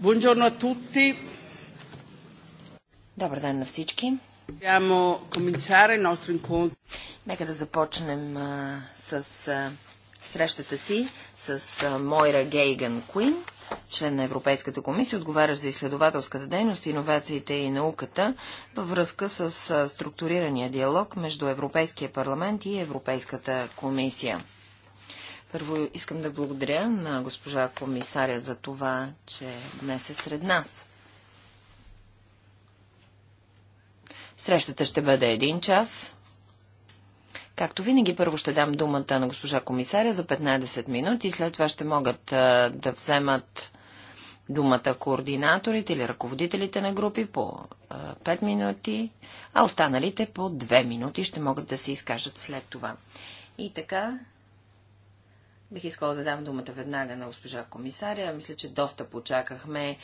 Buongiorno a tutti. Добър ден на всички. Нека да започнем а, с а, срещата си с а, Мойра Гейган Куин, член на Европейската комисия, отговаря за изследователската дейност, иновациите и науката във връзка с а, структурирания диалог между Европейския парламент и Европейската комисия. Първо искам да благодаря на госпожа комисаря за това, че днес е сред нас. Срещата ще бъде един час. Както винаги, първо ще дам думата на госпожа комисаря за 15 минути, и след това ще могат а, да вземат думата координаторите или ръководителите на групи по а, 5 минути, а останалите по 2 минути ще могат да се изкажат след това. И така, Бих искала да дам думата веднага на госпожа комисаря. Мисля, че доста почакахме. Е,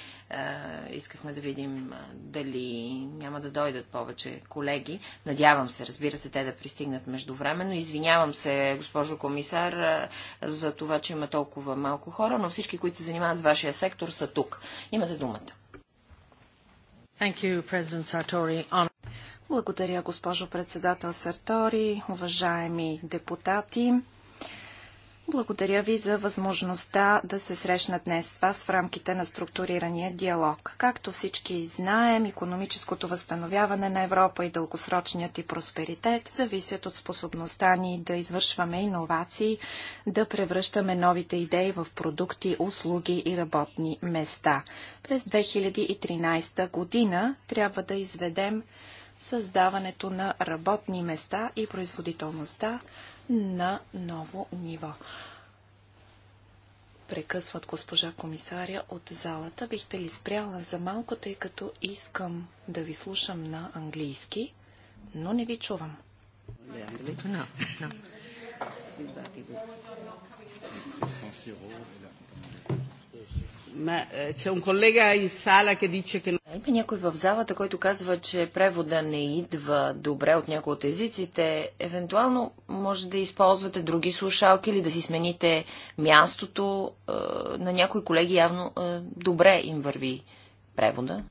искахме да видим е, дали няма да дойдат повече колеги. Надявам се, разбира се, те да пристигнат междувременно. Извинявам се, госпожо комисар, е, за това, че има толкова малко хора, но всички, които се занимават с вашия сектор, са тук. Имате думата. Thank you, President Sartori. Благодаря, госпожо председател Сартори, уважаеми депутати. Благодаря ви за възможността да се срещна днес с вас в рамките на структурирания диалог. Както всички знаем, економическото възстановяване на Европа и дългосрочният и просперитет зависят от способността ни да извършваме иновации, да превръщаме новите идеи в продукти, услуги и работни места. През 2013 година трябва да изведем създаването на работни места и производителността на ново ниво. Прекъсват госпожа комисаря от залата. Бихте ли спряла за малко, тъй като искам да ви слушам на английски, но не ви чувам. No, no. Eh, Има някой в залата, който казва, че превода не идва добре от някои от езиците. Евентуално може да използвате други слушалки или да си смените мястото. Е, на някои колеги явно е, добре им върви превода.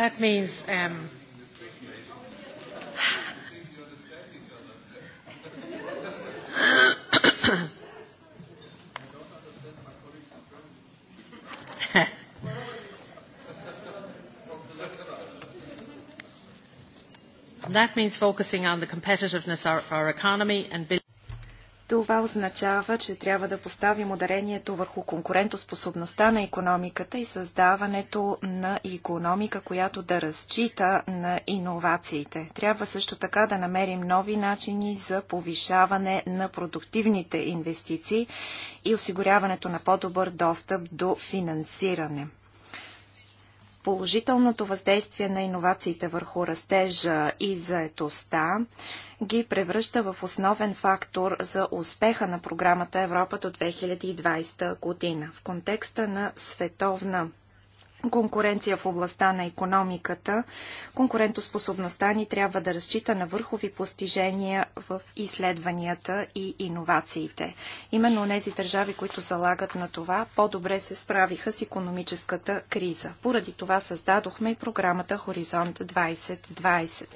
That means um, that means focusing on the competitiveness of our economy and building това означава, че трябва да поставим ударението върху конкурентоспособността на економиката и създаването на економика, която да разчита на иновациите. Трябва също така да намерим нови начини за повишаване на продуктивните инвестиции и осигуряването на по-добър достъп до финансиране положителното въздействие на иновациите върху растежа и заетостта ги превръща в основен фактор за успеха на програмата Европа до 2020 година. В контекста на световна конкуренция в областта на економиката, конкурентоспособността ни трябва да разчита на върхови постижения в изследванията и иновациите. Именно тези държави, които залагат на това, по-добре се справиха с економическата криза. Поради това създадохме и програмата Хоризонт 2020.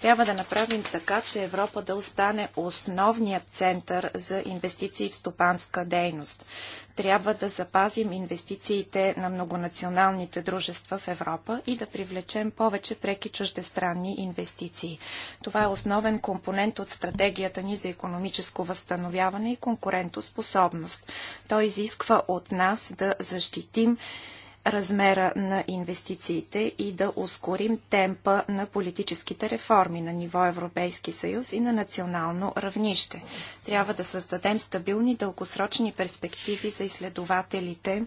Трябва да направим така, че Европа да остане основният център за инвестиции в стопанска дейност трябва да запазим инвестициите на многонационалните дружества в Европа и да привлечем повече преки чуждестранни инвестиции. Това е основен компонент от стратегията ни за економическо възстановяване и конкурентоспособност. Той изисква от нас да защитим размера на инвестициите и да ускорим темпа на политическите реформи на ниво Европейски съюз и на национално равнище. Трябва да създадем стабилни дългосрочни перспективи за изследователите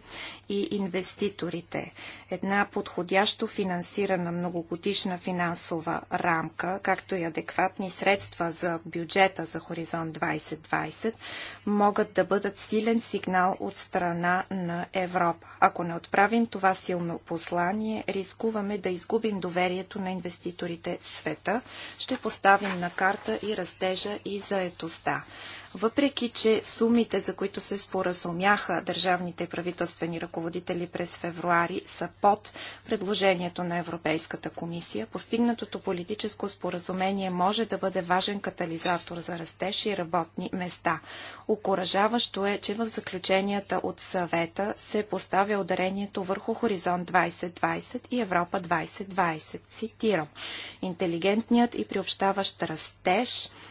и инвеститорите. Една подходящо финансирана многогодишна финансова рамка, както и адекватни средства за бюджета за Хоризонт 2020 могат да бъдат силен сигнал от страна на Европа. Ако не отправим изпратим това силно послание, рискуваме да изгубим доверието на инвеститорите в света. Ще поставим на карта и растежа и заетостта. Въпреки, че сумите, за които се споразумяха държавните правителствени ръководители през февруари, са под предложението на Европейската комисия, постигнатото политическо споразумение може да бъде важен катализатор за растеж и работни места. Окоръжаващо е, че в заключенията от съвета се поставя ударението върху Хоризонт 2020 и Европа 2020. Цитирам. Интелигентният и приобщаващ растеж –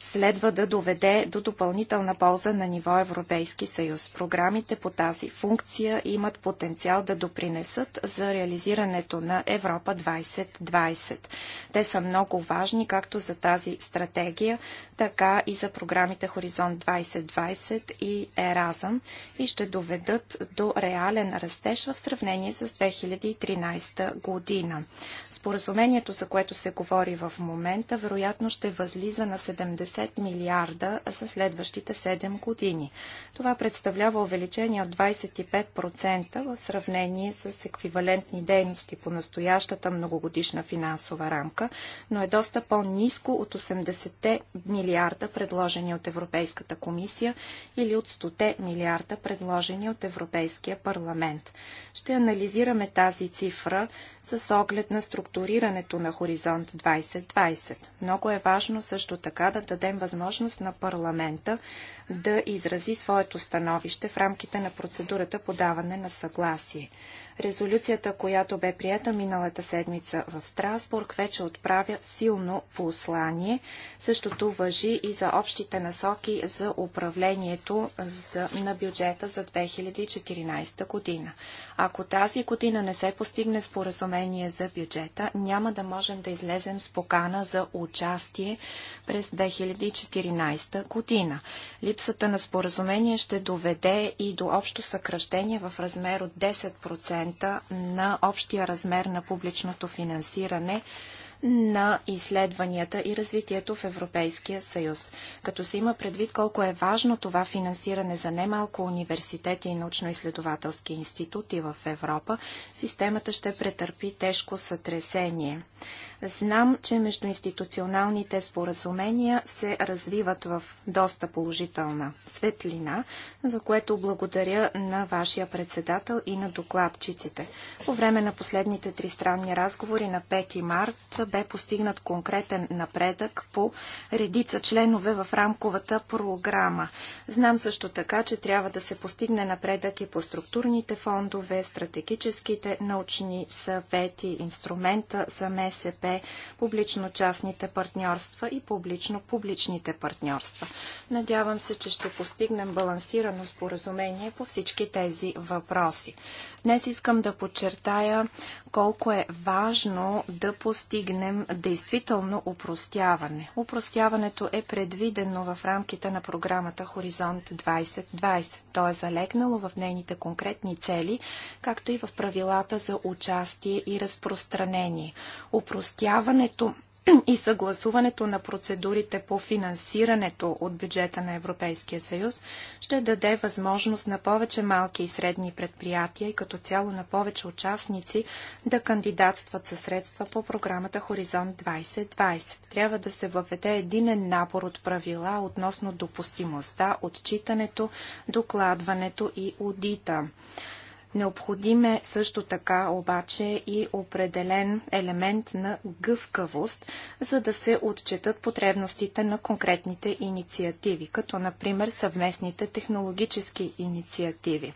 следва да доведе до допълнителна полза на ниво Европейски съюз. Програмите по тази функция имат потенциал да допринесат за реализирането на Европа 2020. Те са много важни както за тази стратегия, така и за програмите Хоризонт 2020 и Еразъм и ще доведат до реален растеж в сравнение с 2013 година. Споразумението, за което се говори в момента, вероятно ще възлиза на 70 50 милиарда за следващите 7 години. Това представлява увеличение от 25% в сравнение с еквивалентни дейности по настоящата многогодишна финансова рамка, но е доста по-низко от 80 милиарда предложени от Европейската комисия или от 100 милиарда предложени от Европейския парламент. Ще анализираме тази цифра с оглед на структурирането на Хоризонт 2020. Много е важно също така да дадем възможност на парламента да изрази своето становище в рамките на процедурата по даване на съгласие. Резолюцията, която бе приета миналата седмица в Страсбург, вече отправя силно послание. Същото въжи и за общите насоки за управлението на бюджета за 2014 година. Ако тази година не се постигне споразумение за бюджета, няма да можем да излезем с покана за участие през 2014 година. Липсата на споразумение ще доведе и до общо съкръщение в размер от 10% на общия размер на публичното финансиране на изследванията и развитието в Европейския съюз. Като се има предвид колко е важно това финансиране за немалко университети и научно-изследователски институти в Европа, системата ще претърпи тежко сътресение. Знам, че междуинституционалните споразумения се развиват в доста положителна светлина, за което благодаря на вашия председател и на докладчиците. По време на последните три странни разговори на 5 март бе постигнат конкретен напредък по редица членове в рамковата програма. Знам също така, че трябва да се постигне напредък и по структурните фондове, стратегическите научни съвети, инструмента за МСП, публично-частните партньорства и публично-публичните партньорства. Надявам се, че ще постигнем балансирано споразумение по всички тези въпроси. Днес искам да подчертая колко е важно да постигнем действително упростяване. Упростяването е предвидено в рамките на програмата Хоризонт 2020. То е залегнало в нейните конкретни цели, както и в правилата за участие и разпространение. Упростяването и съгласуването на процедурите по финансирането от бюджета на Европейския съюз ще даде възможност на повече малки и средни предприятия и като цяло на повече участници да кандидатстват със средства по програмата Хоризонт 2020. Трябва да се въведе единен набор от правила относно допустимостта, отчитането, докладването и аудита. Необходим е също така обаче и определен елемент на гъвкавост, за да се отчетат потребностите на конкретните инициативи, като например съвместните технологически инициативи.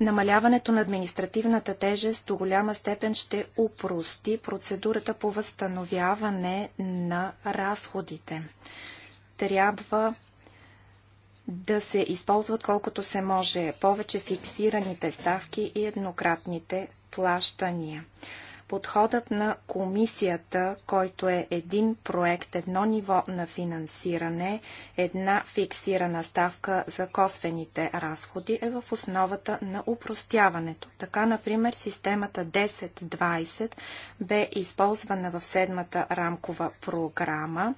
Намаляването на административната тежест до голяма степен ще упрости процедурата по възстановяване на разходите. Трябва да се използват колкото се може повече фиксираните ставки и еднократните плащания. Подходът на комисията, който е един проект, едно ниво на финансиране, една фиксирана ставка за косвените разходи, е в основата на упростяването. Така, например, системата 10-20 бе използвана в седмата рамкова програма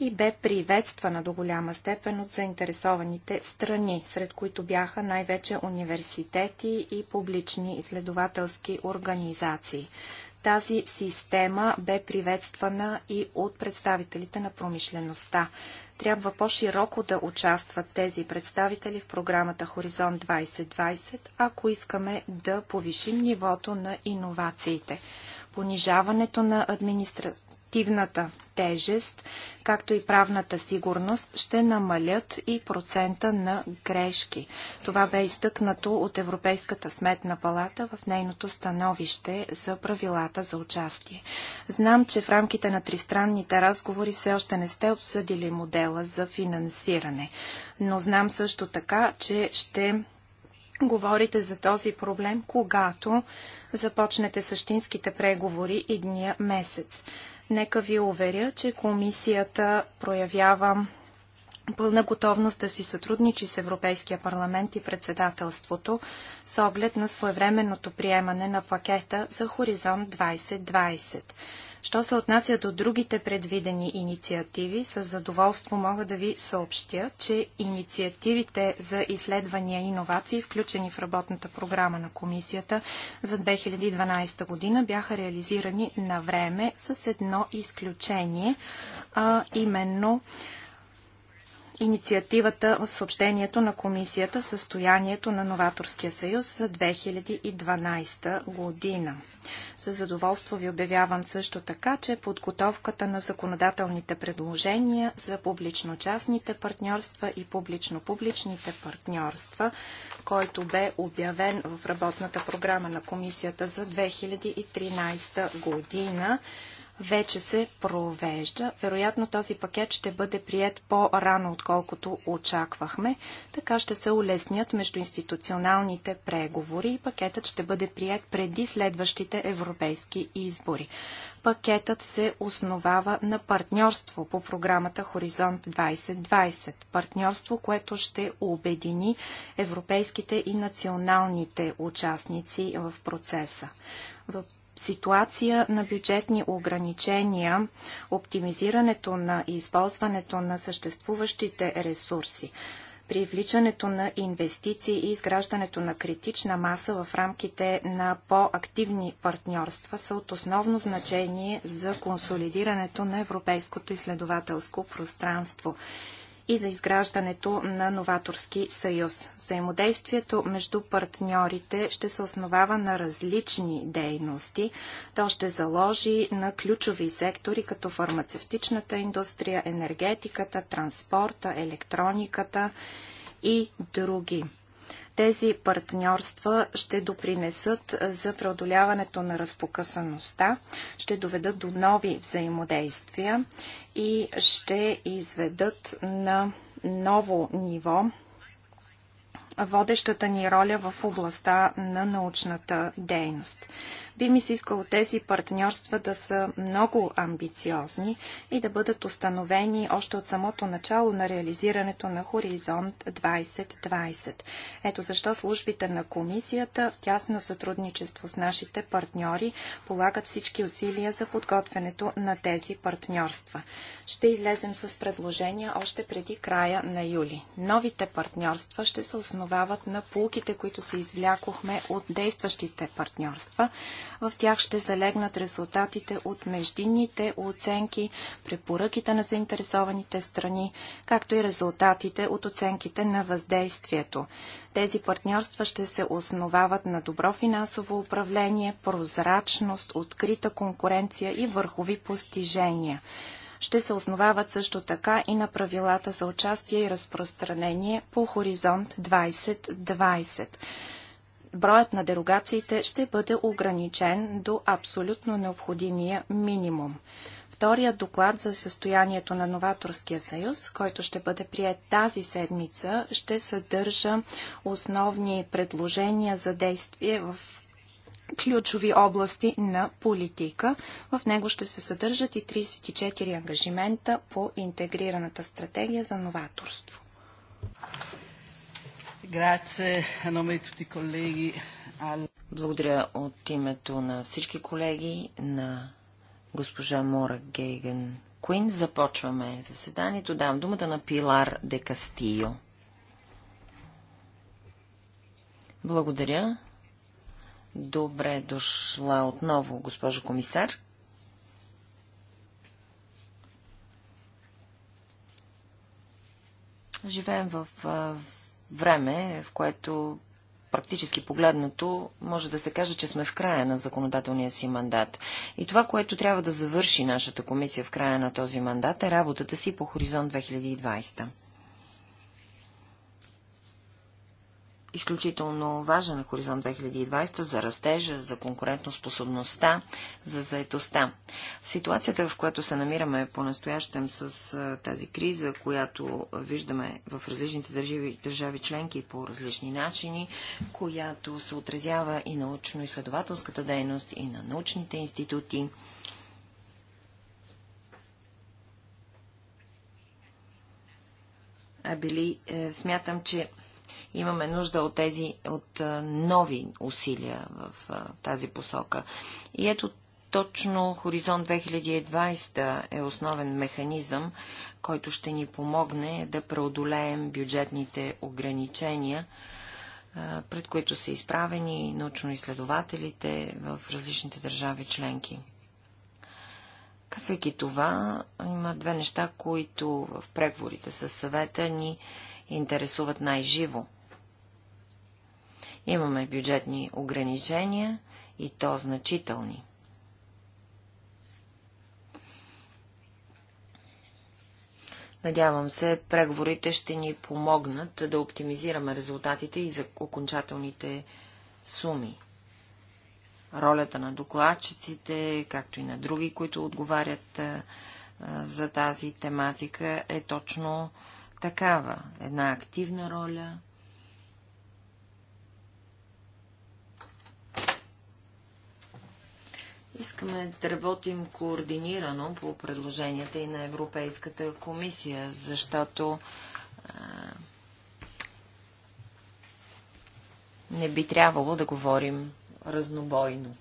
и бе приветствана до голяма степен от заинтересованите страни, сред които бяха най-вече университети и публични изследователски организации. Тази система бе приветствана и от представителите на промишлеността. Трябва по-широко да участват тези представители в програмата Хоризонт 2020, ако искаме да повишим нивото на иновациите. Понижаването на администрацията административната тежест, както и правната сигурност, ще намалят и процента на грешки. Това бе изтъкнато от Европейската сметна палата в нейното становище за правилата за участие. Знам, че в рамките на тристранните разговори все още не сте обсъдили модела за финансиране, но знам също така, че ще говорите за този проблем, когато започнете същинските преговори и дния месец. Нека ви уверя, че комисията проявява пълна готовност да си сътрудничи с Европейския парламент и председателството с оглед на своевременното приемане на пакета за Хоризонт 2020. Що се отнася до другите предвидени инициативи, с задоволство мога да ви съобщя, че инициативите за изследвания и иновации, включени в работната програма на комисията за 2012 година, бяха реализирани на време с едно изключение, а именно инициативата в съобщението на комисията Състоянието на новаторския съюз за 2012 година. С задоволство ви обявявам също така, че подготовката на законодателните предложения за публично-частните партньорства и публично-публичните партньорства, който бе обявен в работната програма на комисията за 2013 година, вече се провежда. Вероятно този пакет ще бъде прият по-рано, отколкото очаквахме. Така ще се улеснят институционалните преговори и пакетът ще бъде прият преди следващите европейски избори. Пакетът се основава на партньорство по програмата Хоризонт 2020. Партньорство, което ще обедини европейските и националните участници в процеса. В ситуация на бюджетни ограничения, оптимизирането на и използването на съществуващите ресурси, привличането на инвестиции и изграждането на критична маса в рамките на по-активни партньорства са от основно значение за консолидирането на европейското изследователско пространство и за изграждането на новаторски съюз. Взаимодействието между партньорите ще се основава на различни дейности. То ще заложи на ключови сектори, като фармацевтичната индустрия, енергетиката, транспорта, електрониката и други. Тези партньорства ще допринесат за преодоляването на разпокъсаността, ще доведат до нови взаимодействия и ще изведат на ново ниво водещата ни роля в областта на научната дейност. Би ми се искало тези партньорства да са много амбициозни и да бъдат установени още от самото начало на реализирането на Хоризонт 2020. Ето защо службите на комисията в тясно сътрудничество с нашите партньори полагат всички усилия за подготвянето на тези партньорства. Ще излезем с предложения още преди края на юли. Новите партньорства ще се основават на полуките, които се извлякохме от действащите партньорства. В тях ще залегнат резултатите от междинните оценки, препоръките на заинтересованите страни, както и резултатите от оценките на въздействието. Тези партньорства ще се основават на добро финансово управление, прозрачност, открита конкуренция и върхови постижения ще се основават също така и на правилата за участие и разпространение по Хоризонт 2020 броят на дерогациите ще бъде ограничен до абсолютно необходимия минимум. Вторият доклад за състоянието на Новаторския съюз, който ще бъде прият тази седмица, ще съдържа основни предложения за действие в ключови области на политика. В него ще се съдържат и 34 ангажимента по интегрираната стратегия за новаторство. Благодаря от името на всички колеги, на госпожа Мора Гейген Куин. Започваме заседанието. Давам думата на Пилар де Кастио. Благодаря. Добре дошла отново, госпожо комисар. Живеем в време, в което практически погледнато, може да се каже, че сме в края на законодателния си мандат. И това, което трябва да завърши нашата комисия в края на този мандат е работата си по Хоризонт 2020. изключително важен на Хоризонт 2020 за растежа, за конкурентоспособността, за заетостта. Ситуацията, в която се намираме по-настоящем с тази криза, която виждаме в различните държави, държави членки по различни начини, която се отразява и научно-изследователската дейност, и на научните институти, а били, е, смятам, че Имаме нужда от тези, от нови усилия в тази посока. И ето точно Хоризонт 2020 е основен механизъм, който ще ни помогне да преодолеем бюджетните ограничения, пред които са изправени научно-изследователите в различните държави членки. Казвайки това, има две неща, които в преговорите с съвета ни интересуват най-живо. Имаме бюджетни ограничения и то значителни. Надявам се, преговорите ще ни помогнат да оптимизираме резултатите и за окончателните суми. Ролята на докладчиците, както и на други, които отговарят за тази тематика, е точно такава. Една активна роля Искаме да работим координирано по предложенията и на Европейската комисия, защото а, не би трябвало да говорим разнобойно.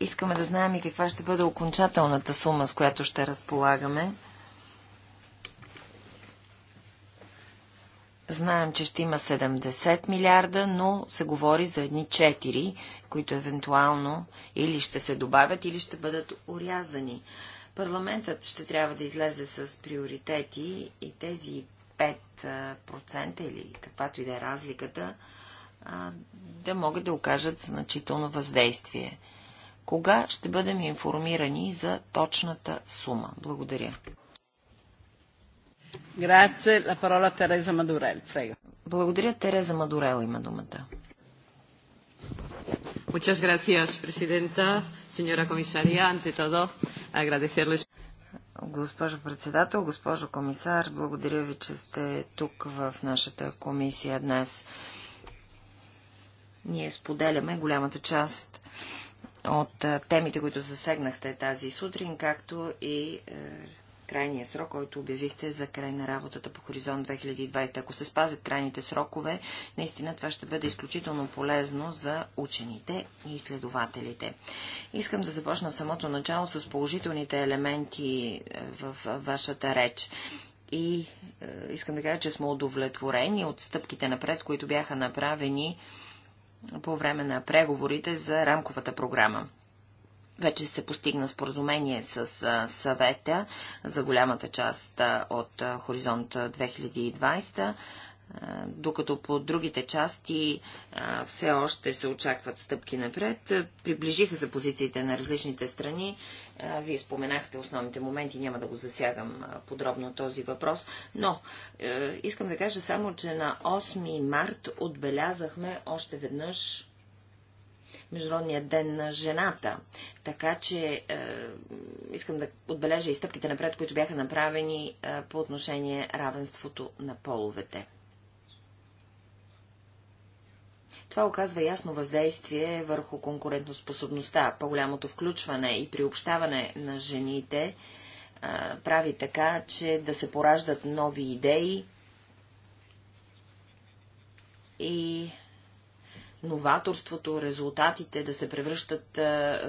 Искаме да знаем и каква ще бъде окончателната сума, с която ще разполагаме. Знаем, че ще има 70 милиарда, но се говори за едни които евентуално или ще се добавят, или ще бъдат урязани. Парламентът ще трябва да излезе с приоритети и тези 5% или каквато и да е разликата, да могат да окажат значително въздействие. Кога ще бъдем информирани за точната сума? Благодаря. Благодаря, Тереза Мадурел има думата. Muchas gracias, presidenta. Señora Comisaria, ante todo, agradecerles. Госпожо председател, госпожо комисар, благодаря ви, че сте тук в нашата комисия днес. Ние споделяме голямата част от темите, които засегнахте тази сутрин, както и е, крайния срок, който обявихте за край на работата по Хоризонт 2020. Ако се спазят крайните срокове, наистина това ще бъде изключително полезно за учените и изследователите. Искам да започна в самото начало с положителните елементи е, в вашата реч. И е, искам да кажа, че сме удовлетворени от стъпките напред, които бяха направени по време на преговорите за рамковата програма. Вече се постигна споразумение с съвета за голямата част от Хоризонт 2020 докато по другите части все още се очакват стъпки напред. Приближиха се позициите на различните страни. вие споменахте основните моменти, няма да го засягам подробно този въпрос, но искам да кажа само, че на 8 март отбелязахме още веднъж Международния ден на жената. Така че е, искам да отбележа и стъпките напред, които бяха направени е, по отношение равенството на половете. Това оказва ясно въздействие върху конкурентоспособността. По-голямото включване и приобщаване на жените е, прави така, че да се пораждат нови идеи и новаторството, резултатите да се превръщат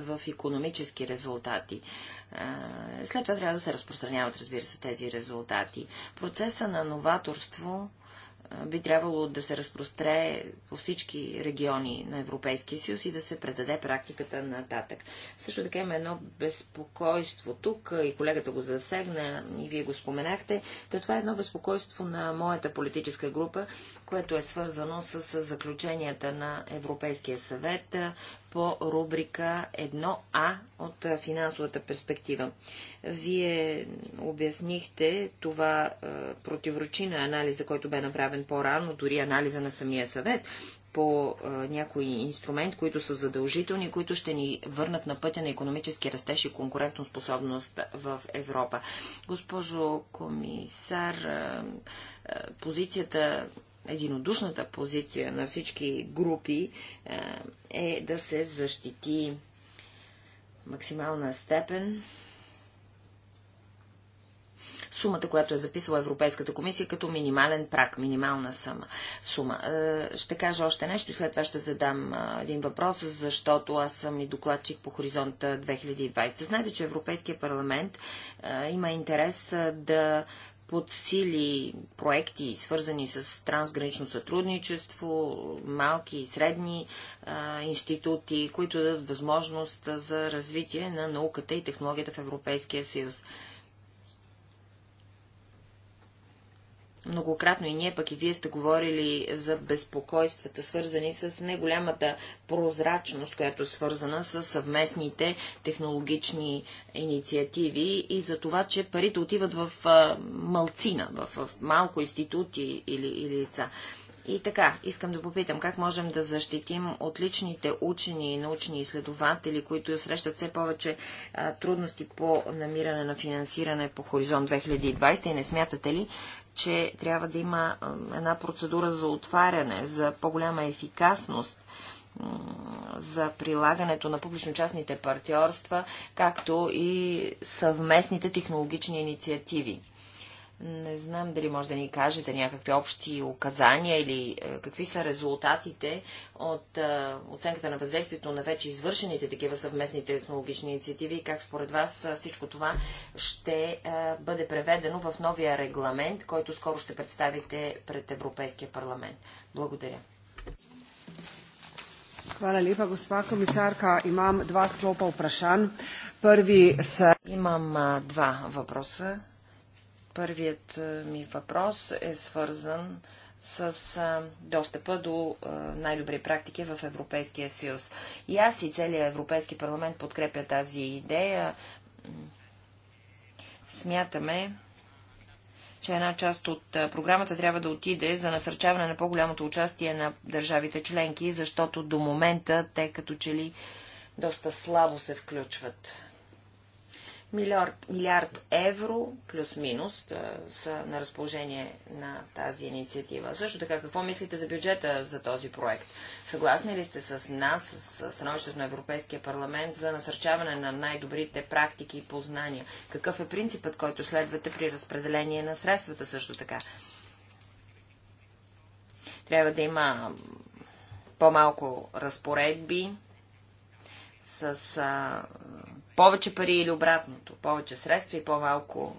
в економически резултати. След това трябва да се разпространяват, разбира се, тези резултати. Процеса на новаторство би трябвало да се разпростре по всички региони на Европейския съюз и да се предаде практиката нататък. Също така има едно безпокойство тук, и колегата го засегна, и вие го споменахте, да това е едно безпокойство на моята политическа група, което е свързано с заключенията на Европейския съвет по рубрика 1А от финансовата перспектива. Вие обяснихте това противоречи на анализа, който бе направен по-рано, дори анализа на самия съвет по някой инструмент, които са задължителни, които ще ни върнат на пътя на економически растеж и конкурентоспособност в Европа. Госпожо комисар, позицията единодушната позиция на всички групи е, е да се защити максимална степен сумата, която е записала Европейската комисия като минимален прак, минимална сума. сума. Е, ще кажа още нещо и след това ще задам е, един въпрос, защото аз съм и докладчик по хоризонта 2020. Знаете, че Европейския парламент има интерес да подсили проекти, свързани с трансгранично сътрудничество, малки и средни а, институти, които дадат възможност за развитие на науката и технологията в Европейския съюз. Многократно и ние пък и вие сте говорили за безпокойствата, свързани с неголямата прозрачност, която е свързана с съвместните технологични инициативи и за това, че парите отиват в малцина, в малко институти или, или лица. И така, искам да попитам, как можем да защитим отличните учени и научни изследователи, които срещат все повече а, трудности по намиране на финансиране по Хоризонт 2020 и не смятате ли, че трябва да има една процедура за отваряне, за по-голяма ефикасност за прилагането на публично-частните партньорства, както и съвместните технологични инициативи. Не знам дали може да ни кажете някакви общи указания или е, какви са резултатите от е, оценката на въздействието на вече извършените такива съвместни технологични инициативи и как според вас е, всичко това ще бъде преведено в новия регламент, който скоро ще представите пред Европейския парламент. Благодаря. Hvala lepa, gospa komisarka. Imam dva sklopa vprašanj. Prvi se... Имам два въпроса Първият ми въпрос е свързан с достъпа до най-добри практики в Европейския съюз. И аз и целият Европейски парламент подкрепя тази идея. Смятаме, че една част от програмата трябва да отиде за насърчаване на по-голямото участие на държавите членки, защото до момента те като че ли доста слабо се включват. Милиард, милиард евро, плюс-минус, са на разположение на тази инициатива. Също така, какво мислите за бюджета за този проект? Съгласни ли сте с нас, с становището на Европейския парламент за насърчаване на най-добрите практики и познания? Какъв е принципът, който следвате при разпределение на средствата също така? Трябва да има по-малко разпоредби с а, повече пари или обратното, повече средства и по-малко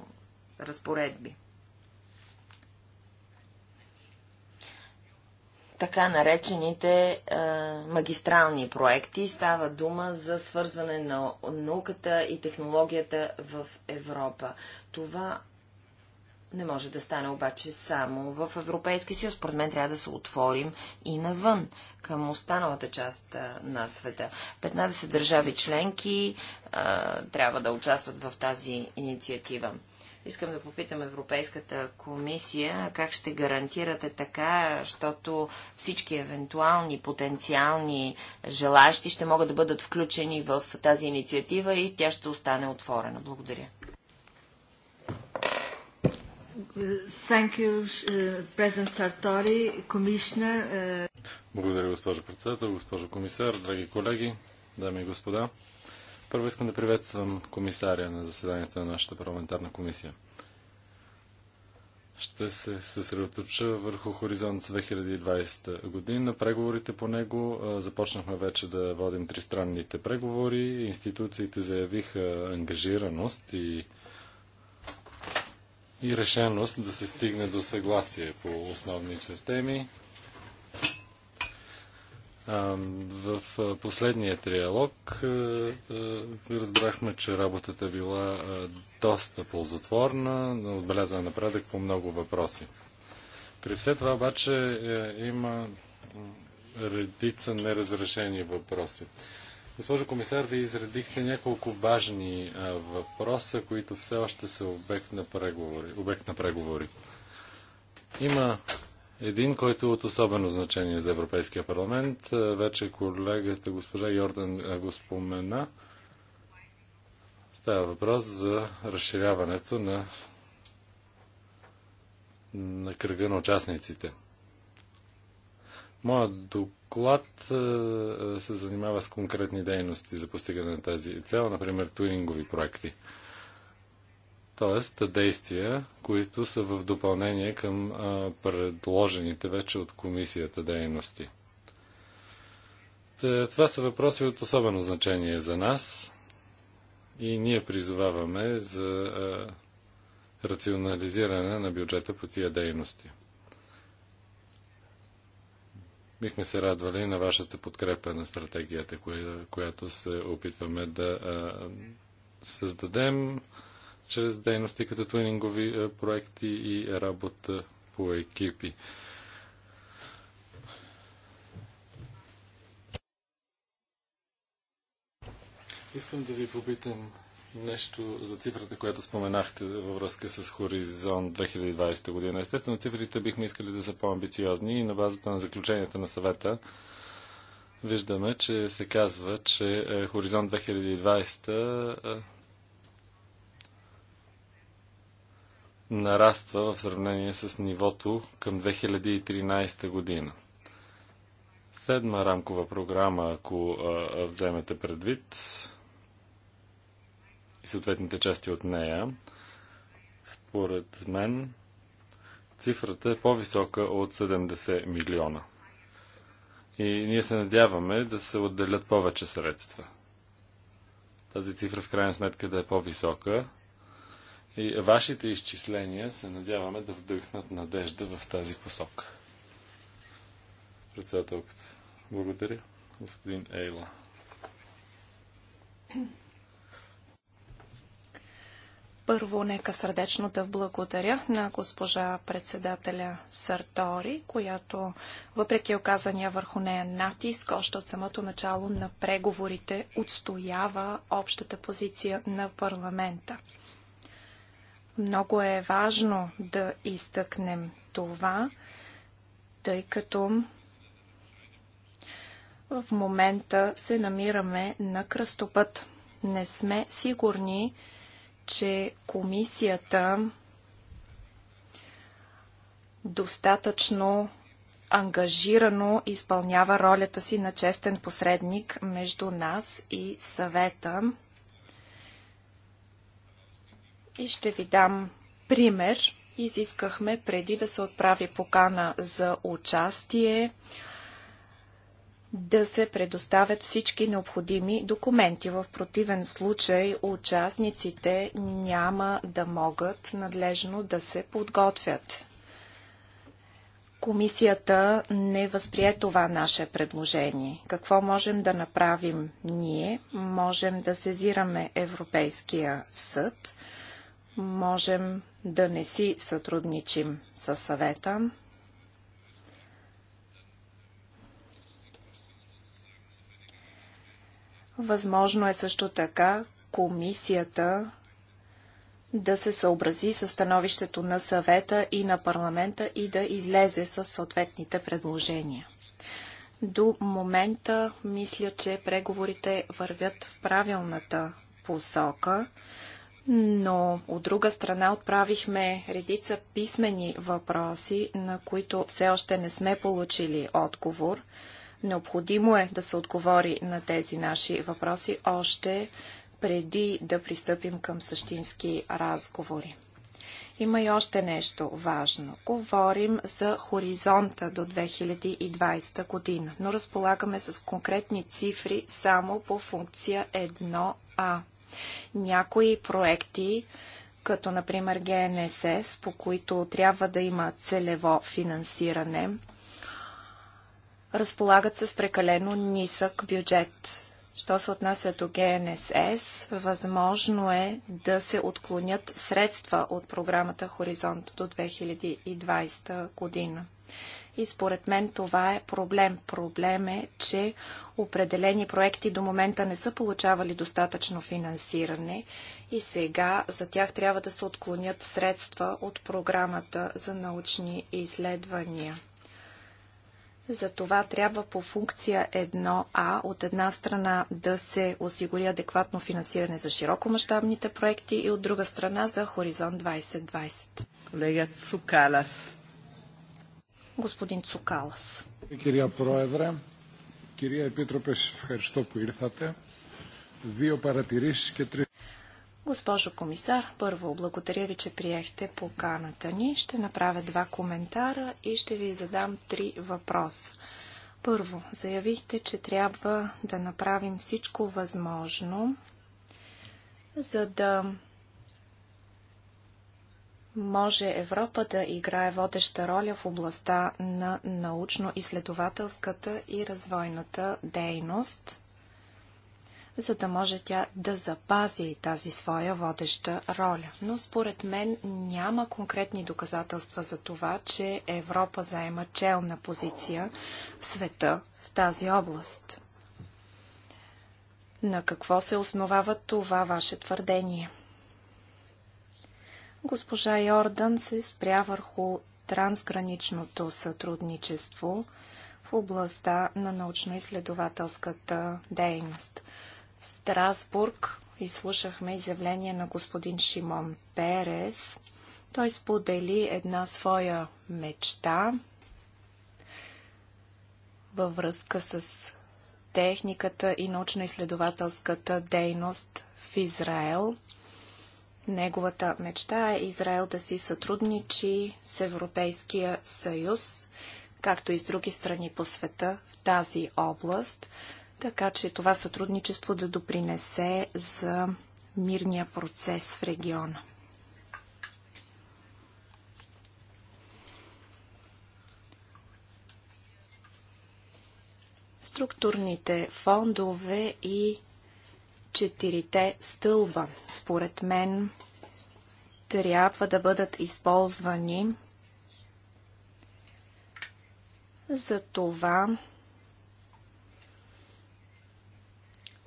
разпоредби. така наречените е, магистрални проекти. Става дума за свързване на науката и технологията в Европа. Това не може да стане обаче само в Европейски съюз. Според мен трябва да се отворим и навън, към останалата част на света. 15 държави членки а, трябва да участват в тази инициатива. Искам да попитам Европейската комисия как ще гарантирате така, защото всички евентуални потенциални желащи ще могат да бъдат включени в тази инициатива и тя ще остане отворена. Благодаря. Thank you, uh, President Sartori, Commissioner. Uh, Благодаря, госпожо председател, госпожо комисар, драги колеги, дами и господа. Първо искам да приветствам комисаря на заседанието на нашата парламентарна комисия. Ще се съсредоточа върху Хоризонт 2020 година. Преговорите по него започнахме вече да водим тристранните преговори. Институциите заявиха ангажираност и и решеност да се стигне до съгласие по основните теми. В последния триалог разбрахме, че работата била доста ползотворна, отбеляза напредък по много въпроси. При все това обаче е, има редица неразрешени въпроси. Госпожо комисар, ви изредихте няколко важни а, въпроса, които все още са обект на преговори. Обект на преговори. Има един, който е от особено значение за Европейския парламент. Вече колегата госпожа Йордан го спомена. Става въпрос за разширяването на, на кръга на участниците. Моят доклад е, е, се занимава с конкретни дейности за постигане на тази цел, например туингови проекти. Тоест действия, които са в допълнение към е, предложените вече от комисията дейности. Това са въпроси от особено значение за нас и ние призоваваме за рационализиране на бюджета по тия дейности. Бихме се радвали на вашата подкрепа на стратегията, коя, която се опитваме да а, създадем чрез дейности като тунингови а, проекти и работа по екипи. Искам да ви попитам нещо за цифрата, която споменахте във връзка с Хоризонт 2020 година. Естествено, цифрите бихме искали да са по-амбициозни и на базата на заключенията на съвета виждаме, че се казва, че е, Хоризонт 2020 е, нараства в сравнение с нивото към 2013 година. Седма рамкова програма, ако е, вземете предвид, съответните части от нея, според мен цифрата е по-висока от 70 милиона. И ние се надяваме да се отделят повече средства. Тази цифра в крайна сметка да е по-висока. И вашите изчисления се надяваме да вдъхнат надежда в тази посока. Председателката. Благодаря. Господин Ейла. Първо, нека сърдечно да благодаря на госпожа председателя Сартори, която, въпреки оказания върху нея натиск, още от самото начало на преговорите отстоява общата позиция на парламента. Много е важно да изтъкнем това, тъй като в момента се намираме на кръстопът. Не сме сигурни, че комисията достатъчно ангажирано изпълнява ролята си на честен посредник между нас и съвета. И ще ви дам пример. Изискахме преди да се отправи покана за участие да се предоставят всички необходими документи. В противен случай участниците няма да могат надлежно да се подготвят. Комисията не възприе това наше предложение. Какво можем да направим ние? Можем да сезираме Европейския съд, можем да не си сътрудничим със съвета, Възможно е също така комисията да се съобрази с становището на съвета и на парламента и да излезе с съответните предложения. До момента мисля, че преговорите вървят в правилната посока, но от друга страна отправихме редица писмени въпроси, на които все още не сме получили отговор – Необходимо е да се отговори на тези наши въпроси още преди да пристъпим към същински разговори. Има и още нещо важно. Говорим за хоризонта до 2020 година, но разполагаме с конкретни цифри само по функция 1А. Някои проекти, като например ГНСС, по които трябва да има целево финансиране, разполагат с прекалено нисък бюджет. Що се отнася до ГНСС, възможно е да се отклонят средства от програмата Хоризонт до 2020 година. И според мен това е проблем. Проблем е, че определени проекти до момента не са получавали достатъчно финансиране и сега за тях трябва да се отклонят средства от програмата за научни изследвания. Затова трябва по функция 1А от една страна да се осигури адекватно финансиране за широкомащабните проекти и от друга страна за Хоризонт 2020. Колега Цукалас. Господин Цукалас. Кирия Проедре, кирия Епитропеш, ευχαριστώ που ήρθατε. Δύο παρατηρήσεις και τρεις Госпожо комисар, първо, благодаря ви, че приехте поканата ни. Ще направя два коментара и ще ви задам три въпроса. Първо, заявихте, че трябва да направим всичко възможно, за да може Европа да играе водеща роля в областта на научно-изследователската и развойната дейност – за да може тя да запази тази своя водеща роля. Но според мен няма конкретни доказателства за това, че Европа заема челна позиция в света в тази област. На какво се основава това ваше твърдение? Госпожа Йордан се спря върху трансграничното сътрудничество в областта на научно-изследователската дейност. В Страсбург изслушахме изявление на господин Шимон Перес. Той сподели една своя мечта във връзка с техниката и научно-изследователската дейност в Израел. Неговата мечта е Израел да си сътрудничи с Европейския съюз, както и с други страни по света в тази област така че това сътрудничество да допринесе за мирния процес в региона. Структурните фондове и четирите стълба, според мен, трябва да бъдат използвани за това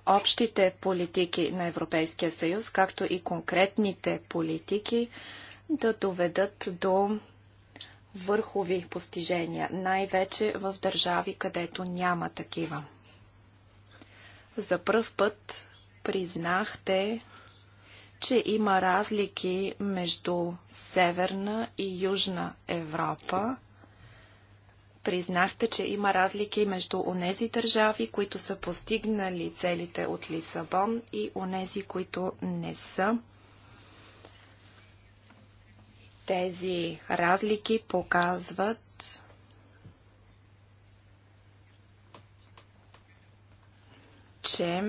общите политики на Европейския съюз, както и конкретните политики да доведат до върхови постижения, най-вече в държави, където няма такива. За първ път признахте, че има разлики между Северна и Южна Европа Признахте, че има разлики между онези държави, които са постигнали целите от Лисабон и онези, които не са. Тези разлики показват че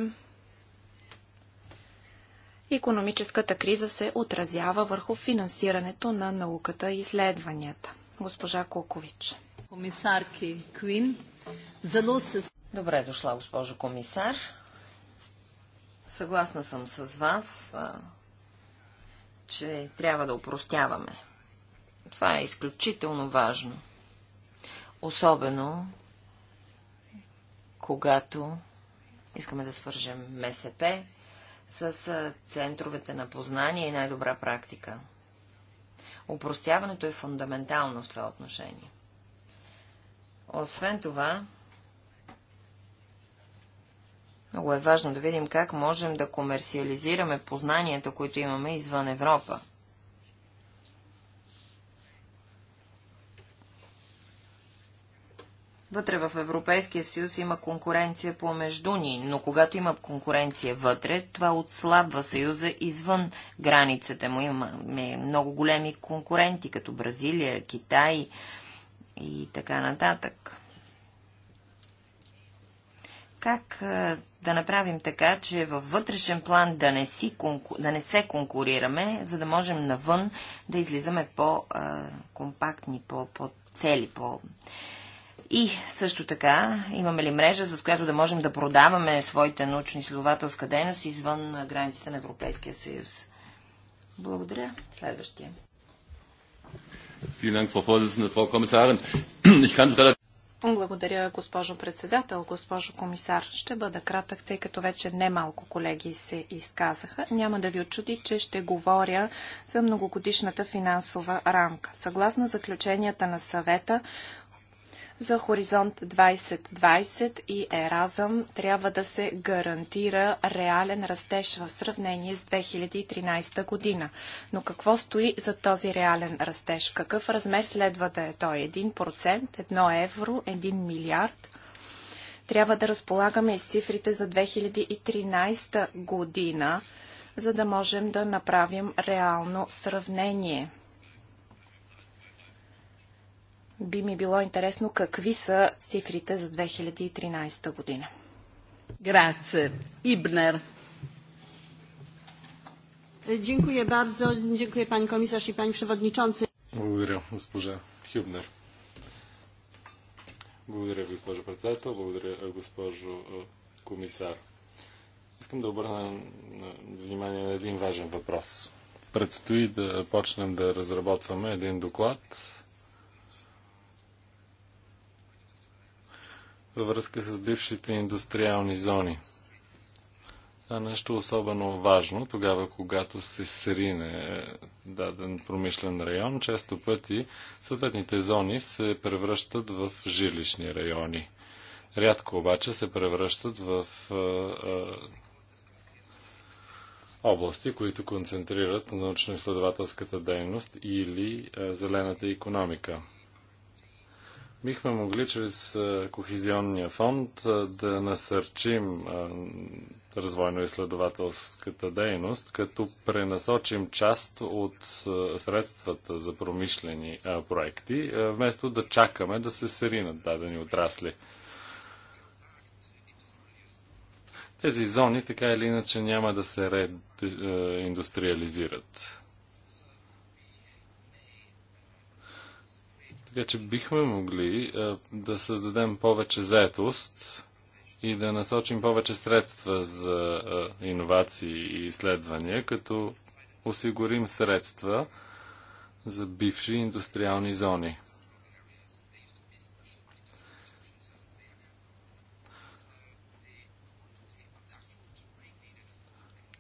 економическата криза се отразява върху финансирането на науката и изследванията. Госпожа Кокович. Комисарки Квин. Зало се... Добре дошла, госпожо комисар. Съгласна съм с вас, че трябва да упростяваме. Това е изключително важно. Особено, когато искаме да свържем МСП с центровете на познание и най-добра практика. Упростяването е фундаментално в това отношение. Освен това, много е важно да видим как можем да комерциализираме познанията, които имаме извън Европа. Вътре в Европейския съюз има конкуренция помежду ни, но когато има конкуренция вътре, това отслабва съюза извън границата му. Имаме много големи конкуренти, като Бразилия, Китай, и така нататък. Как да направим така, че във вътрешен план да не, си, да не се конкурираме, за да можем навън да излизаме по-компактни, по-цели, по-, по, и също така, имаме ли мрежа, с която да можем да продаваме своите научно-изследователска дейност извън границите на Европейския съюз? Благодаря. Следващия. Благодаря, госпожо председател, госпожо комисар. Ще бъда кратък, тъй като вече немалко колеги се изказаха. Няма да ви очуди, че ще говоря за многогодишната финансова рамка. Съгласно заключенията на съвета, за Хоризонт 2020 и Еразъм трябва да се гарантира реален растеж в сравнение с 2013 година. Но какво стои за този реален растеж? какъв размер следва да е той? 1%, 1 евро, 1 милиард? Трябва да разполагаме и с цифрите за 2013 година, за да можем да направим реално сравнение – би ми било интересно какви са цифрите за 2013 година. Грация. Ибнер. Е, Dziękuję bardzo. Dziękuję pani komisarz i pani przewodniczący. Благодаря, госпожа Хюбнер. Благодаря, госпожо председател. Благодаря, госпожо е, комисар. Искам да обърна внимание на един важен въпрос. Предстои да почнем да разработваме един доклад във връзка с бившите индустриални зони. Това е нещо особено важно тогава, когато се срине даден промишлен район. Често пъти съответните зони се превръщат в жилищни райони. Рядко обаче се превръщат в а, а, области, които концентрират научно-изследователската дейност или а, зелената економика бихме могли чрез Кохизионния фонд да насърчим развойно-изследователската дейност, като пренасочим част от средствата за промишлени проекти, вместо да чакаме да се сринат дадени отрасли. Тези зони така или иначе няма да се реиндустриализират. Така че бихме могли а, е, да създадем повече заетост и да насочим повече средства за а, е, иновации и изследвания, като осигурим средства за бивши индустриални зони.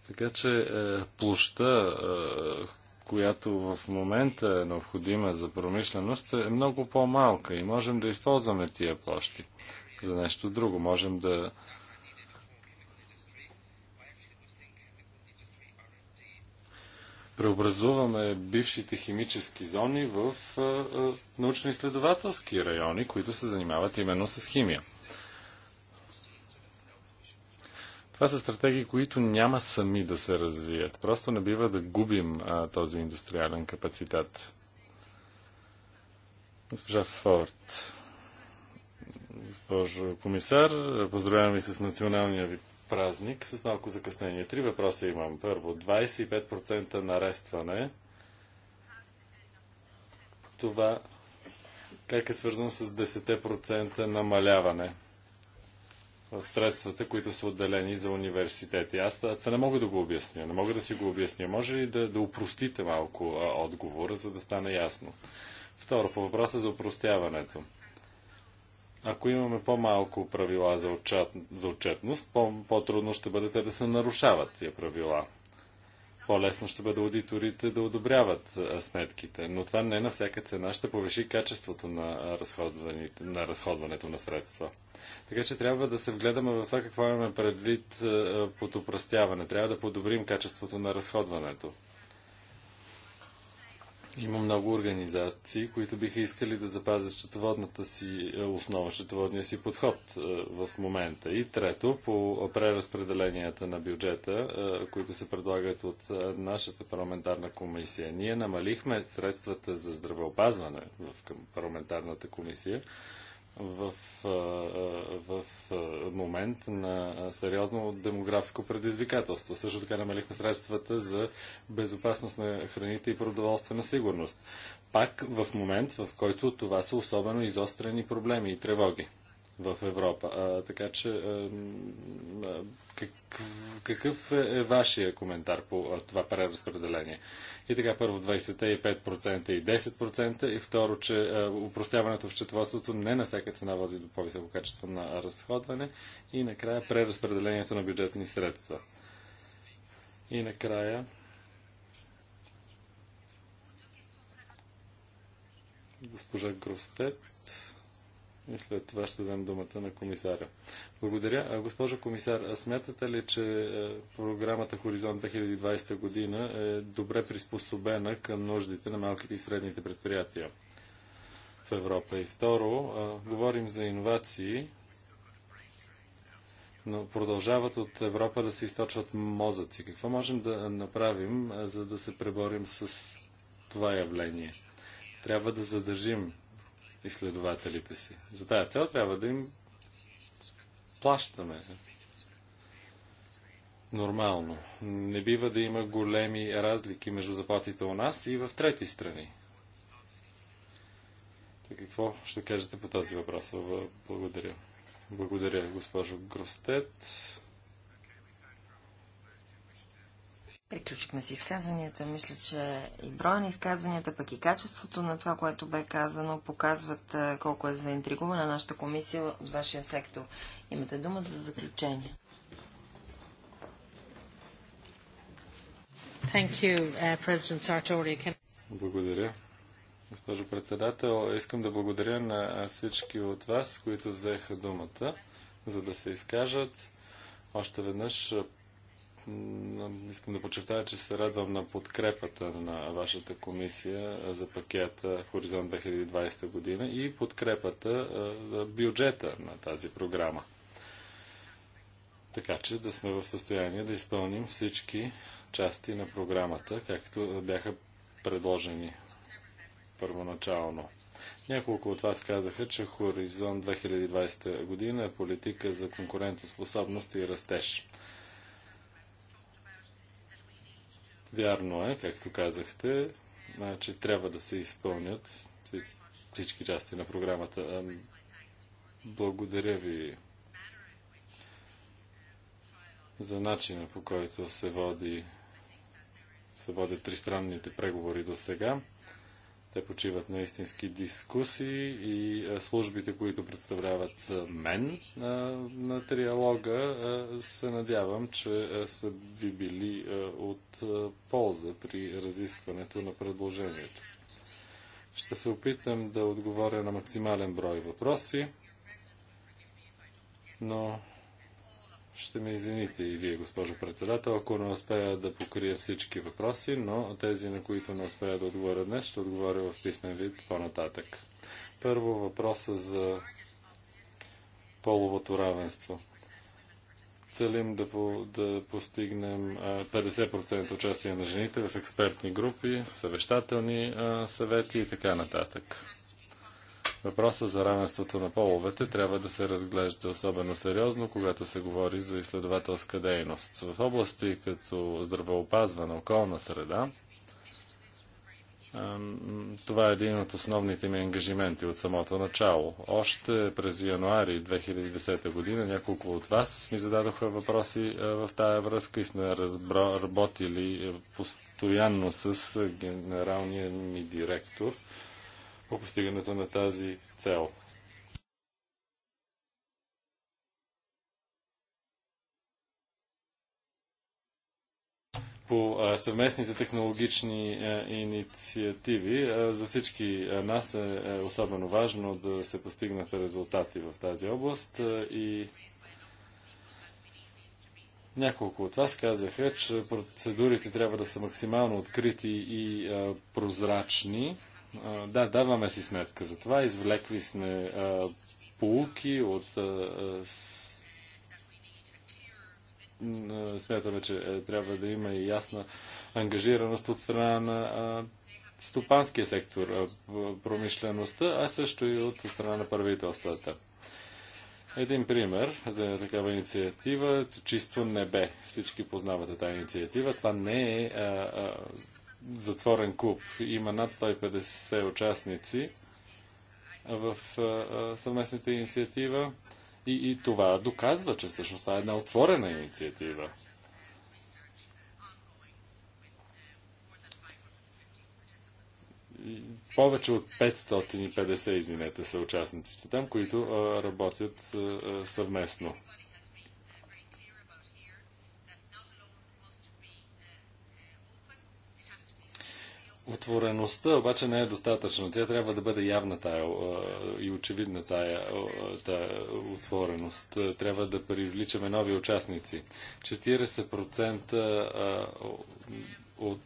Така че е, площа, е, която в момента е необходима за промишленост, е много по-малка и можем да използваме тия площи за нещо друго. Можем да преобразуваме бившите химически зони в научно-изследователски райони, които се занимават именно с химия. Това са стратегии, които няма сами да се развият. Просто не бива да губим а, този индустриален капацитет. Госпожа Форд, госпожо комисар, поздравявам ви с националния ви празник с малко закъснение. Три въпроса имам. Първо, 25% нарестване. Това как е свързано с 10% намаляване? в средствата, които са отделени за университети. Аз това не мога да го обясня, не мога да си го обясня. Може ли да, да упростите малко а, отговора, за да стане ясно? Второ, по въпроса за упростяването. Ако имаме по-малко правила за, отчет, за отчетност, по-трудно ще бъдете да се нарушават тия правила по-лесно ще бъде аудиторите да одобряват сметките. Но това не на всяка цена ще повиши качеството на, на разходването на средства. Така че трябва да се вгледаме в това какво имаме предвид под упростяване. Трябва да подобрим качеството на разходването. Има много организации, които биха искали да запазят счетоводната си е, основа, счетоводния си подход е, в момента. И трето, по преразпределенията на бюджета, е, които се предлагат от нашата парламентарна комисия. Ние намалихме средствата за здравеопазване в парламентарната комисия в, в момент на сериозно демографско предизвикателство. Също така намалихме средствата за безопасност на храните и продоволствена сигурност. Пак в момент, в който това са особено изострени проблеми и тревоги в Европа. А, така че, а, как, какъв е, е вашия коментар по това преразпределение? И така, първо 25% и 10% и второ, че а, упростяването в счетоводството не на всяка цена води до по-високо качество на разходване и накрая преразпределението на бюджетни средства. И накрая. Госпожа Грустеп, и след това ще дам думата на комисара. Благодаря. Госпожо комисар, смятате ли, че програмата Хоризонт 2020 година е добре приспособена към нуждите на малките и средните предприятия в Европа? И второ, говорим за иновации, но продължават от Европа да се източват мозъци. Какво можем да направим, за да се преборим с това явление? Трябва да задържим изследователите си. За тази цел трябва да им плащаме нормално. Не бива да има големи разлики между заплатите у нас и в трети страни. Така, какво ще кажете по този въпрос? Благодаря. Благодаря, госпожо Гростет. Приключихме с изказванията. Мисля, че и броя на изказванията, пък и качеството на това, което бе казано, показват колко е заинтригувана нашата комисия от вашия сектор. Имате думата за заключение. You, uh, благодаря. Госпожо председател, искам да благодаря на всички от вас, които взеха думата, за да се изкажат. Още веднъж искам да подчертая, че се радвам на подкрепата на вашата комисия за пакета Хоризонт 2020 година и подкрепата за бюджета на тази програма. Така че да сме в състояние да изпълним всички части на програмата, както бяха предложени първоначално. Няколко от вас казаха, че Хоризонт 2020 година е политика за конкурентоспособност и растеж. Вярно е, както казахте, че трябва да се изпълнят всички части на програмата. Благодаря ви за начина по който се води се водят тристранните преговори до сега. Те почиват на истински дискусии и службите, които представляват мен на триалога, се надявам, че са би били от полза при разискването на предложението. Ще се опитам да отговоря на максимален брой въпроси, но ще ме извините и вие, госпожо председател, ако не успея да покрия всички въпроси, но тези, на които не успея да отговоря днес, ще отговоря в писмен вид по-нататък. Първо въпроса за половото равенство. Целим да, по, да постигнем 50% участие на жените в експертни групи, съвещателни съвети и така нататък. Въпросът за равенството на половете трябва да се разглежда особено сериозно, когато се говори за изследователска дейност. В области като здравеопазване, околна среда, това е един от основните ми ангажименти от самото начало. Още през януари 2010 година няколко от вас ми зададоха въпроси в тая връзка и сме работили постоянно с генералния ми директор по постигането на тази цел. по съвместните технологични инициативи. За всички нас е, е особено важно да се постигнат резултати в тази област и няколко от вас казаха, че процедурите трябва да са максимално открити и прозрачни да, даваме си сметка за това. Извлекли сме а, полуки от а, с... смятаме, че е, трябва да има и ясна ангажираност от страна на а, стопанския сектор, а, промишлеността, а също и от страна на правителствата. Един пример за такава инициатива чисто небе. Всички познавате тази инициатива. Това не е а, а, затворен клуб. Има над 150 участници в съвместната инициатива и, и това доказва, че всъщност това е една отворена инициатива. повече от 550, извинете, са участниците там, които работят съвместно. Отвореността обаче не е достатъчно. Тя трябва да бъде явна тая и очевидна тая, тая отвореност. Трябва да привличаме нови участници. 40% от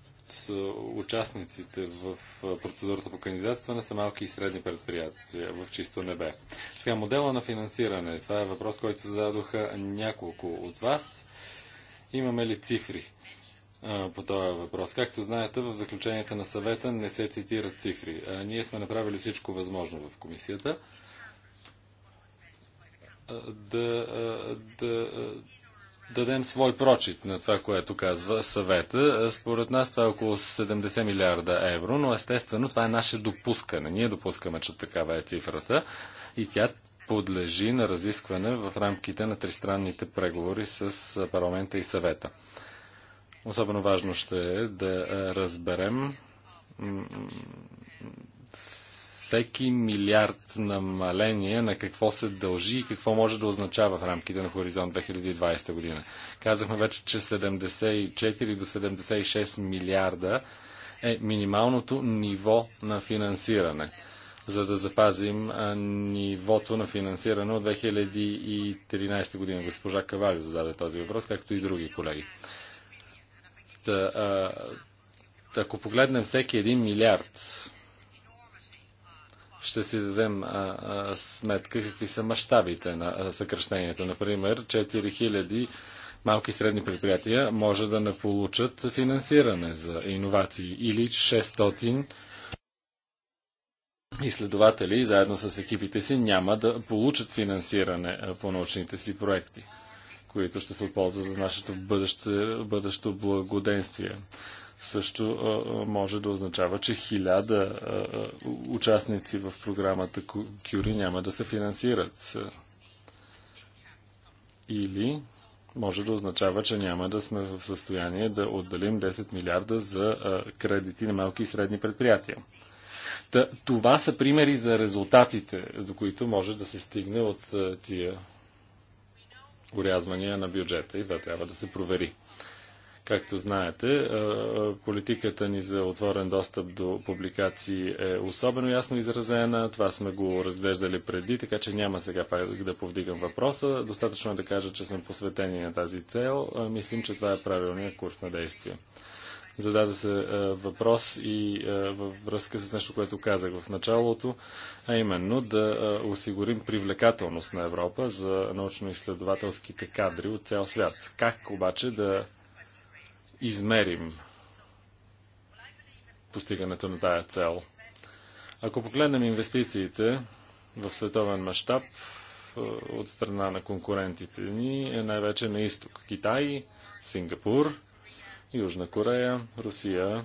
участниците в процедурата по кандидатстване са малки и средни предприятия в чисто небе. Сега модела на финансиране. Това е въпрос, който зададоха няколко от вас. Имаме ли цифри? по този въпрос. Както знаете, в заключенията на съвета не се цитират цифри. ние сме направили всичко възможно в комисията да, да дадем свой прочит на това, което казва съвета. Според нас това е около 70 милиарда евро, но естествено това е наше допускане. Ние допускаме, че такава е цифрата и тя подлежи на разискване в рамките на тристранните преговори с парламента и съвета. Особено важно ще е да е, разберем всеки милиард намаление на какво се дължи и какво може да означава в рамките на Хоризонт 2020 година. Казахме вече, че 74 до 76 милиарда е минималното ниво на финансиране, за да запазим нивото на финансиране от 2013 година. Госпожа Кавали зададе този въпрос, както и други колеги ако погледнем всеки един милиард, ще си дадем а, а, сметка какви са мащабите на а, съкръщението. Например, 4000 малки и средни предприятия може да не получат финансиране за иновации или 600 изследователи заедно с екипите си няма да получат финансиране по научните си проекти които ще се ползват за нашето бъдеще, бъдещо благоденствие. Също а, може да означава, че хиляда а, участници в програмата Кюри няма да се финансират. Или може да означава, че няма да сме в състояние да отделим 10 милиарда за кредити на малки и средни предприятия. Та, това са примери за резултатите, до които може да се стигне от тия урязвания на бюджета и това трябва да се провери. Както знаете, политиката ни за отворен достъп до публикации е особено ясно изразена. Това сме го разглеждали преди, така че няма сега пак да повдигам въпроса. Достатъчно е да кажа, че сме посветени на тази цел. Мислим, че това е правилният курс на действие. Зададе се е, въпрос и е, във връзка с нещо, което казах в началото, а именно да е, осигурим привлекателност на Европа за научно-изследователските кадри от цял свят. Как обаче да измерим постигането на тая цел? Ако погледнем инвестициите в световен мащаб от страна на конкурентите ни, най-вече на изток Китай, Сингапур, Южна Корея, Русия.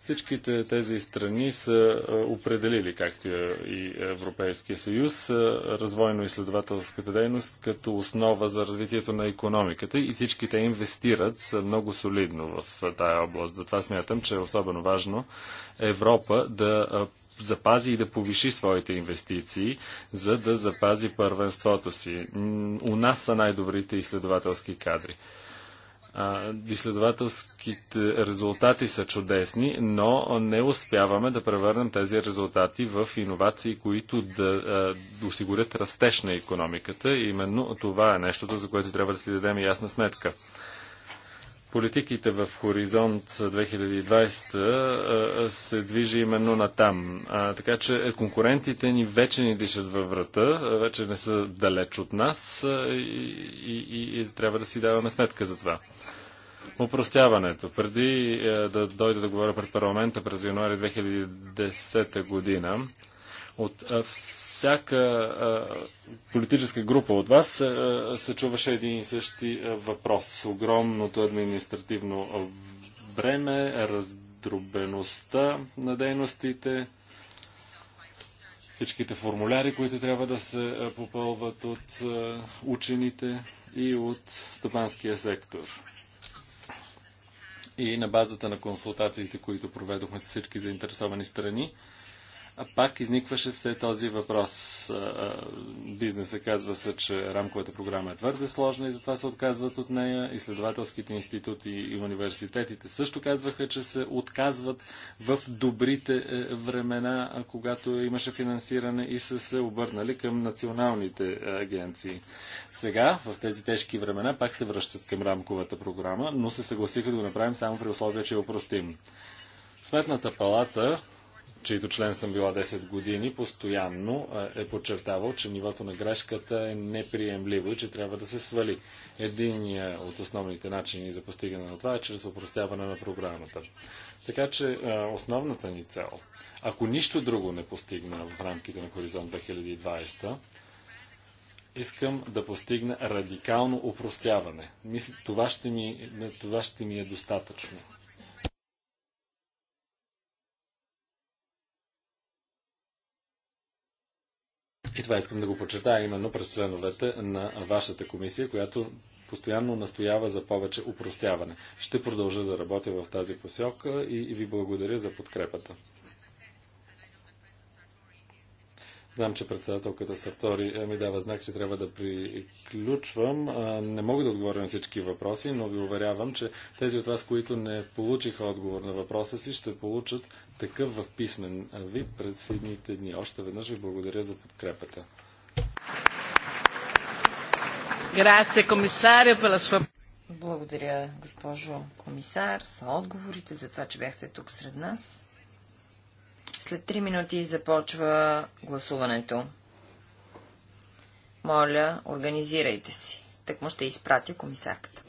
Всичките тези страни са определили, както е и Европейския съюз, развойно-изследователската дейност като основа за развитието на економиката и всички те инвестират много солидно в тая област. Затова смятам, че е особено важно Европа да запази и да повиши своите инвестиции, за да запази първенството си. У нас са най-добрите изследователски кадри. А, изследователските резултати са чудесни, но не успяваме да превърнем тези резултати в иновации, които да а, да осигурят растеж на економиката. И именно това е нещото, за което трябва да си дадем ясна сметка политиките в Хоризонт 2020 се движи именно на там. Така че е, конкурентите ни вече ни дишат във врата, вече не са далеч от нас и, и, и трябва да си даваме сметка за това. Опростяването. Преди е, да дойда да говоря пред парламента през януари 2010 година, от всяка а, политическа група от вас а, се чуваше един и същи въпрос. Огромното административно бреме, раздробеността на дейностите, всичките формуляри, които трябва да се попълват от а, учените и от стопанския сектор. И на базата на консултациите, които проведохме с всички заинтересовани страни, а пак изникваше все този въпрос. Бизнеса казва се, че рамковата програма е твърде сложна и затова се отказват от нея. Изследователските институти и университетите също казваха, че се отказват в добрите е, времена, когато имаше финансиране и са се обърнали към националните е, агенции. Сега, в тези тежки времена, пак се връщат към рамковата програма, но се съгласиха да го направим само при условие, че е упростим. Сметната палата чийто член съм била 10 години, постоянно е подчертавал, че нивото на грешката е неприемливо и че трябва да се свали. Един от основните начини за постигане на това е чрез упростяване на програмата. Така че основната ни цел, ако нищо друго не постигна в рамките на Хоризонт 2020, искам да постигна радикално упростяване. Мисля, това ще ми, това ще ми е достатъчно. И това искам да го почетая именно пред членовете на вашата комисия, която постоянно настоява за повече упростяване. Ще продължа да работя в тази посока и ви благодаря за подкрепата. Знам, че председателката са втори е, ми дава знак, че трябва да приключвам. Не мога да отговоря на всички въпроси, но ви уверявам, че тези от вас, които не получиха отговор на въпроса си, ще получат такъв в писмен вид пред следните дни. Още веднъж ви благодаря за подкрепата. Благодаря, госпожо комисар, за отговорите, за това, че бяхте тук сред нас. След 3 минути започва гласуването. Моля, организирайте си. Так му ще изпратя комисарката.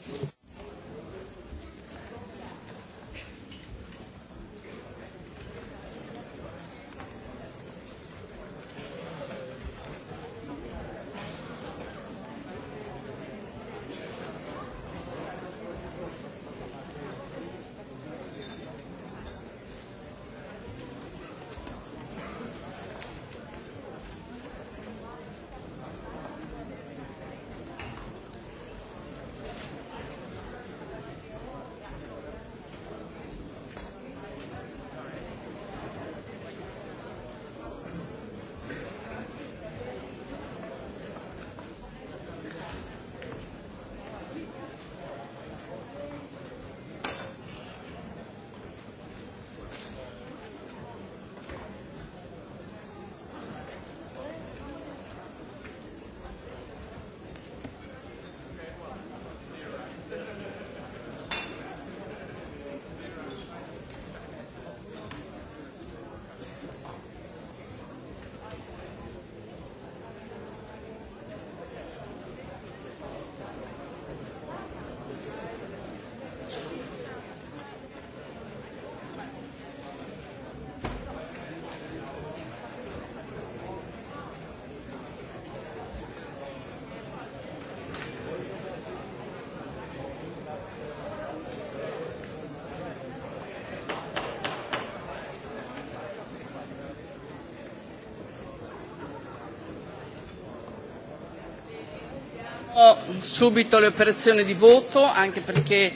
subito le operazioni di voto, anche perché...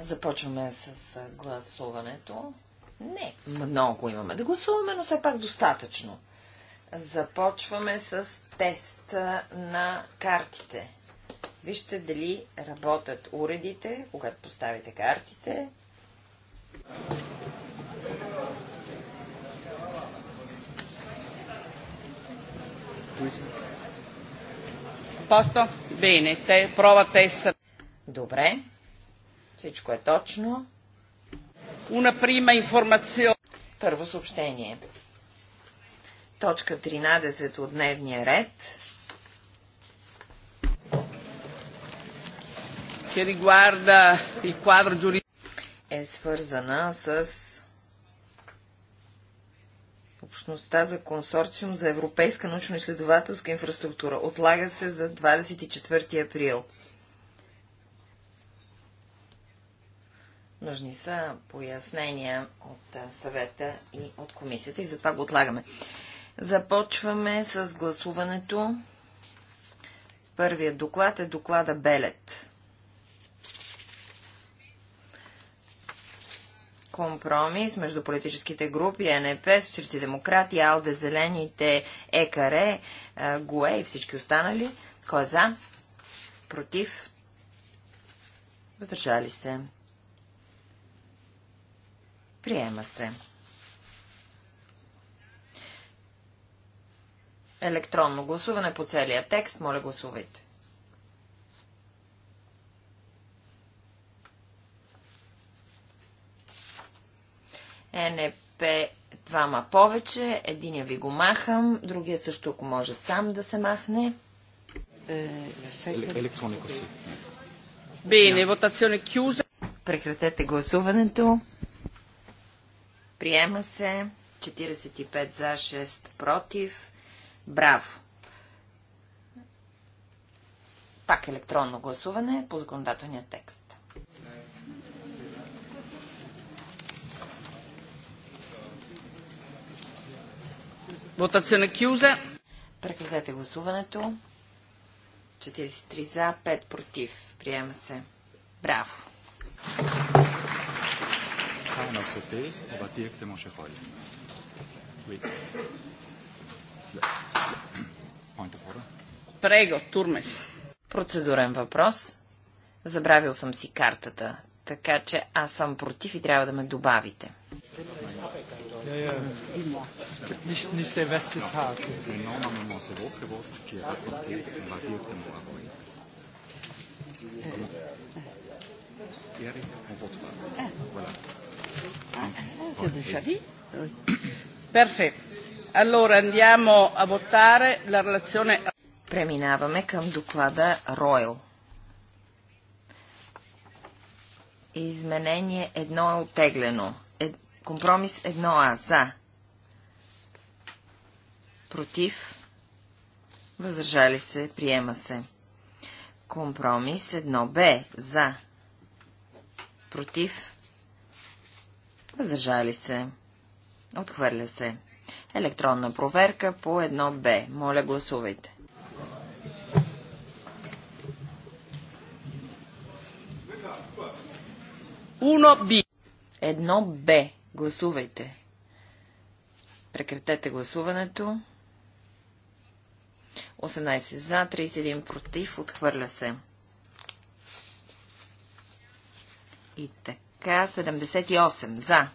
Започваме с гласуването. Не много имаме да гласуваме, но все пак достатъчно. Започваме с тест на картите. Вижте дали работят уредите, когато поставите картите. Thank you. Посто? Бене. Те, прова тест. Добре. Всичко е точно. Уна прима информация. Първо съобщение. Точка 13 от дневния ред. Che riguarda il quadro giuridico. Е свързана с общността за консорциум за европейска научно-изследователска инфраструктура. Отлага се за 24 април. Нужни са пояснения от съвета и от комисията и затова го отлагаме. Започваме с гласуването. Първият доклад е доклада Белет. компромис между политическите групи, НП, Социалисти демократи, АЛДЕ, Зелените, ЕКР, е, ГУЕ и всички останали. Кой е за? Против? Въздържали се. Приема се. Електронно гласуване по целия текст. Моля гласувайте. НП двама повече. Единия ви го махам, другия също, ако може сам да се махне. Е, Електронико си. Бене, вотационе кюза. Прекратете гласуването. Приема се. 45 за, 6 против. Браво! Пак електронно гласуване по законодателния текст. Votazione chiusa. Прекратете гласуването. 43 за, 5 против. Приема се. Браво! Прего, Турмес. Процедурен въпрос. Забравил съм си картата, така че аз съм против и трябва да ме добавите. Ja, ja. Nicht, nicht der beste Tag. Normalement, c'est votre vote qui est rapporté. On va directement après. Et arrête, on vote pas. Voilà. Ah, que déjà dit Perfetto. Allora andiamo a votare la relazione. Преминаваме към доклада Ройл. Изменение едно е оттеглено. Компромис 1А. За. Против. Въздържали се. Приема се. Компромис 1Б. За. Против. Въздържали се. Отхвърля се. Електронна проверка по 1Б. Моля, гласувайте. Уно Б. Едно Б. Гласувайте. Прекратете гласуването. 18 за, 31 против, отхвърля се. И така, 78 за,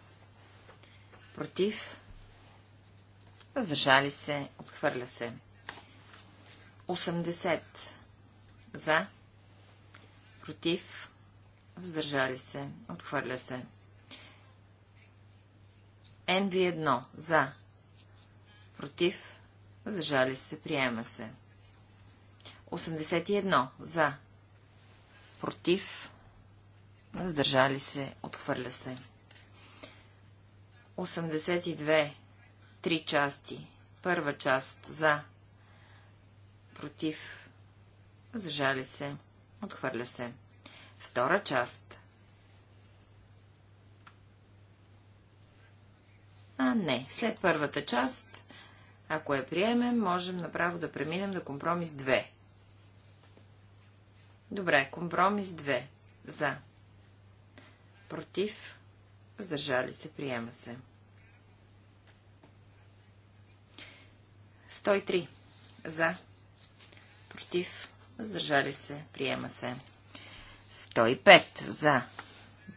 против, Зажали се, отхвърля се. 80 за, против, въздържали се, отхвърля се. NV1 за. Против. зажали се. Приема се. 81 за. Против. Въздържали се. Отхвърля се. 82. Три части. Първа част за. Против. Зажали се. Отхвърля се. Втора част А, не. След първата част, ако я приемем, можем направо да преминем на компромис 2. Добре, компромис 2. За. Против. Въздържали се. Приема се. 103. За. Против. Въздържали се. Приема се. 105. За.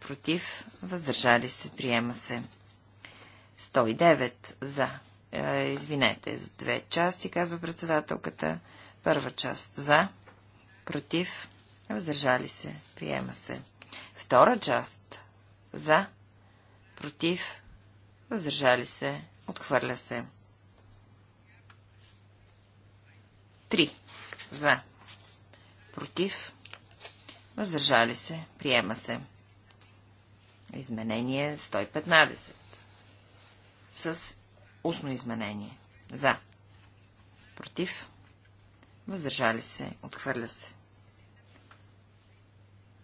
Против. Въздържали се. Приема се. 109 за. Е, извинете, за две части, казва председателката. Първа част за, против, въздържали се, приема се. Втора част за, против, въздържали се, отхвърля се. Три за, против, въздържали се, приема се. Изменение 115 с устно изменение. За. Против. Въздържали се. Отхвърля се.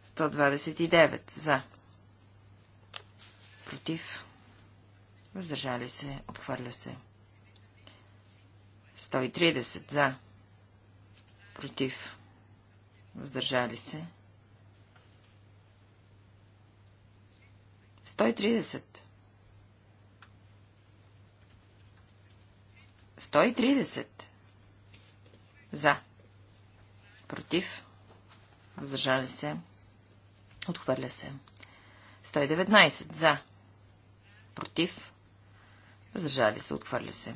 129. За. Против. Въздържали се. Отхвърля се. 130. За. Против. Въздържали се. 130. 130. За. Против. Въздържали се. Отхвърля се. 119. За. Против. Въздържали се. Отхвърля се.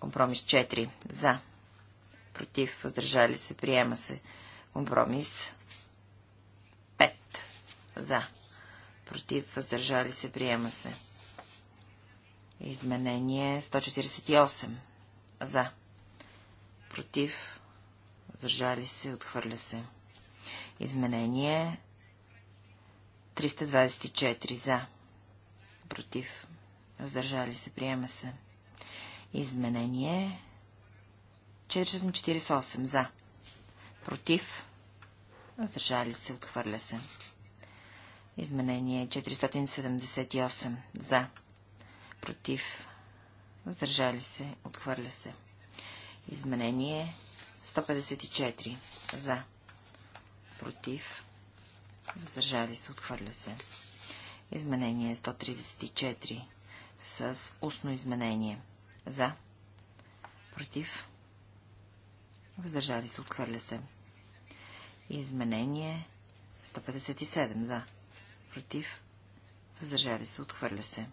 Компромис 4. За. Против. Въздържали се. Приема се. Компромис 5. За. Против. Въздържали се. Приема се. Изменение 148. За. Против. зажали се. Отхвърля се. Изменение 324. За. Против. Въздържали се. Приема се. Изменение 448. За. Против. Въздържали се. Отхвърля се. Изменение 478. За. Против. Въздържали се. Отхвърля се. Изменение 154. За. Против. Въздържали се. Отхвърля се. Изменение 134. С устно изменение. За. Против. Въздържали се. Отхвърля се. Изменение 157. За. Против. Въздържали се. Отхвърля се.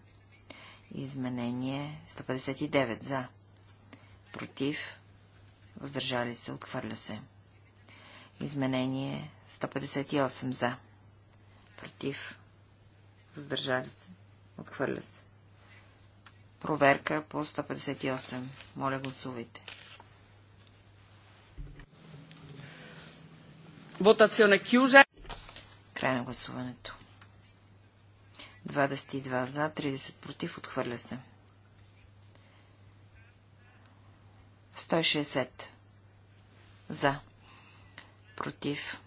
Изменение 159 за. Против. Въздържали се. Отхвърля се. Изменение 158 за. Против. Въздържали се. Отхвърля се. Проверка по 158. Моля, гласувайте. Вотационе Кюжа. Край на гласуването. 22 за, 30 против, отхвърля се. 160 за, против,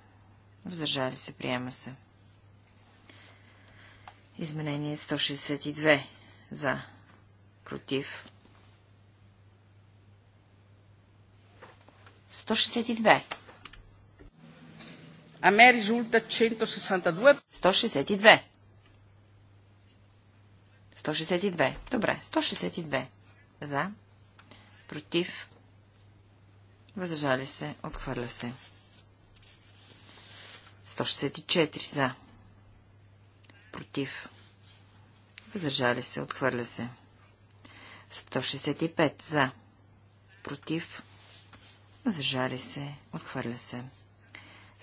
въздържали се, приема се. Изменение 162 за, против. 162. А ме резулта 162. 162. 162. Добре, 162. За. Против. Въздържали се. Отхвърля се. 164. За. Против. Въздържали се. Отхвърля се. 165. За. Против. Въздържали се. Отхвърля се.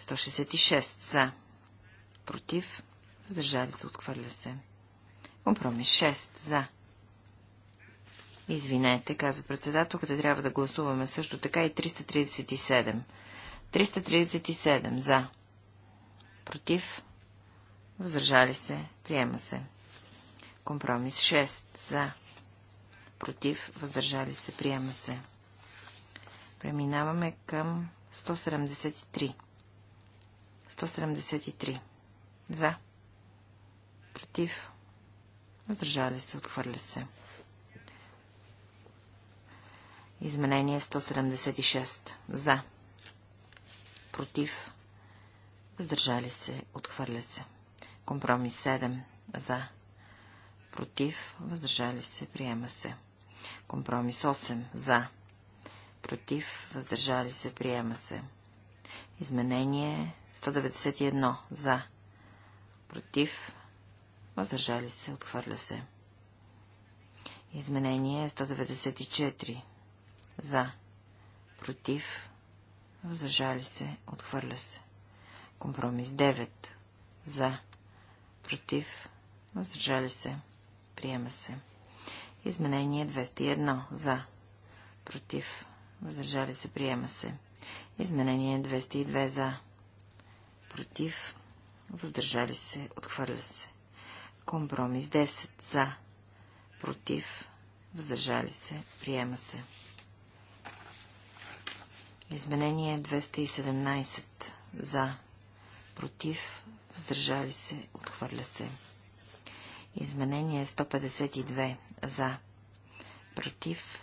166. За. Против. Въздържали се. Отхвърля се. Компромис 6 за. Извинете, казва председателката, трябва да гласуваме също така и 337. 337 за. Против. Въздържали се. Приема се. Компромис 6 за. Против. Въздържали се. Приема се. Преминаваме към 173. 173. За. Против. Въздържали се. Отхвърля се. Изменение 176. За. Против. Въздържали се. Отхвърля се. Компромис 7. За. Против. Въздържали се. Приема се. Компромис 8. За. Против. Въздържали се. Приема се. Изменение 191. За. Против. Въздържали се. Отхвърля се. Изменение 194. За. Против. Въздържали се. Отхвърля се. Компромис 9. За. Против. Въздържали се. Приема се. Изменение 201. За. Против. Въздържали се. Приема се. Изменение 202. За. Против. Въздържали се. Отхвърля се. Компромис 10 за. Против. Въздържали се. Приема се. Изменение 217 за. Против. Въздържали се. Отхвърля се. Изменение 152 за. Против.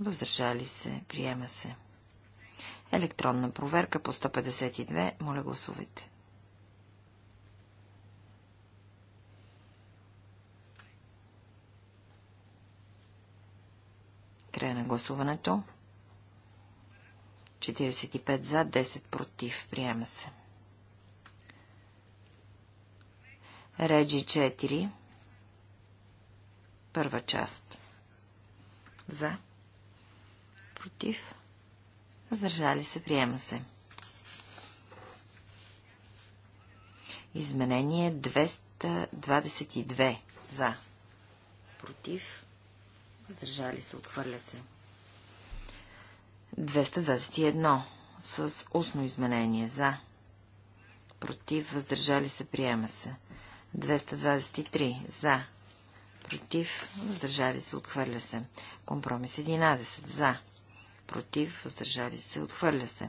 Въздържали се. Приема се. Електронна проверка по 152. Моля гласувайте. Край на гласуването. 45 за, 10 против. Приема се. Реджи 4. Първа част. За. Против. Въздържали се. Приема се. Изменение 222. За. Против. Въздържали се. Отхвърля се. 221. С устно изменение. За. Против. Въздържали се. Приема се. 223. За. Против. Въздържали се. Отхвърля се. Компромис 11. За. Против. Въздържали се. Отхвърля се.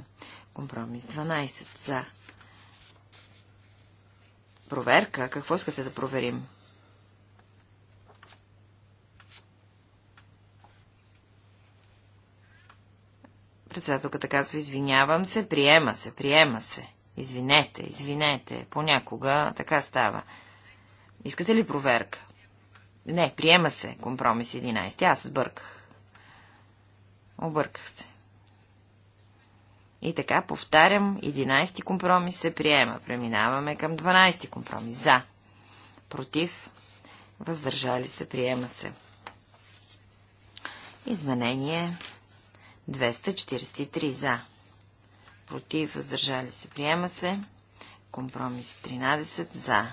Компромис 12. За. Проверка. Какво искате да проверим? Председателката казва, извинявам се, приема се, приема се. Извинете, извинете, понякога така става. Искате ли проверка? Не, приема се, компромис 11. Аз сбърках. Обърках се. И така, повтарям, 11-ти компромис се приема. Преминаваме към 12-ти компромис. За. Против. Въздържали се. Приема се. Изменение 243 за. Против, въздържали се, приема се. Компромис 13 за.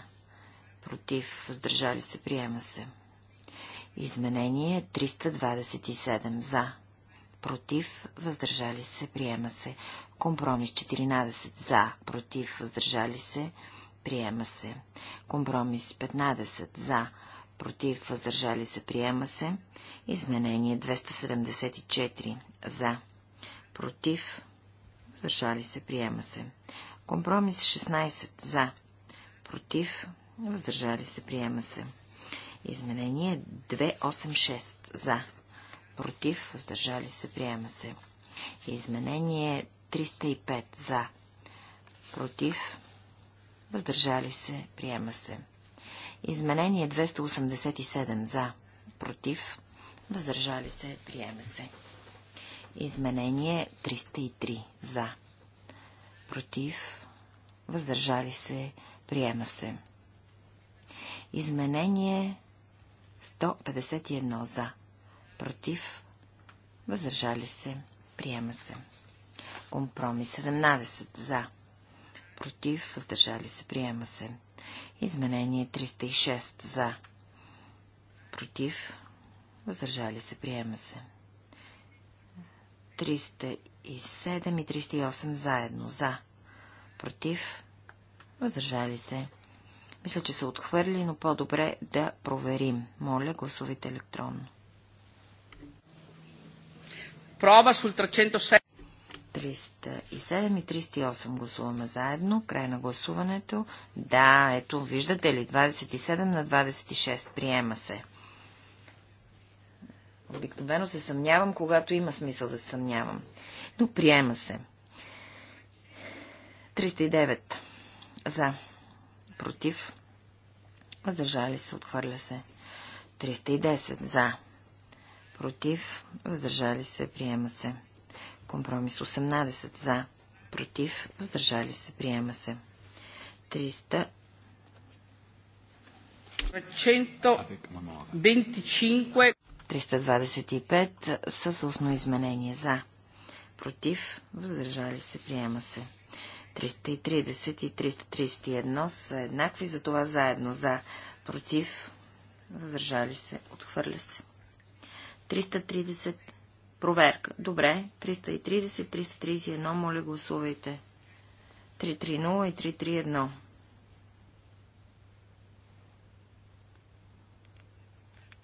Против, въздържали се, приема се. Изменение 327 за. Против, въздържали се, приема се. Компромис 14 за. Против, въздържали се, приема се. Компромис 15 за против, въздържали се, приема се. Изменение 274 за, против, въздържали се, приема се. Компромис 16 за, против, въздържали се, приема се. Изменение 286 за, против, въздържали се, приема се. Изменение 305 за, против, въздържали се, приема се. Изменение 287 за, против, въздържали се, приема се. Изменение 303 за, против, въздържали се, приема се. Изменение 151 за, против, въздържали се, приема се. Компромис 17 за, против, въздържали се, приема се. Изменение 306 за. Против. Въздържали се. Приема се. 307 и 308 заедно. За. Против. Въздържали се. Мисля, че са отхвърли, но по-добре да проверим. Моля, гласувайте електронно. Проба сул 307. 307 и 308 гласуваме заедно. Край на гласуването. Да, ето, виждате ли, 27 на 26. Приема се. Обикновено се съмнявам, когато има смисъл да се съмнявам. Но приема се. 309. За. Против. Въздържали се. Отхвърля се. 310. За. Против. Въздържали се. Приема се. Компромис 18 за, против, въздържали се, приема се. 300. 125. 325 с устно изменение за. Против, въздържали се, приема се. 330 и 331 са еднакви, затова заедно за. Против, въздържали се, отхвърля се. 330 Проверка. Добре. 330, 331. Моля, гласувайте. 330 и 331.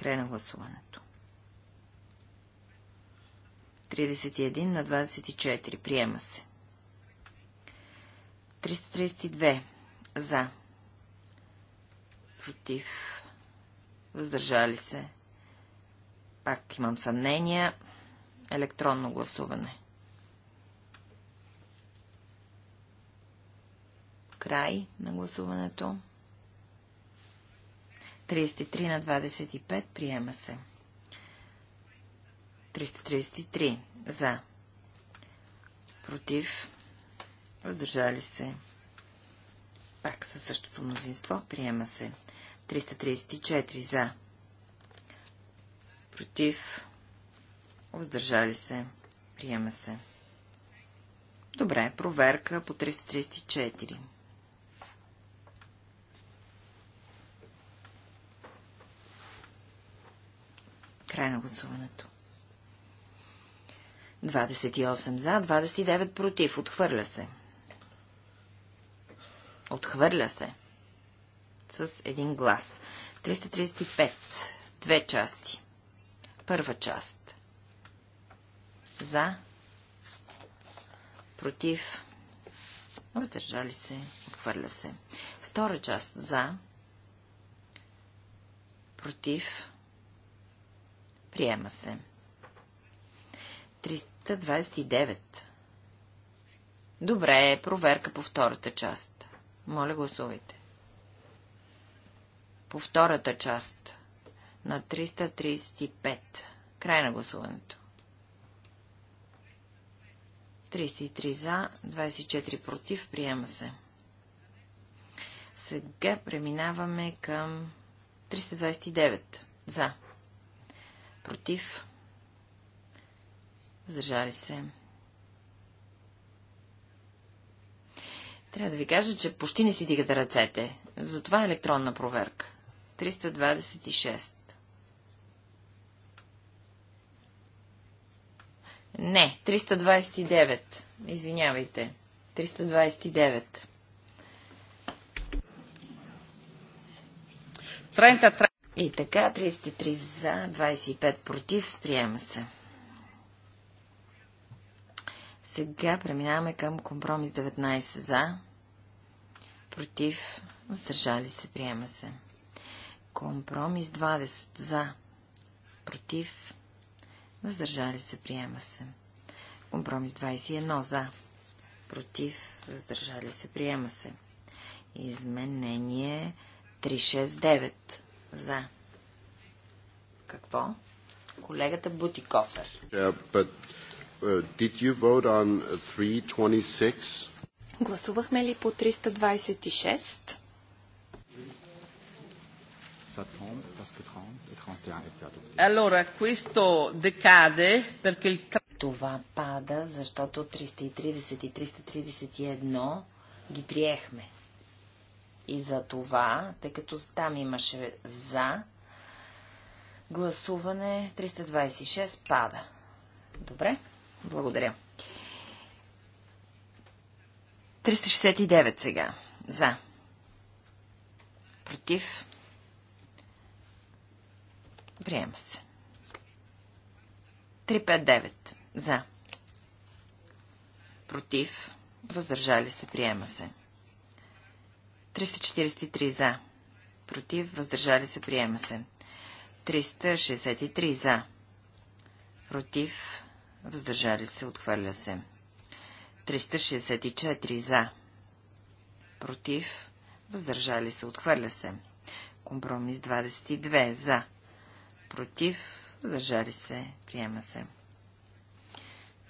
Край на гласуването. 31 на 24. Приема се. 332. За. Против. Въздържали се. Пак имам съмнения електронно гласуване. Край на гласуването. 33 на 25 приема се. 333 за. Против. Въздържали се. Пак със същото мнозинство приема се. 334 за. Против. Въздържали се. Приема се. Добре, проверка по 334. Край на гласуването. 28 за, 29 против. Отхвърля се. Отхвърля се. С един глас. 335. Две части. Първа част. За. Против. Въздържали се. Отхвърля се. Втора част. За. Против. Приема се. 329. Добре, проверка по втората част. Моля, гласувайте. По втората част на 335. Край на гласуването. 33 за, 24 против. Приема се. Сега преминаваме към 329 за, против, зажали се. Трябва да ви кажа, че почти не си дигате ръцете. Затова е електронна проверка. 326. Не, 329. Извинявайте. 329. 33. И така, 33 за, 25 против, приема се. Сега преминаваме към компромис 19 за, против, Сържали се, приема се. Компромис 20 за, против, Въздържали се. Приема се. Компромис 21. За. Против. Въздържали се. Приема се. Изменение 369. За. Какво? Колегата Бутикофер. Кофер. uh, did you vote on 326? Гласувахме ли по 326? Ça tombe parce que 30 et 31 adoptés. questo decade perché il... Това пада, защото 330 и 331 ги приехме. И за това, тъй като там имаше за, гласуване 326 пада. Добре, благодаря. 369 сега. За. Против. Приема се. 359 за. Против. Въздържали се. Приема се. 343 за. Против. Въздържали се. Приема се. 363 за. Против. Въздържали се. Отхвърля се. 364 за. Против. Въздържали се. Отхвърля се. Компромис 22 за против, въздържали се, приема се.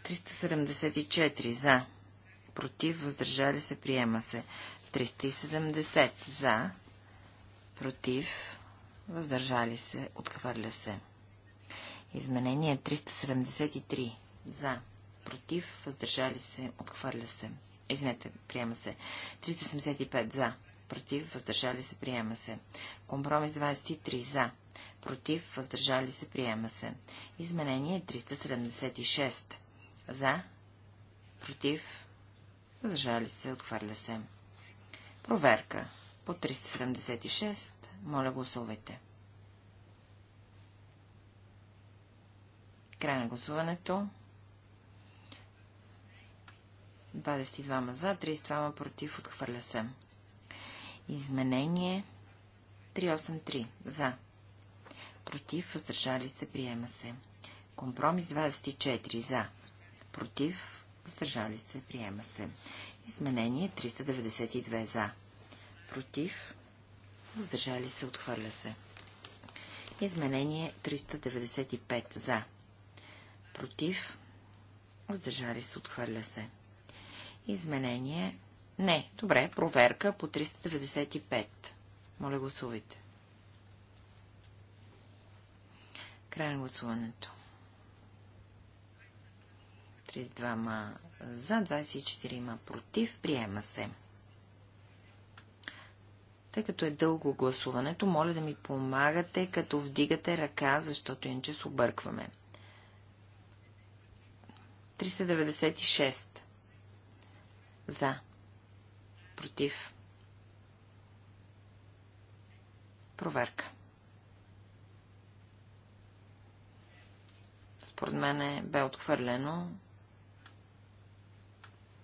374 за, против, въздържали се, приема се. 370 за, против, въздържали се, отхвърля се. Изменение 373 за, против, въздържали се, отхвърля се. Извинете, приема се. 375 за, против, въздържали се, приема се. Компромис 23 за, Против. Въздържали се. Приема се. Изменение 376. За. Против. Въздържали се. Отхвърля се. Проверка. По 376. Моля гласувайте. Край на гласуването. 22 за, 32 против, отхвърля се. Изменение 383 за против, въздържали се, приема се. Компромис 24 за, против, въздържали се, приема се. Изменение 392 за, против, въздържали се, отхвърля се. Изменение 395 за, против, въздържали се, отхвърля се. Изменение... Не, добре, проверка по 395. Моля, гласувайте. Край на гласуването. 32 ма за, 24 ма против. Приема се. Тъй като е дълго гласуването, моля да ми помагате, като вдигате ръка, защото иначе се объркваме. 396 за, против. Проверка. 396. Според мен е, бе отхвърлено.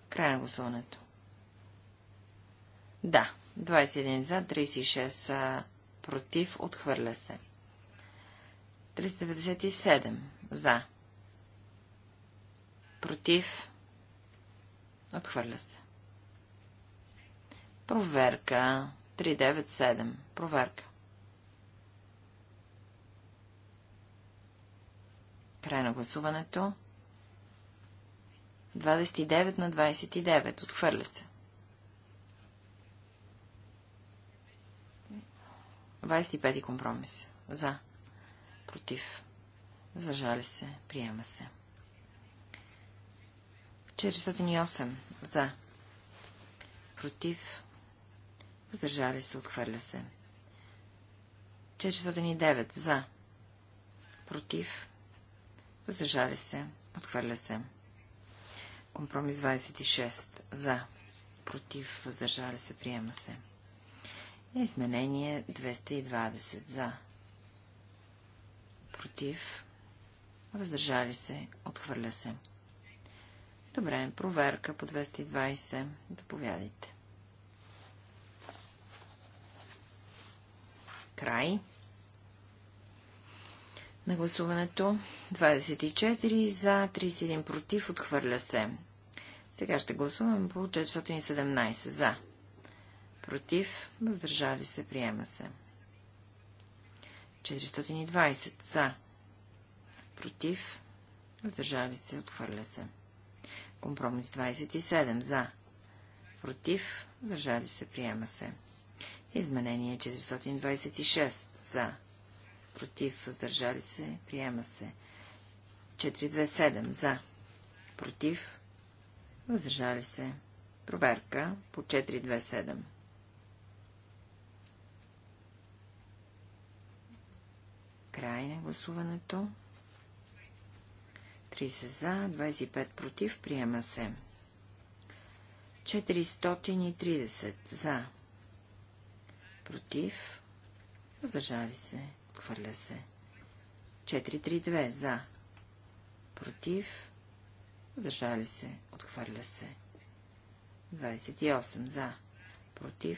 Край на гласуването. Да, 21 за, 36 против, отхвърля се. 397 за. Против. Отхвърля се. Проверка. 397. Проверка. Край на гласуването. 29 на 29. Отхвърля се. 25 компромис. За. Против. Зажали се. Приема се. 408. За. Против. Въздържали се. Отхвърля се. 409. За. Против. Въздържали се. Отхвърля се. Компромис 26. За. Против. Въздържали се. Приема се. Изменение 220. За. Против. Въздържали се. Отхвърля се. Добре, проверка по 220. Заповядайте. Край на гласуването. 24 за, 31 против, отхвърля се. Сега ще гласуваме по 417 за. Против, въздържали се, приема се. 420 за. Против, въздържали се, отхвърля се. Компромис 27 за. Против, въздържали се, приема се. Изменение 426 за против, въздържали се, приема се. 427 за, против, въздържали се. Проверка по 427. Край на гласуването. 30 за, 25 против, приема се. 430 за, против, въздържали се. Отхвърля се. 4-3-2. За. Против. Въздържали се. Отхвърля се. 28. За. Против.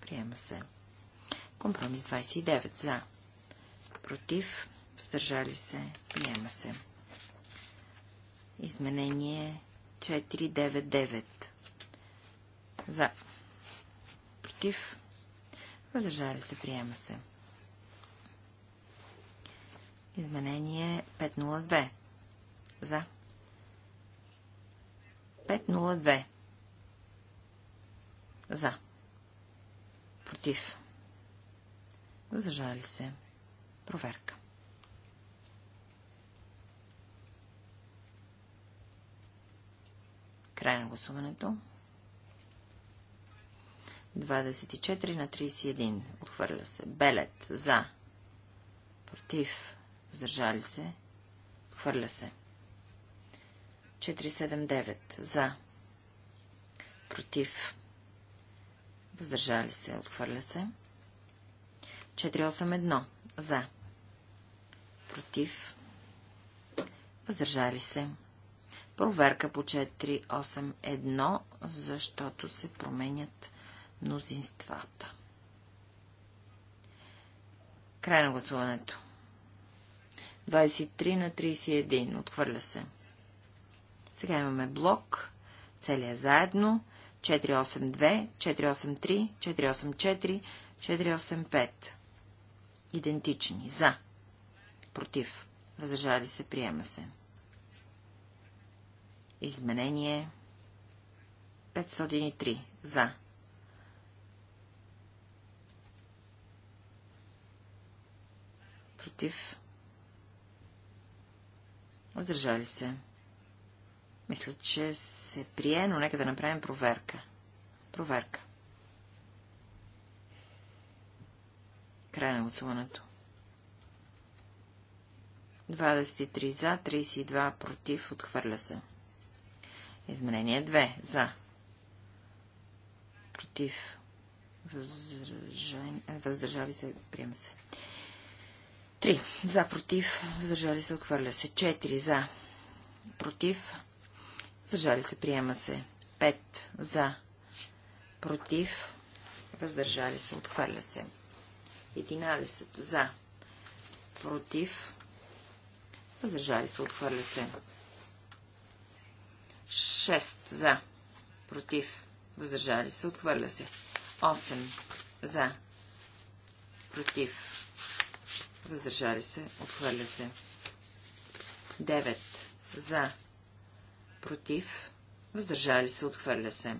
Приема се. Компромис 29. За. Против. Въздържали се. Приема се. Изменение 499. За. Против. Въздържали се. Приема се. Изменение 502. За. 502. За. Против. Въздържали се. Проверка. Край на гласуването. 24 на 31. Отхвърля се. Белет. За. Против въздържали се, хвърля се. 479 за, против, въздържали се, отхвърля се. 481 за, против, въздържали се. Проверка по 481, защото се променят мнозинствата. Край на гласуването. 23 на 31. Отхвърля се. Сега имаме блок. Целия е заедно. 482, 483, 484, 485. Идентични. За. Против. Възражали се. Приема се. Изменение 503. За. Против. Въздържали се. Мисля, че се прие, но нека да направим проверка. Проверка. Край на гласуването. 23 за, 32 против, отхвърля се. Изменение 2 за. Против. Въздържали, се, приема се. 3. За, против, въздържали се, отхвърля се. 4. За, против, зажали се, приема се. 5. За, против, въздържали се, отхвърля се. 11. За, против, въздържали се, отхвърля се. 6. За, против, въздържали се, отхвърля се. 8. За, против, въздържали се, отхвърля се. 9. За, против, въздържали се, отхвърля се.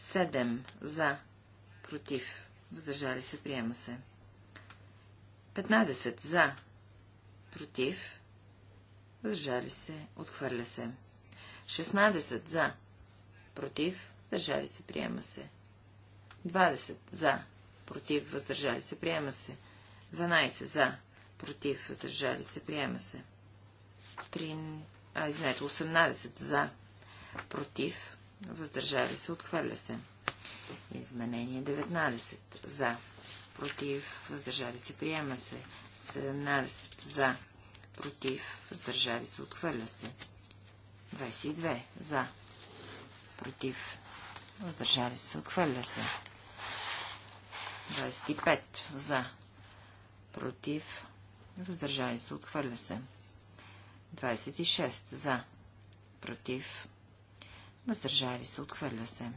7. За, против, въздържали се, приема се. 15. За, против, въздържали се, отхвърля се. 16. За, против, въздържали се, приема се. 20. За, против, въздържали се, приема се. 12 за, против, въздържали се, приема се. 3, а, извинете, 18 за, против, въздържали се, отхвърля се. Изменение 19 за, против, въздържали се, приема се. 17 за, против, въздържали се, отхвърля се. 22 за, против, въздържали се, отхвърля се. 25 за, против, въздържали се, отхвърля се. 26 за, против, въздържали се, отхвърля се.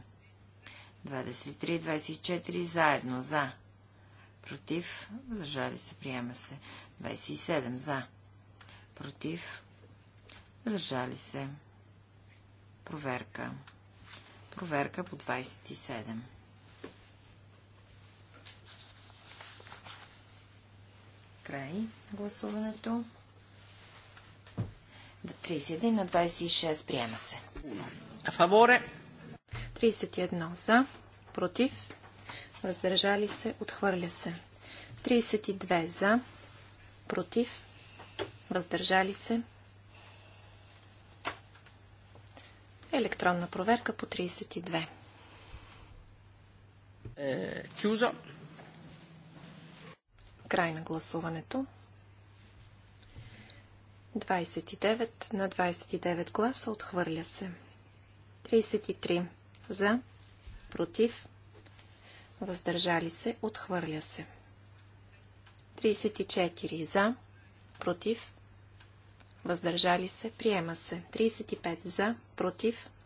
23 24 заедно за, против, въздържали се, приема се. 27 за, против, въздържали се. Проверка. Проверка по 27. Край гласуването. 31 на 26 приема се. А фаворе? 31 за, против, въздържали се, отхвърля се. 32 за, против, въздържали се. Електронна проверка по 32. Е, Кюза. Край на гласуването. 29 на 29 гласа отхвърля се. 33 за, против, въздържали се, отхвърля се. 34 за, против, въздържали се, приема се. 35 за, против,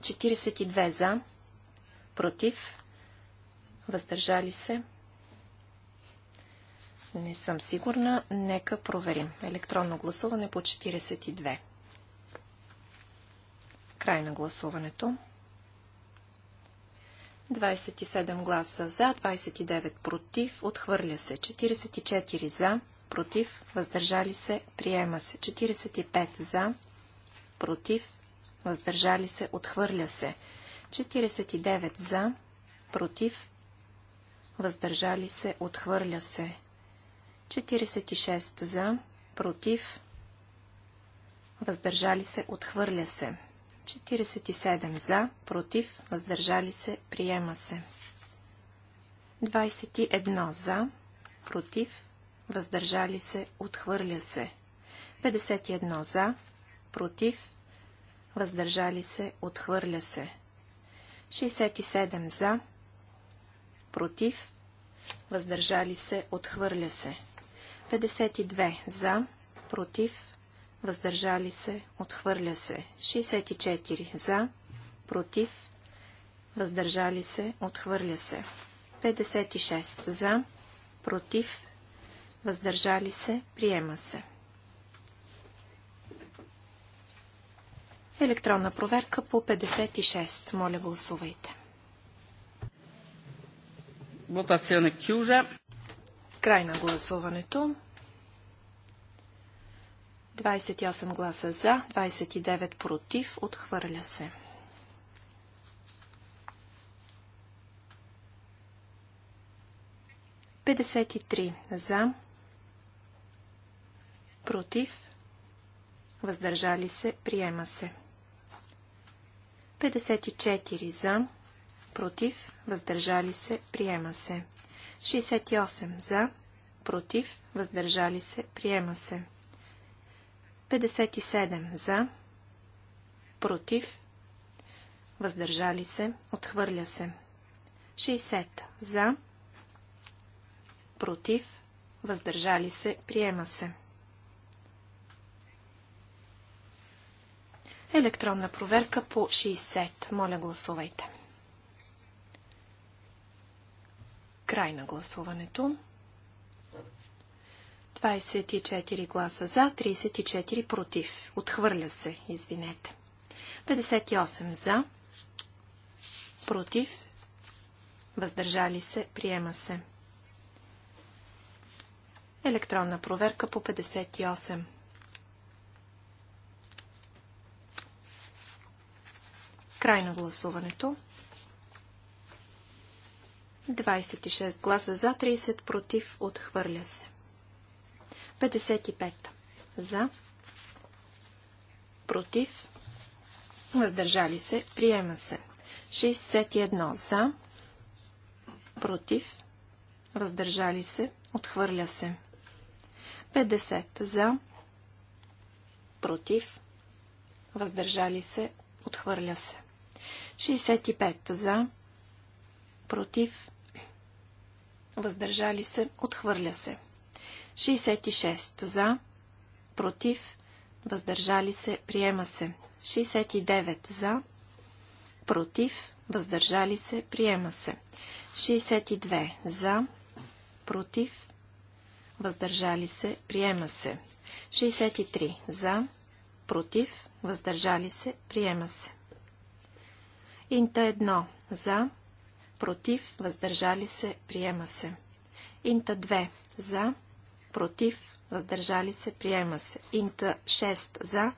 42 за, против, въздържали се. Не съм сигурна. Нека проверим. Електронно гласуване по 42. Край на гласуването. 27 гласа за, 29 против, отхвърля се. 44 за, против, въздържали се, приема се. 45 за, против, въздържали се, отхвърля се. 49 за, против, въздържали се, отхвърля се. 46 за, против, въздържали се, отхвърля се. 47 за, против, въздържали се, приема се. 21 за, против, въздържали се, отхвърля се. 51 за, против, въздържали се, отхвърля се. 67 за, против, въздържали се, отхвърля се. 52 за, против, въздържали се, отхвърля се. 64 за, против, въздържали се, отхвърля се. 56 за, против, въздържали се, приема се. Електронна проверка по 56. Моля гласувайте. на кюжа. Край на гласуването. 28 гласа за, 29 против, отхвърля се. Петдесет три за, против, въздържали се, приема се. 54 за, против, въздържали се, приема се. 68 за, против, въздържали се, приема се. 57 за, против, въздържали се, отхвърля се. 60 за, против, въздържали се, приема се. Електронна проверка по 60. Моля, гласувайте. Край на гласуването. 24 гласа за, 34 против. Отхвърля се, извинете. 58 за, против, въздържали се, приема се. Електронна проверка по 58. Край на гласуването. 26 гласа за, 30 против, отхвърля се. 55 за, против, въздържали се, приема се. 61 за, против, въздържали се, отхвърля се. 50 за, против, въздържали се, отхвърля се. 65 за, против, въздържали се, отхвърля се. 66 за, против, въздържали се, приема се. 69 за, против, въздържали се, приема се. 62 за, против, въздържали се, приема се. 63 за, против, въздържали се, приема се. Инта 1 за, против, въздържали се, приема се. Инта 2 за, против, въздържали се, приема се. Инта 6 за,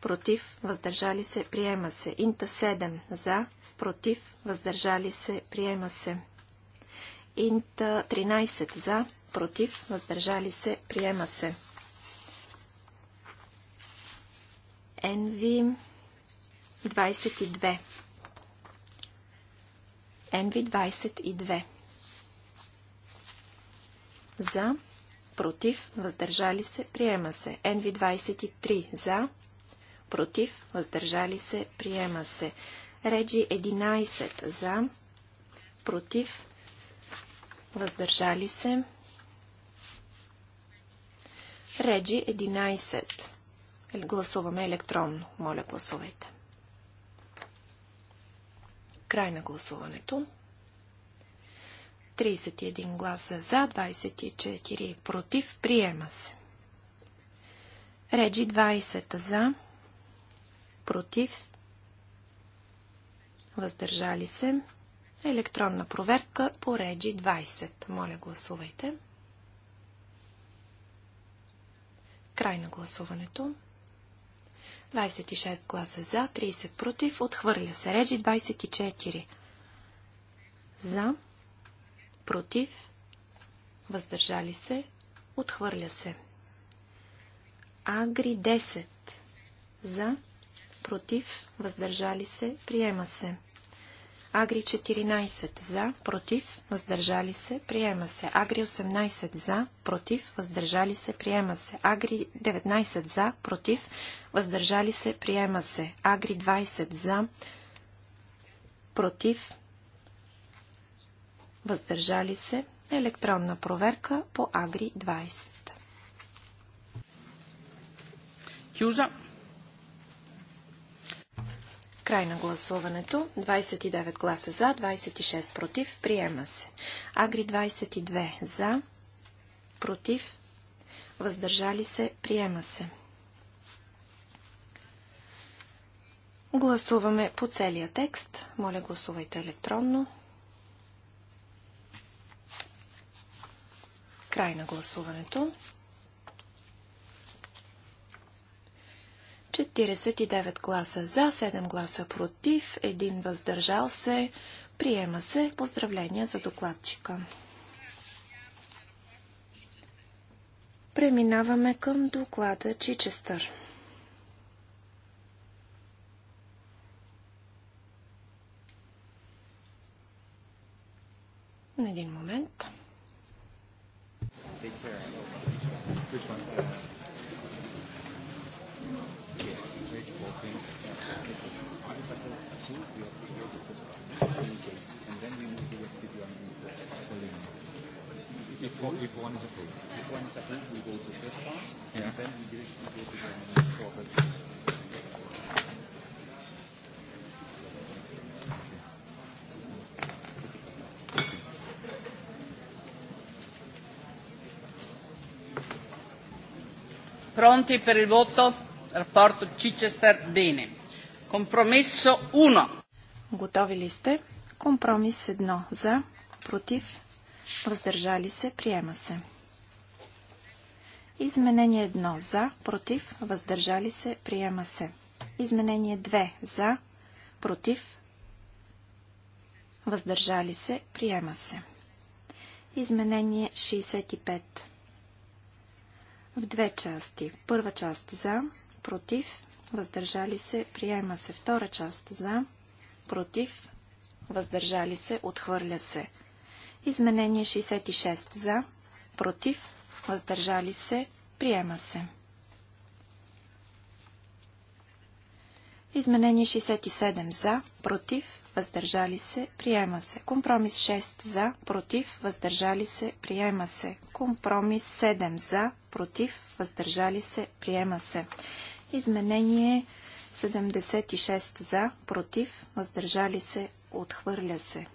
против, въздържали се, приема се. Инта 7 за, против, въздържали се, приема се. Инта 13 за, против, въздържали се, приема се. NV 22 NV22. За, против, въздържали се, приема се. NV23 за, против, въздържали се, приема се. Реджи 11 за, против, въздържали се. Реджи 11. Гласуваме електронно. Моля, гласувайте. Край на гласуването. 31 гласа за, 24 против. Приема се. Реджи 20 за, против, въздържали се. Електронна проверка по Реджи 20. Моля, гласувайте. Край на гласуването. 26 гласа за, 30 против, отхвърля се. Режи 24 за, против, въздържали се, отхвърля се. Агри 10 за, против, въздържали се, приема се. Агри 14 за, против, въздържали се, приема се. Агри 18 за, против, въздържали се, приема се. Агри 19 за, против, въздържали се, приема се. Агри 20 за, против, въздържали се. Електронна проверка по Агри 20. Кюза. Край на гласуването. 29 гласа за, 26 против. Приема се. Агри 22 за, против. Въздържали се. Приема се. Гласуваме по целия текст. Моля, гласувайте електронно. Край на гласуването. 49 гласа за, 7 гласа против, 1 въздържал се. Приема се. Поздравления за докладчика. Преминаваме към доклада Чичестър. На един момент. Take care. Which one? If, one is approved. If one is approved, we go to the first part, yeah. then we go to the Pronti per il voto? Rapporto Chichester Bene. Compromesso 1. Готови ли сте? Компромис 1 за, против, въздържали се, приема се. Изменение 1 за, против, въздържали се, приема се. Изменение 2 за, против, въздържали се, приема се. Изменение 65 в две части. Първа част за, против, въздържали се, приема се. Втора част за, против, въздържали се, отхвърля се. Изменение 66 за, против, въздържали се, приема се. Изменение 67 за, против, въздържали се, приема се. Компромис 6 за, против, въздържали се, приема се. Компромис 7 за, против, въздържали се, приема се. Изменение 76 за, против, въздържали се, отхвърля се.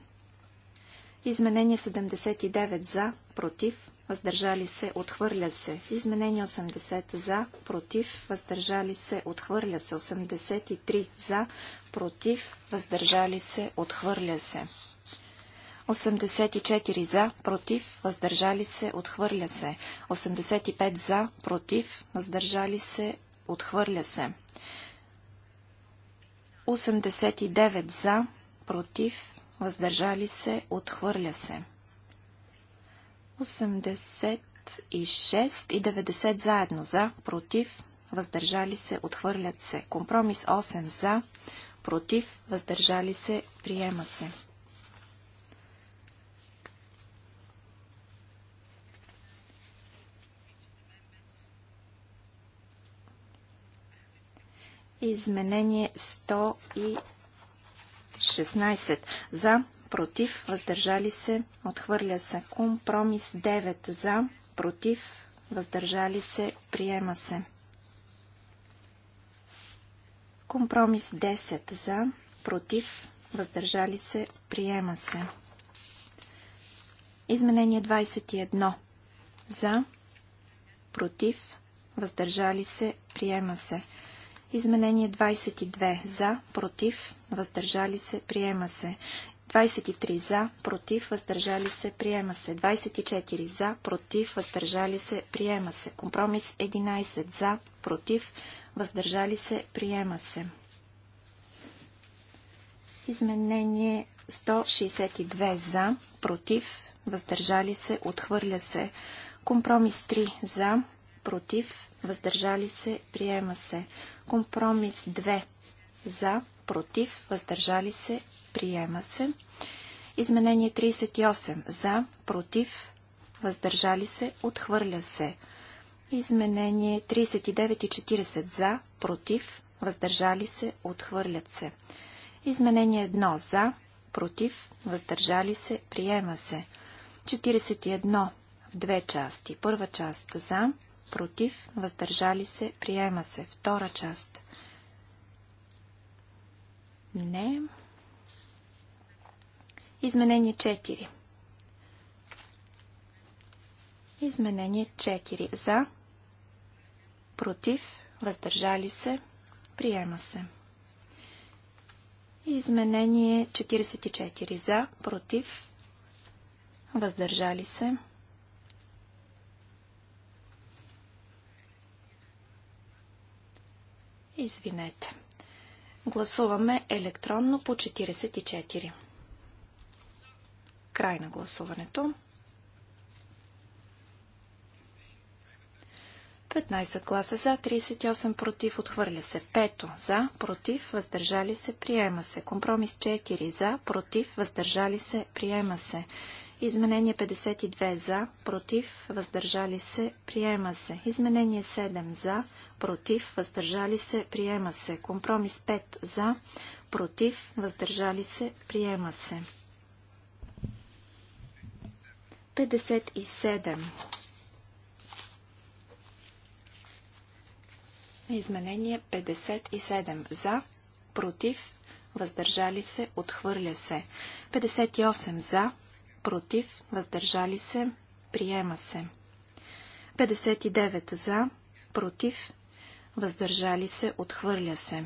Изменение 79 за, против, въздържали се, отхвърля се. Изменение 80 за, против, въздържали се, отхвърля се. 83 за, против, въздържали се, отхвърля се. 84 за, против, въздържали се, отхвърля се. 85 за, против, въздържали се, отхвърля се. 89 за, против, въздържали се, отхвърля се. 86 и 90 заедно за, против, въздържали се, отхвърлят се. Компромис 8 за, против, въздържали се, приема се. Изменение 16 за, против, въздържали се, отхвърля се. Компромис 9 за, против, въздържали се, приема се. Компромис 10 за, против, въздържали се, приема се. Изменение 21 за, против, въздържали се, приема се. Изменение 22 за, против, въздържали се, приема се. 23 за, против, въздържали се, приема се. 24 за, против, въздържали се, приема се. Компромис 11 за, против, въздържали се, приема се. Изменение 162 за, против, въздържали се, отхвърля се. Компромис 3 за, против, въздържали се, приема се. Компромис 2 за, против, въздържали се, приема се. Изменение 38 за, против, въздържали се, отхвърля се. Изменение 39 и 40 за, против, въздържали се, отхвърлят се. Изменение 1 за, против, въздържали се, приема се. 41 в две части. Първа част за, против, въздържали се, приема се. Втора част. Не. Изменение 4. Изменение 4. За, против, въздържали се, приема се. Изменение 44. За, против, въздържали се, Извинете. Гласуваме електронно по 44. Край на гласуването. 15 гласа за, 38 против, отхвърля се. 5 за, против, въздържали се, приема се. Компромис 4 за, против, въздържали се, приема се. Изменение 52 за, против, въздържали се, приема се. Изменение 7 за, против, въздържали се, приема се. Компромис 5 за, против, въздържали се, приема се. 57. Изменение 57. За, против, въздържали се, отхвърля се. 58. За, против, въздържали се, приема се. 59 за, против, въздържали се, отхвърля се.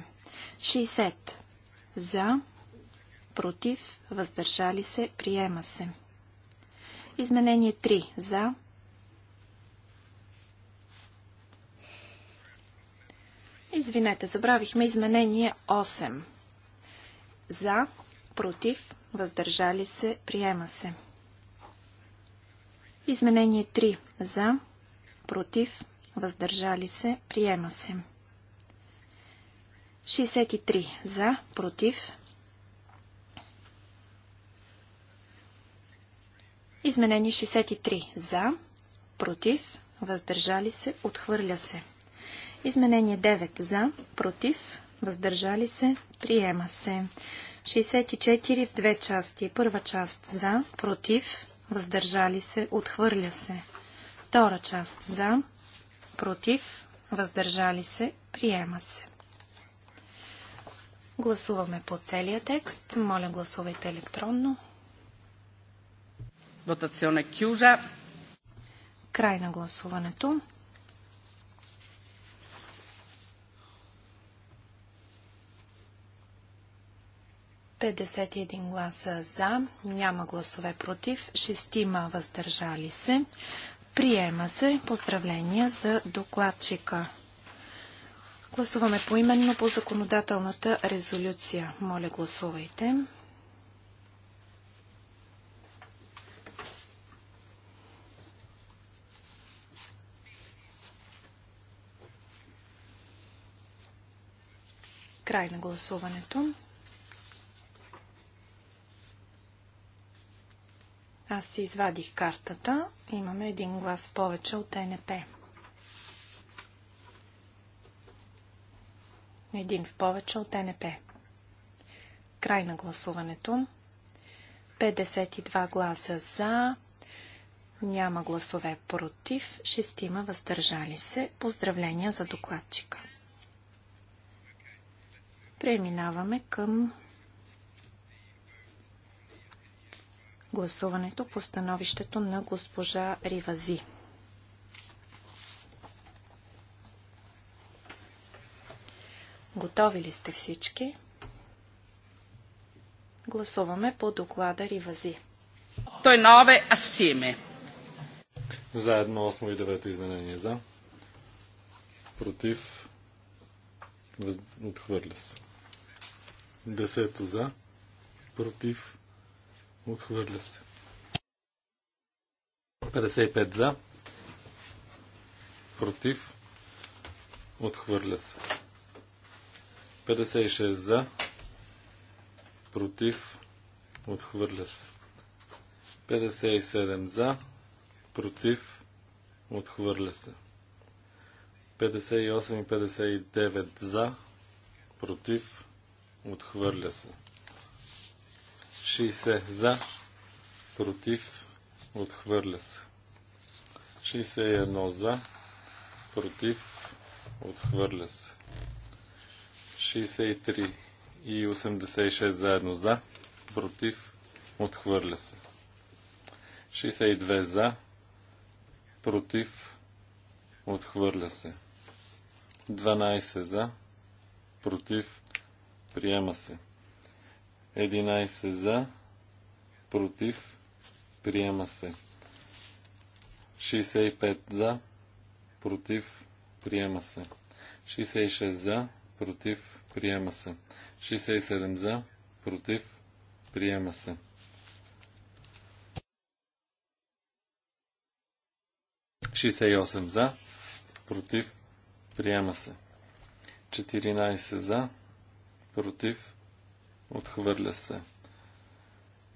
60 за, против, въздържали се, приема се. Изменение 3 за, Извинете, забравихме изменение 8. За, против, въздържали се, приема се. Изменение 3. За, против, въздържали се, приема се. 63. За, против. Изменение 63. За, против, въздържали се, отхвърля се. Изменение 9. За, против, въздържали се, приема се. 64 в две части. Първа част за, против, въздържали се, отхвърля се. Втора част за, против, въздържали се, приема се. Гласуваме по целия текст. Моля, гласувайте електронно. Votazione кюжа. Край на гласуването. 51 гласа за, няма гласове против, 6 въздържали се. Приема се. Поздравления за докладчика. Гласуваме поименно по законодателната резолюция. Моля, гласувайте. Край на гласуването. Аз си извадих картата. Имаме един глас повече от НП. Един в повече от НП. Край на гласуването. 52 гласа за, няма гласове против, шестима въздържали се. Поздравления за докладчика. Преминаваме към гласуването по становището на госпожа Ривази. Готови ли сте всички? Гласуваме по доклада Ривази. Той нове асиме. Заедно 8 и 9 изменение за. Против. Въз... Отхвърля се. Десето за. Против. Отхвърля се. 55 за. Против. Отхвърля се. 56 за. Против. Отхвърля се. 57 за. Против. Отхвърля се. 58 и 59 за. Против. Отхвърля се. 60 за, против, отхвърля се. 61 за, против, отхвърля се. 63 и 86 заедно за, против, отхвърля се. 62 за, против, отхвърля се. 12 за, против, приема се. 11 за, против, приема се. 65 за, против, приема се. 66 за, против, приема се. 67 за, против, приема се. Шестдесет за, против, приема се. 14 за, против, Отхвърля се.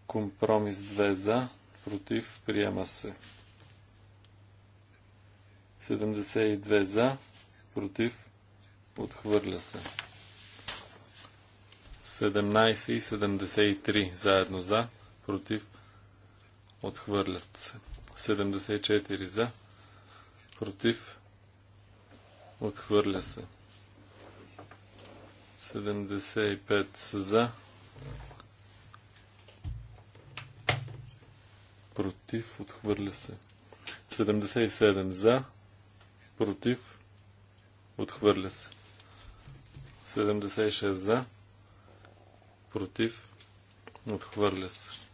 Компромис 2 за. Против. Приема се. 72 за. Против. Отхвърля се. 17 и 73 заедно за. Против. Отхвърлят се. 74 за. Против. Отхвърля се. 75 за против, отхвърля се. 77 за, против, отхвърля се. 76 за, против, отхвърля се.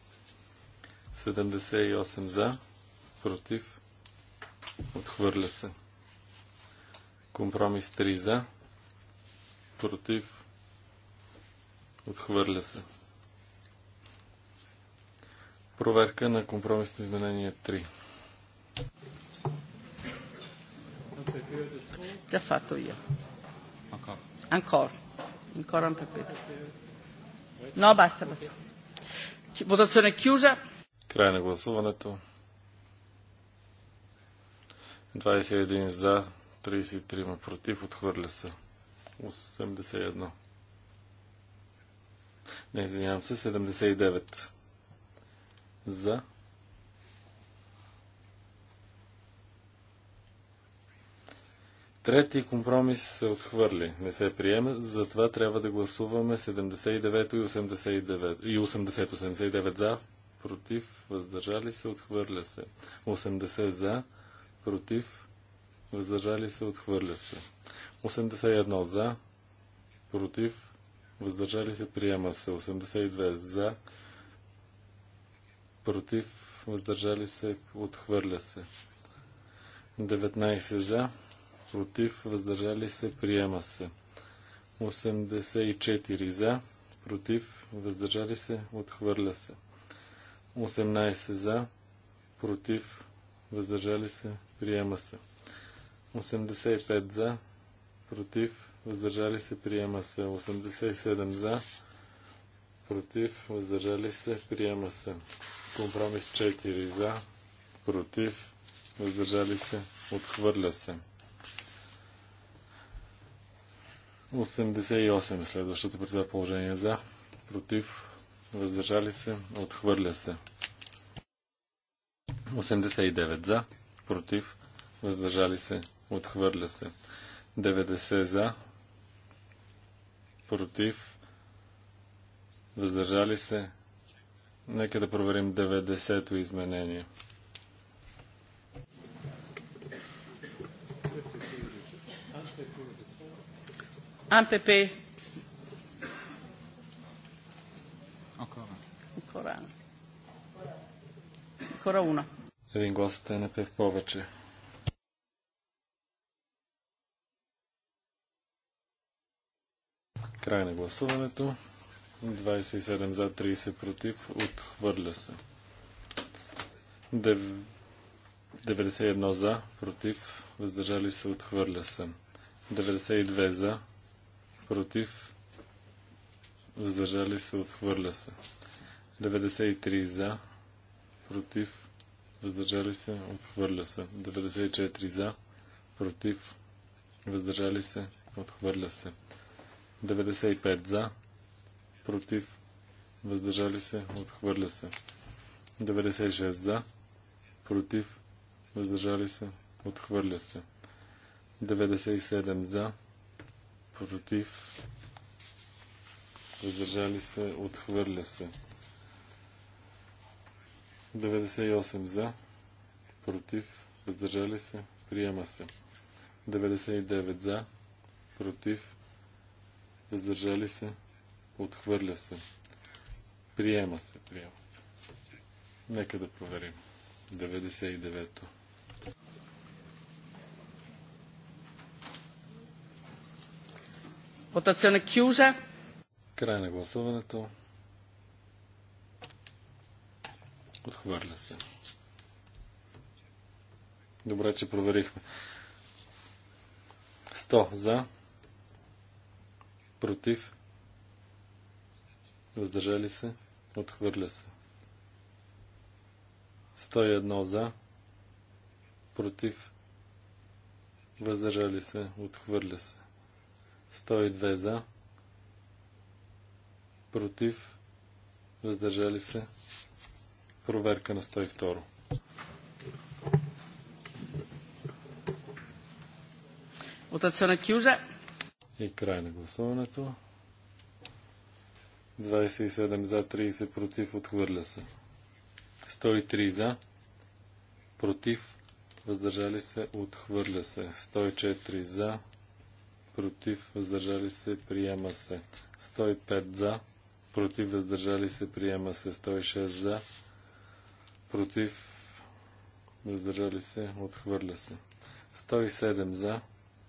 78 за, против, отхвърля се. Компромис 3 за, против, отхвърля се проверка на компромисно изменение 3. Già fatto io. Ancora. Ancora un pepino. No, basta, basta. Votazione chiusa. Край на гласуването. 21 за, 33 против, отхвърля се. 81. Не, извинявам се, 79 за Трети компромис се отхвърли, не се приема, затова трябва да гласуваме 79 и 89 и 80, 89 за, против, въздържали се, отхвърля се. 80 за, против, въздържали се, отхвърля се. 81 за, против, въздържали се, приема се. 82 за, против, въздържали се, отхвърля се. 19 за, против, въздържали се, приема се. 84 за, против, въздържали се, отхвърля се. 18 за, против, въздържали се, приема се. 85 за, против, въздържали се, приема се. 87 за, против, въздържали се, приема се. Компромис 4 за, против, въздържали се, отхвърля се. 88 е следващото при това положение за, против, въздържали се, отхвърля се. 89 за, против, въздържали се, отхвърля се. 90 за, против, Въздържали се? Нека да проверим 90-то изменение. АНПП. Хора уна. Един глас от НП в повече. Край на гласуването. 27 за, 30 против. Отхвърля се. 91 за, против. Въздържали се. Отхвърля се. 92 за, против. Въздържали се. Отхвърля се. 93 за, против. Въздържали се. Отхвърля се. 94 за, против. Въздържали се. Отхвърля се. 95 за, против, въздържали се, отхвърля се. 96 за, против, въздържали се, отхвърля се. 97 за, против, въздържали се, отхвърля се. 98 за, против, въздържали се, приема се. 99 за, против, въздържали се, Отхвърля се. Приема се, приема се. Нека да проверим. 99-то. на Кюжа. Край на гласуването. Отхвърля се. Добре, че проверихме. 100 за. Против въздържали се, отхвърля се. 101 за, против, въздържали се, отхвърля се. 102 за, против, въздържали се, проверка на 102. Votazione chiusa. И край на гласуването. 27 за, 30 против, отхвърля се. 103 за, против, въздържали се, отхвърля се. 104 за, против, въздържали се, приема се. 105 за, против, въздържали се, приема се. 106 за, против, въздържали се, отхвърля се. 107 за,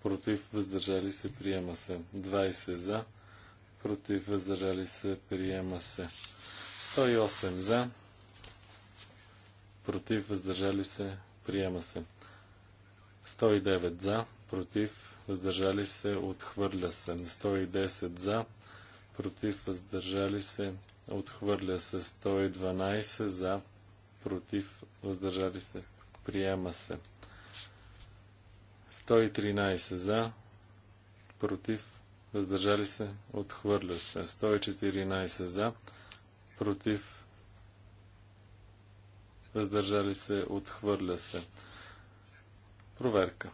против, въздържали се, приема се. 20 за, против, въздържали се, приема се. 108 за, против, въздържали се, приема се. 109 за, против, въздържали се, отхвърля се. 110 за, против, въздържали се, отхвърля се. 112 за, против, въздържали се, приема се. 113 за, против, въздържали се, отхвърля се. 114 за, против, въздържали се, отхвърля се. Проверка.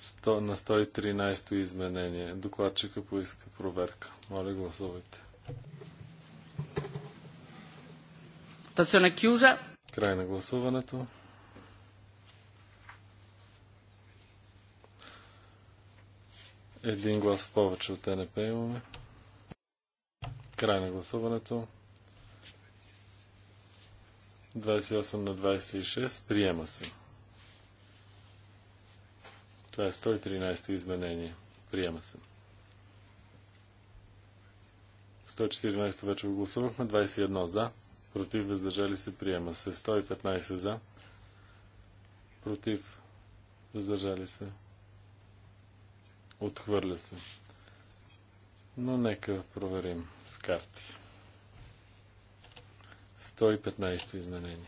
100, на 113 изменение. Докладчика поиска проверка. Моля, гласувайте. Край на гласуването. Един глас в повече от НП имаме. Край на гласуването. 28 на 26. Приема се. Това е 113-то изменение. Приема се. 114 вече го гласувахме. 21 за. Против въздържали се. Приема се. 115 за. Против въздържали се. Отхвърля се. Но нека проверим с карти. 115 изменение.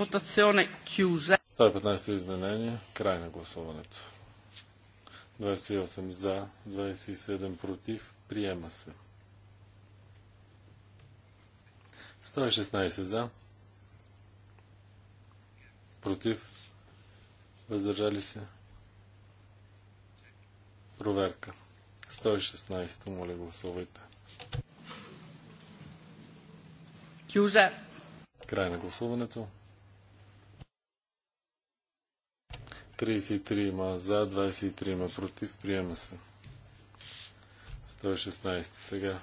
votazione chiusa. 115 изменение, край на гласуването. 28 за, 27 против, приема се. 116 за. Против. Въздържали се. Проверка. 116. Моля, гласувайте. Кюжа. Край на гласуването. 33 има за, 23 има против. Приема се. 116 сега.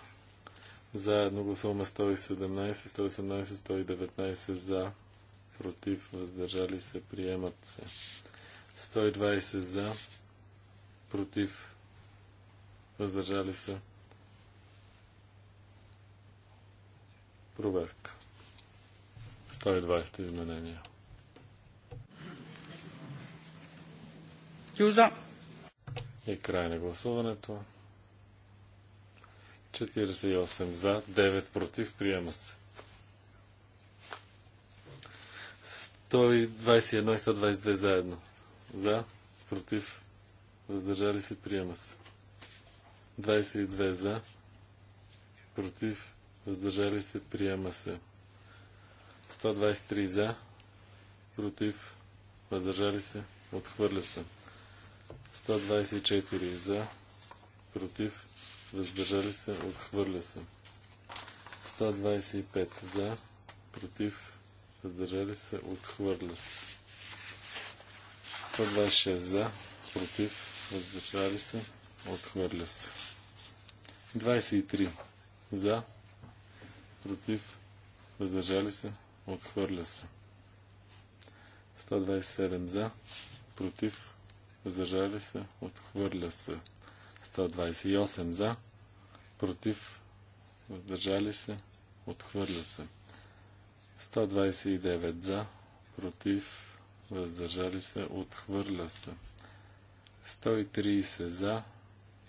Заедно гласуваме 117, 118, 119 за, против, въздържали се, приемат се. 120 за, против, въздържали се. Проверка. 120 изменения. Кюза. И край на гласуването. 48 за, 9 против, приема се. 121 и 122 заедно. За, против, въздържали се, приема се. 22 за, против, въздържали се, приема се. 123 за, против, въздържали се, отхвърля се. 124 за, против, въздържали се, отхвърля се. 125 за, против, въздържали се, отхвърля се. 126 за, против, въздържали се, отхвърля се. 23 за, против, въздържали се, отхвърля се. 127 за, против, въздържали се, отхвърля се. 128 за, против, въздържали се, отхвърля се. 129 за, против, въздържали се, отхвърля се. 130 за,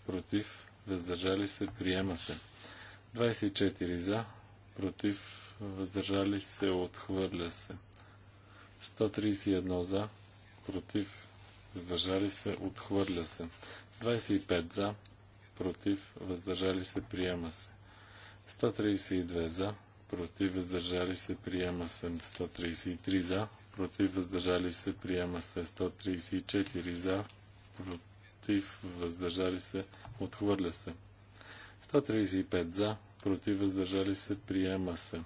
против, въздържали се, приема се. 24 за, против, въздържали се, отхвърля се. 131 за, против, въздържали се, отхвърля се. 25 за, против, въздържали се, приема се. 132 за, против, въздържали се, приема се. 133 за, против, въздържали се, приема се. 134 за, против, въздържали се, отхвърля се. 135 за, против, въздържали се, приема се.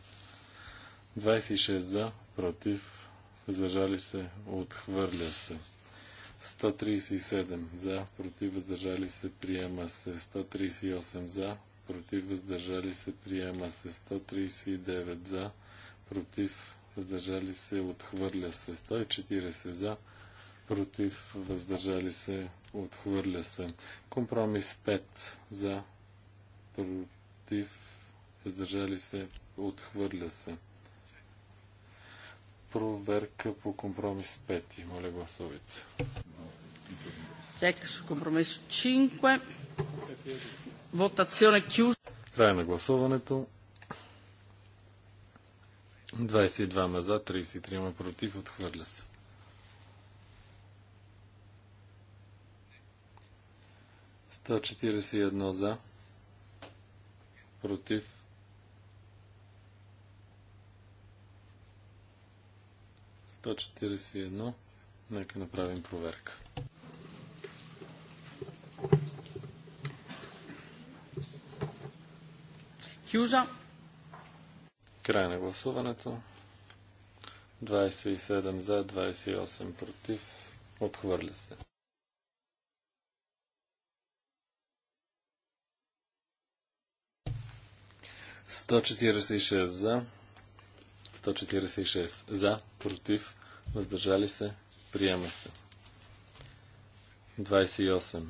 26 за, против, въздържали се, отхвърля се. 137 за, против въздържали се, приема се. 138 за, против въздържали се, приема се. 139 за, против въздържали се, отхвърля се. 140 за, против въздържали се, отхвърля се. Компромис 5 за, против въздържали се, отхвърля се проверка по компромис 5. Моля гласовете. Чека компромис 5. Votazione е кюз. Край на гласуването. 22 ма за, 33 ма против, отхвърля се. Сто за, против, 141. Нека направим проверка. Кюжа. Край на гласуването. 27 за, 28 против. Отхвърля се. Сто и шест за, 146. За, против, въздържали се, приема се. 28.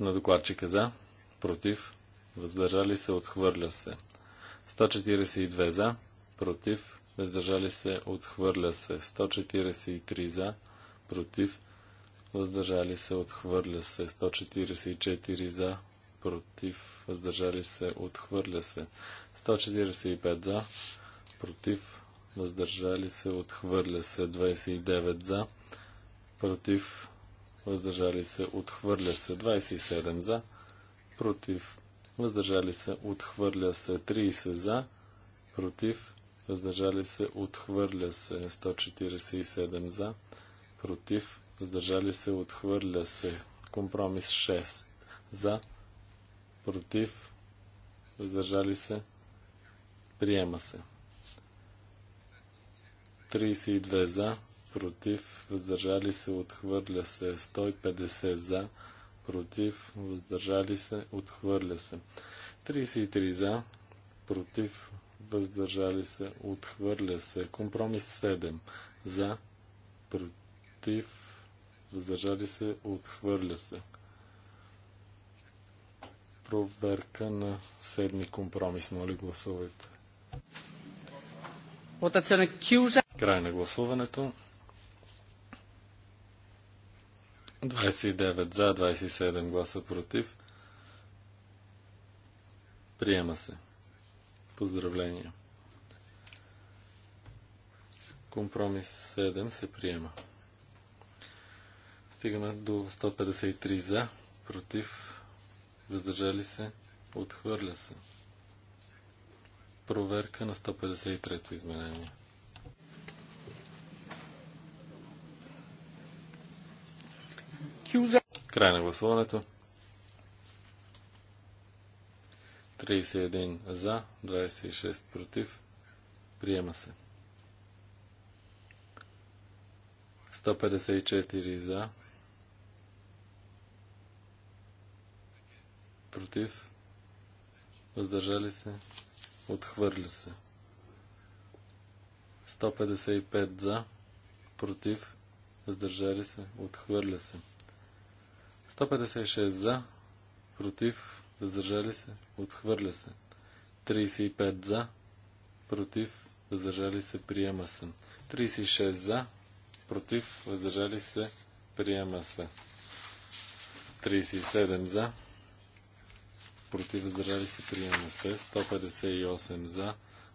На докладчика за, против, въздържали се, отхвърля се. 142 за, против, въздържали се, отхвърля се. 143 за, против, въздържали се, отхвърля се. 144 за, против, въздържали се, отхвърля се. 145 за, против, въздържали се, отхвърля се. 29 за, против, въздържали се, отхвърля се. 27 за, против, въздържали се, отхвърля се. 30 за, против, въздържали се, отхвърля се. 147 за, против, въздържали се, отхвърля се. Компромис 6 за, против, против, въздържали се, приема се. 32 за, против, въздържали се, отхвърля се. 150 за, против, въздържали се, отхвърля се. 33 за, против, въздържали се, отхвърля се. Компромис 7 за, против, въздържали се, отхвърля се проверка на седми компромис. Моля, гласувайте. Край на гласуването. 29 за, 27 гласа против. Приема се. Поздравления. Компромис 7 се приема. Стигаме до 153 за, против въздържали се, отхвърля се. Проверка на 153-то изменение. Край на гласуването. 31 за, 26 против. Приема се. 154 за, против, въздържали се, отхвърля се. 155 за, против, въздържали се, отхвърля се. 156 за, против, въздържали се, отхвърля се. 35 за, против, въздържали се, приема се. 36 за, против, въздържали се, приема се. 37 за, против, въздържали се, приема се. 158 за,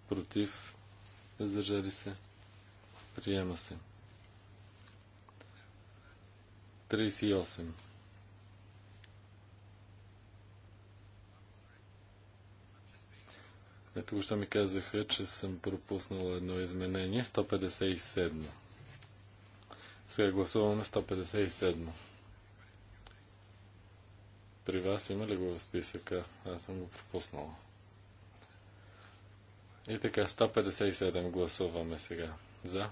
против, въздържали се, приема се. 38. Ето що ми казаха, че съм пропуснал едно изменение. 157. Сега гласуваме 157. При вас има ли го в списъка? Аз съм го пропуснала. И така, 157 гласуваме сега. За,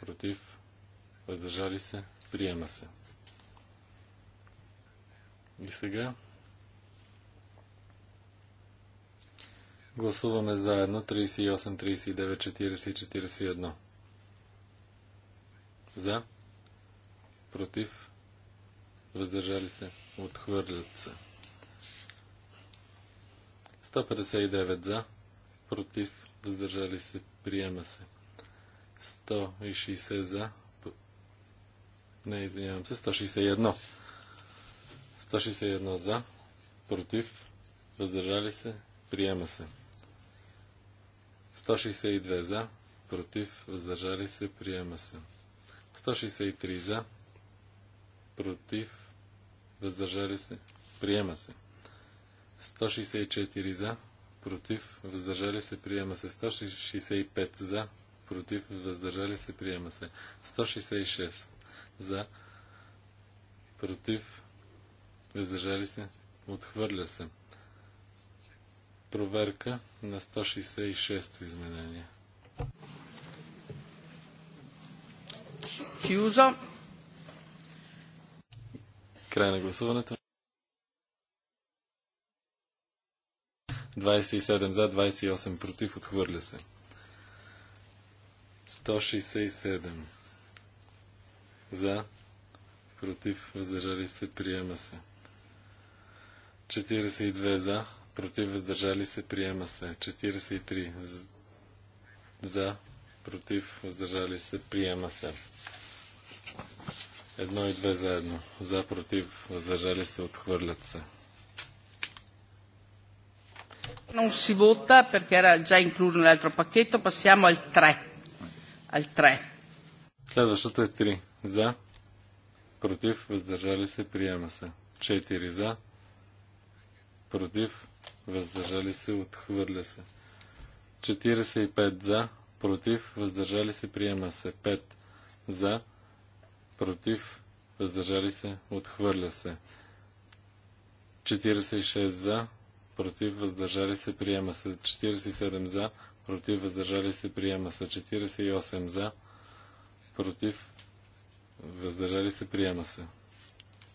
против, въздържали се, приема се. И сега гласуваме заедно 38, 39, 40, 41. За, против, въздържали се, отхвърлят се. 159 за, против, въздържали се, приема се. 160 за, не, извинявам се, 161. 161 за, против, въздържали се, приема се. 162 за, против, въздържали се, приема се. 163 за, против, въздържали се, приема се. 164 за, против, въздържали се, приема се. 165 за, против, въздържали се, приема се. 166 за, против, въздържали се, отхвърля се. Проверка на 166-то изменение. Chiuso. Край на гласуването. 27 за, 28 против, отхвърля се. 167 за, против, въздържали се, приема се. 42 за, против, въздържали се, приема се. 43 за, против, въздържали се, приема се. Едно и две заедно. За, против, въздържали се, отхвърлят се. Non si vota perché era già incluso nell'altro pacchetto. Passiamo al 3. Al 3. Следващото е 3. За, против, въздържали се, приема се. 4 за, против, въздържали се, отхвърля се. 45 за, против, въздържали се, приема се. 5 за, против, въздържали се, отхвърля се. 46 за, против, въздържали се, приема се. 47 за, против, въздържали се, приема се. 48 за, против, въздържали се, приема се.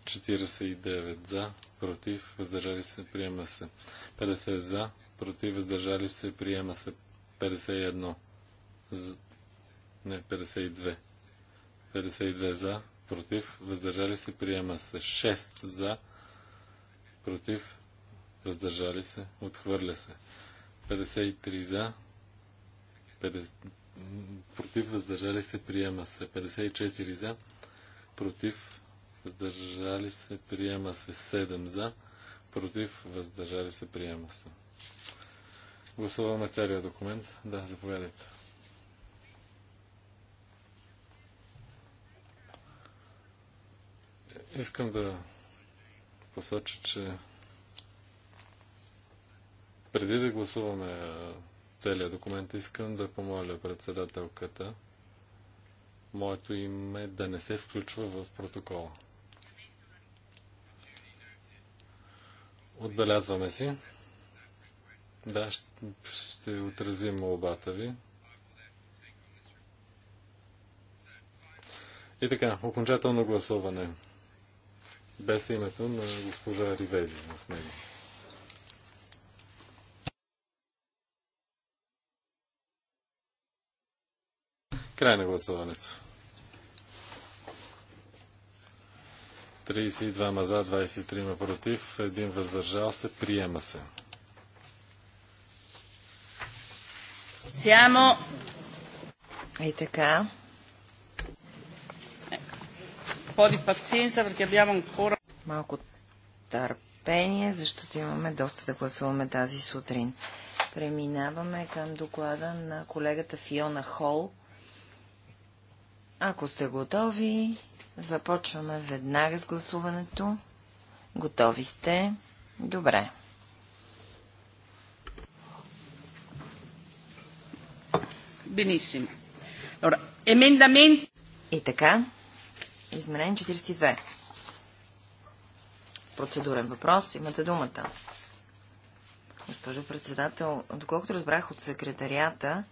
49 за, против, въздържали се, приема се. 50 за, против, въздържали се, приема се. 51. Не, 52. 52 за, против, въздържали се, приема се 6 за, против, въздържали се, отхвърля се. 53 за, 50, против, въздържали се, приема се. 54 за, против, въздържали се, приема се. 7 за, против, въздържали се, приема се. Гласуваме целият документ. Да, заповядайте. Искам да посоча, че преди да гласуваме целият документ, искам да помоля председателката моето име да не се включва в протокола. Отбелязваме си. Да, ще, отразим молбата ви. И така, окончателно гласуване без името на госпожа Ривези в него. Край на гласуването. 32 маза, 23 ма против, един въздържал се, приема се. Сямо. И така. Е, поди po' di pazienza хора малко търпение, защото имаме доста да гласуваме тази сутрин. Преминаваме към доклада на колегата Фиона Хол. Ако сте готови, започваме веднага с гласуването. Готови сте? Добре. Бенисимо. Емендамент. И така, изменен 42 процедурен въпрос. Имате думата. Госпожо председател, доколкото разбрах от секретарията,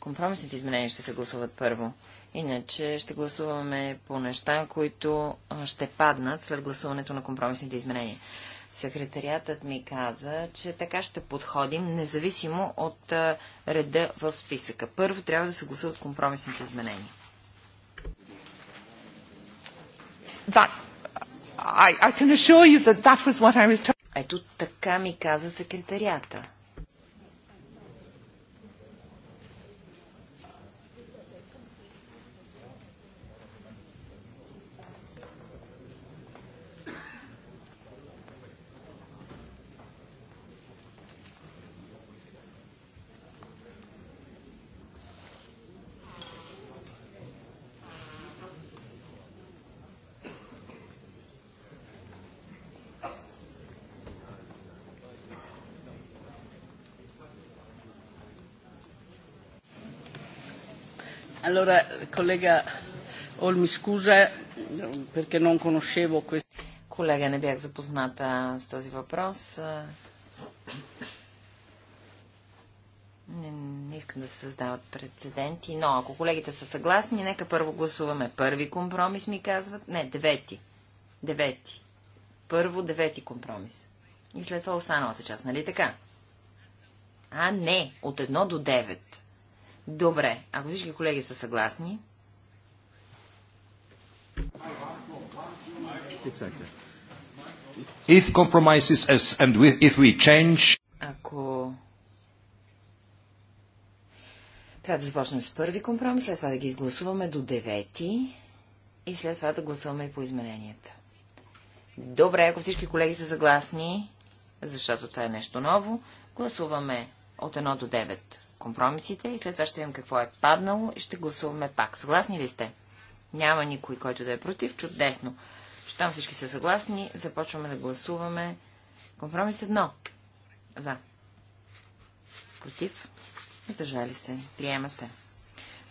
компромисните изменения ще се гласуват първо. Иначе ще гласуваме по неща, които ще паднат след гласуването на компромисните изменения. Секретариатът ми каза, че така ще подходим, независимо от реда в списъка. Първо трябва да се гласуват компромисните изменения. Да. I, I can assure you that that was what I was told. Ето така ми каза секретарята. Allora, collega Ol, scusa perché non conoscevo questo. Колега, не бях запозната с този въпрос. Не, не искам да се създават прецеденти, но ако колегите са съгласни, нека първо гласуваме. Първи компромис ми казват. Не, девети. Девети. Първо девети компромис. И след това останалата част, нали така? А, не, от едно до девет. Добре, ако всички колеги са съгласни. If compromises as, and we, if we change... Ако... Трябва да започнем с първи компромис, след това да ги изгласуваме до девети и след това да гласуваме и по измененията. Добре, ако всички колеги са съгласни, защото това е нещо ново, гласуваме от 1 до 9 компромисите и след това ще видим какво е паднало и ще гласуваме пак. Съгласни ли сте? Няма никой, който да е против. Чудесно. Щом всички са съгласни, започваме да гласуваме компромис едно. За. Против. Въздържали се. Приема се.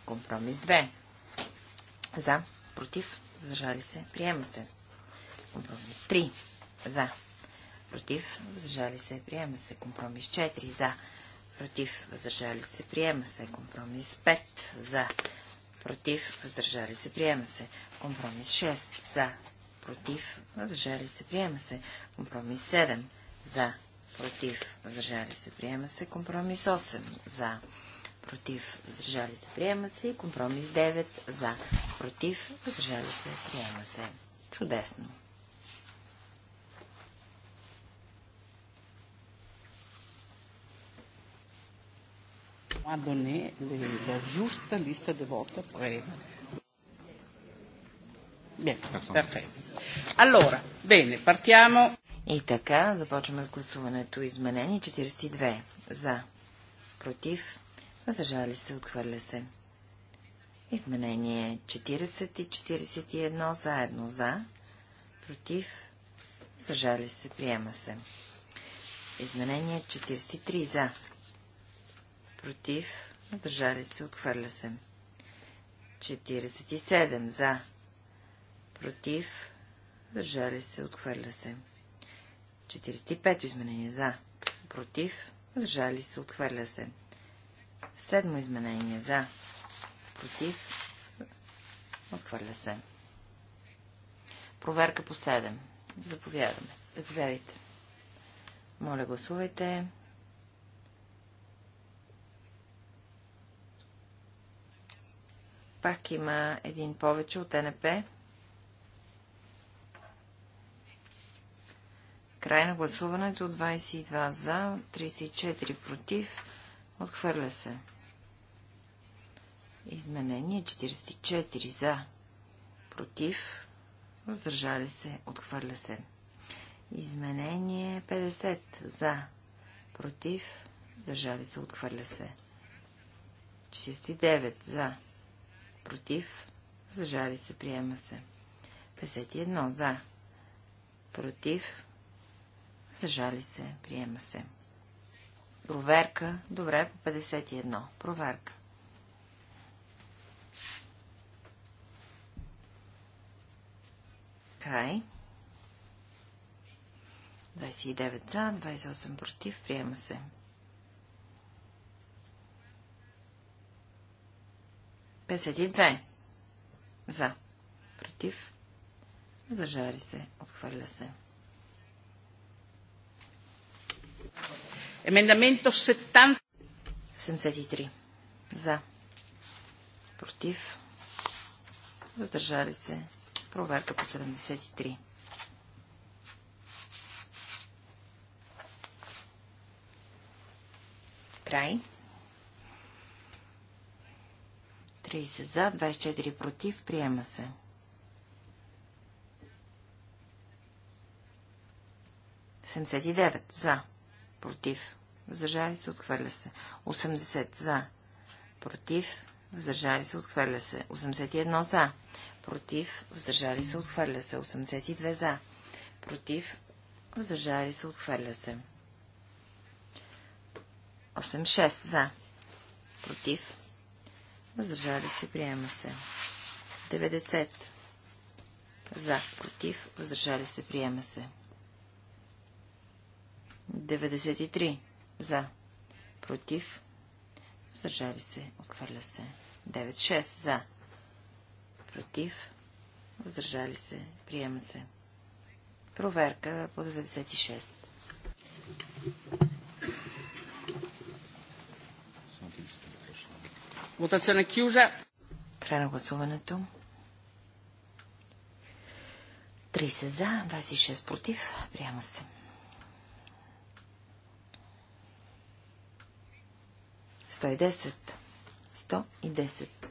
Компромис 2. За. Против. Въздържали се. Приема се. Компромис 3. За. Против. Въздържали се. Приема се. Компромис 4. За против, въздържали се, приема се. Компромис 5 за, против, въздържали се, приема се. Компромис 6 за, против, въздържали се, приема се. Компромис 7 за, против, въздържали се, приема се. Компромис 8 за, против, въздържали се, приема се. компромис 9 за, против, въздържали се, приема се. Чудесно! И така, започваме с гласуването. Изменени 42. За. Против. Въздържали се. Отхвърля се. Изменение 40 и 41 заедно. За. Против. Въздържали се. Приема се. Изменение 43 за против, въздържали се, отхвърля се. 47 за, против, въздържали се, отхвърля се. 45 изменение за, против, въздържали се, отхвърля се. Седмо изменение за, против, отхвърля се. Проверка по 7. Заповядаме. Заповядайте. Моля, гласувайте. Пак има един повече от НП. Край на гласуването 22 за, 34 против. Отхвърля се. Изменение 44 за, против. Въздържали се. Отхвърля се. Изменение 50 за, против. Въздържали се. Отхвърля се. 69 за, против, Зажали се, приема се. 51 за, против, въздържали се, приема се. Проверка, добре, по 51, проверка. Край. 29 за, 28 против, приема се. 52. За. Против. Зажари се. Отхвърля се. Емендаменто 73. За. Против. Въздържали се. Проверка по 73. Край. 30 за, 24 против. Приема се. Семдесет и девет. За. Против. Въздържали се. Отхвърля се. 80 за. Против. Въздържали се. Отхвърля се. 81 за. Против. Въздържали се. Отхвърля се. 82 за. Против. Въздържали се. Отхвърля се. 86 за. Против. Въздържали се, приема се. 90. За, против, въздържали се, приема се. 93. За, против, въздържали се, отхвърля се. 96. За, против, въздържали се, приема се. Проверка по 96. Votazione chiusa. Край на гласуването. 30 за, 26 против. Приема се. Сто и десет. Сто и десет.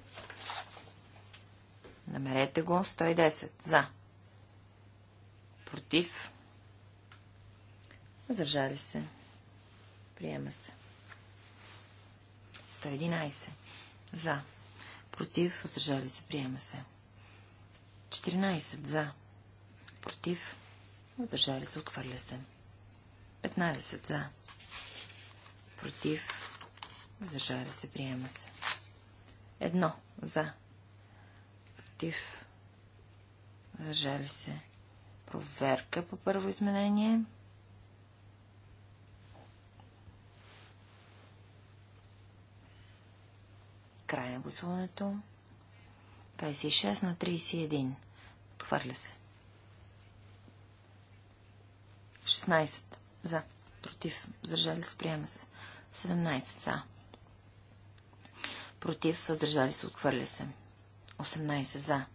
Намерете го. 110. За. Против. Въздържали се. Приема се. единайсет. За. Против. Въздържали се. Приема се. 14. За. Против. Въздържали се. Отхвърля се. 15. За. Против. Въздържали се. Приема се. Едно. За. Против. Въздържали се. Проверка по първо изменение. Край на гласуването. 26 на 31. Отхвърля се. 16. За. Против. Въздържали се. Приема се. 17. За. Против. Въздържали се. Отхвърля се. 18. За.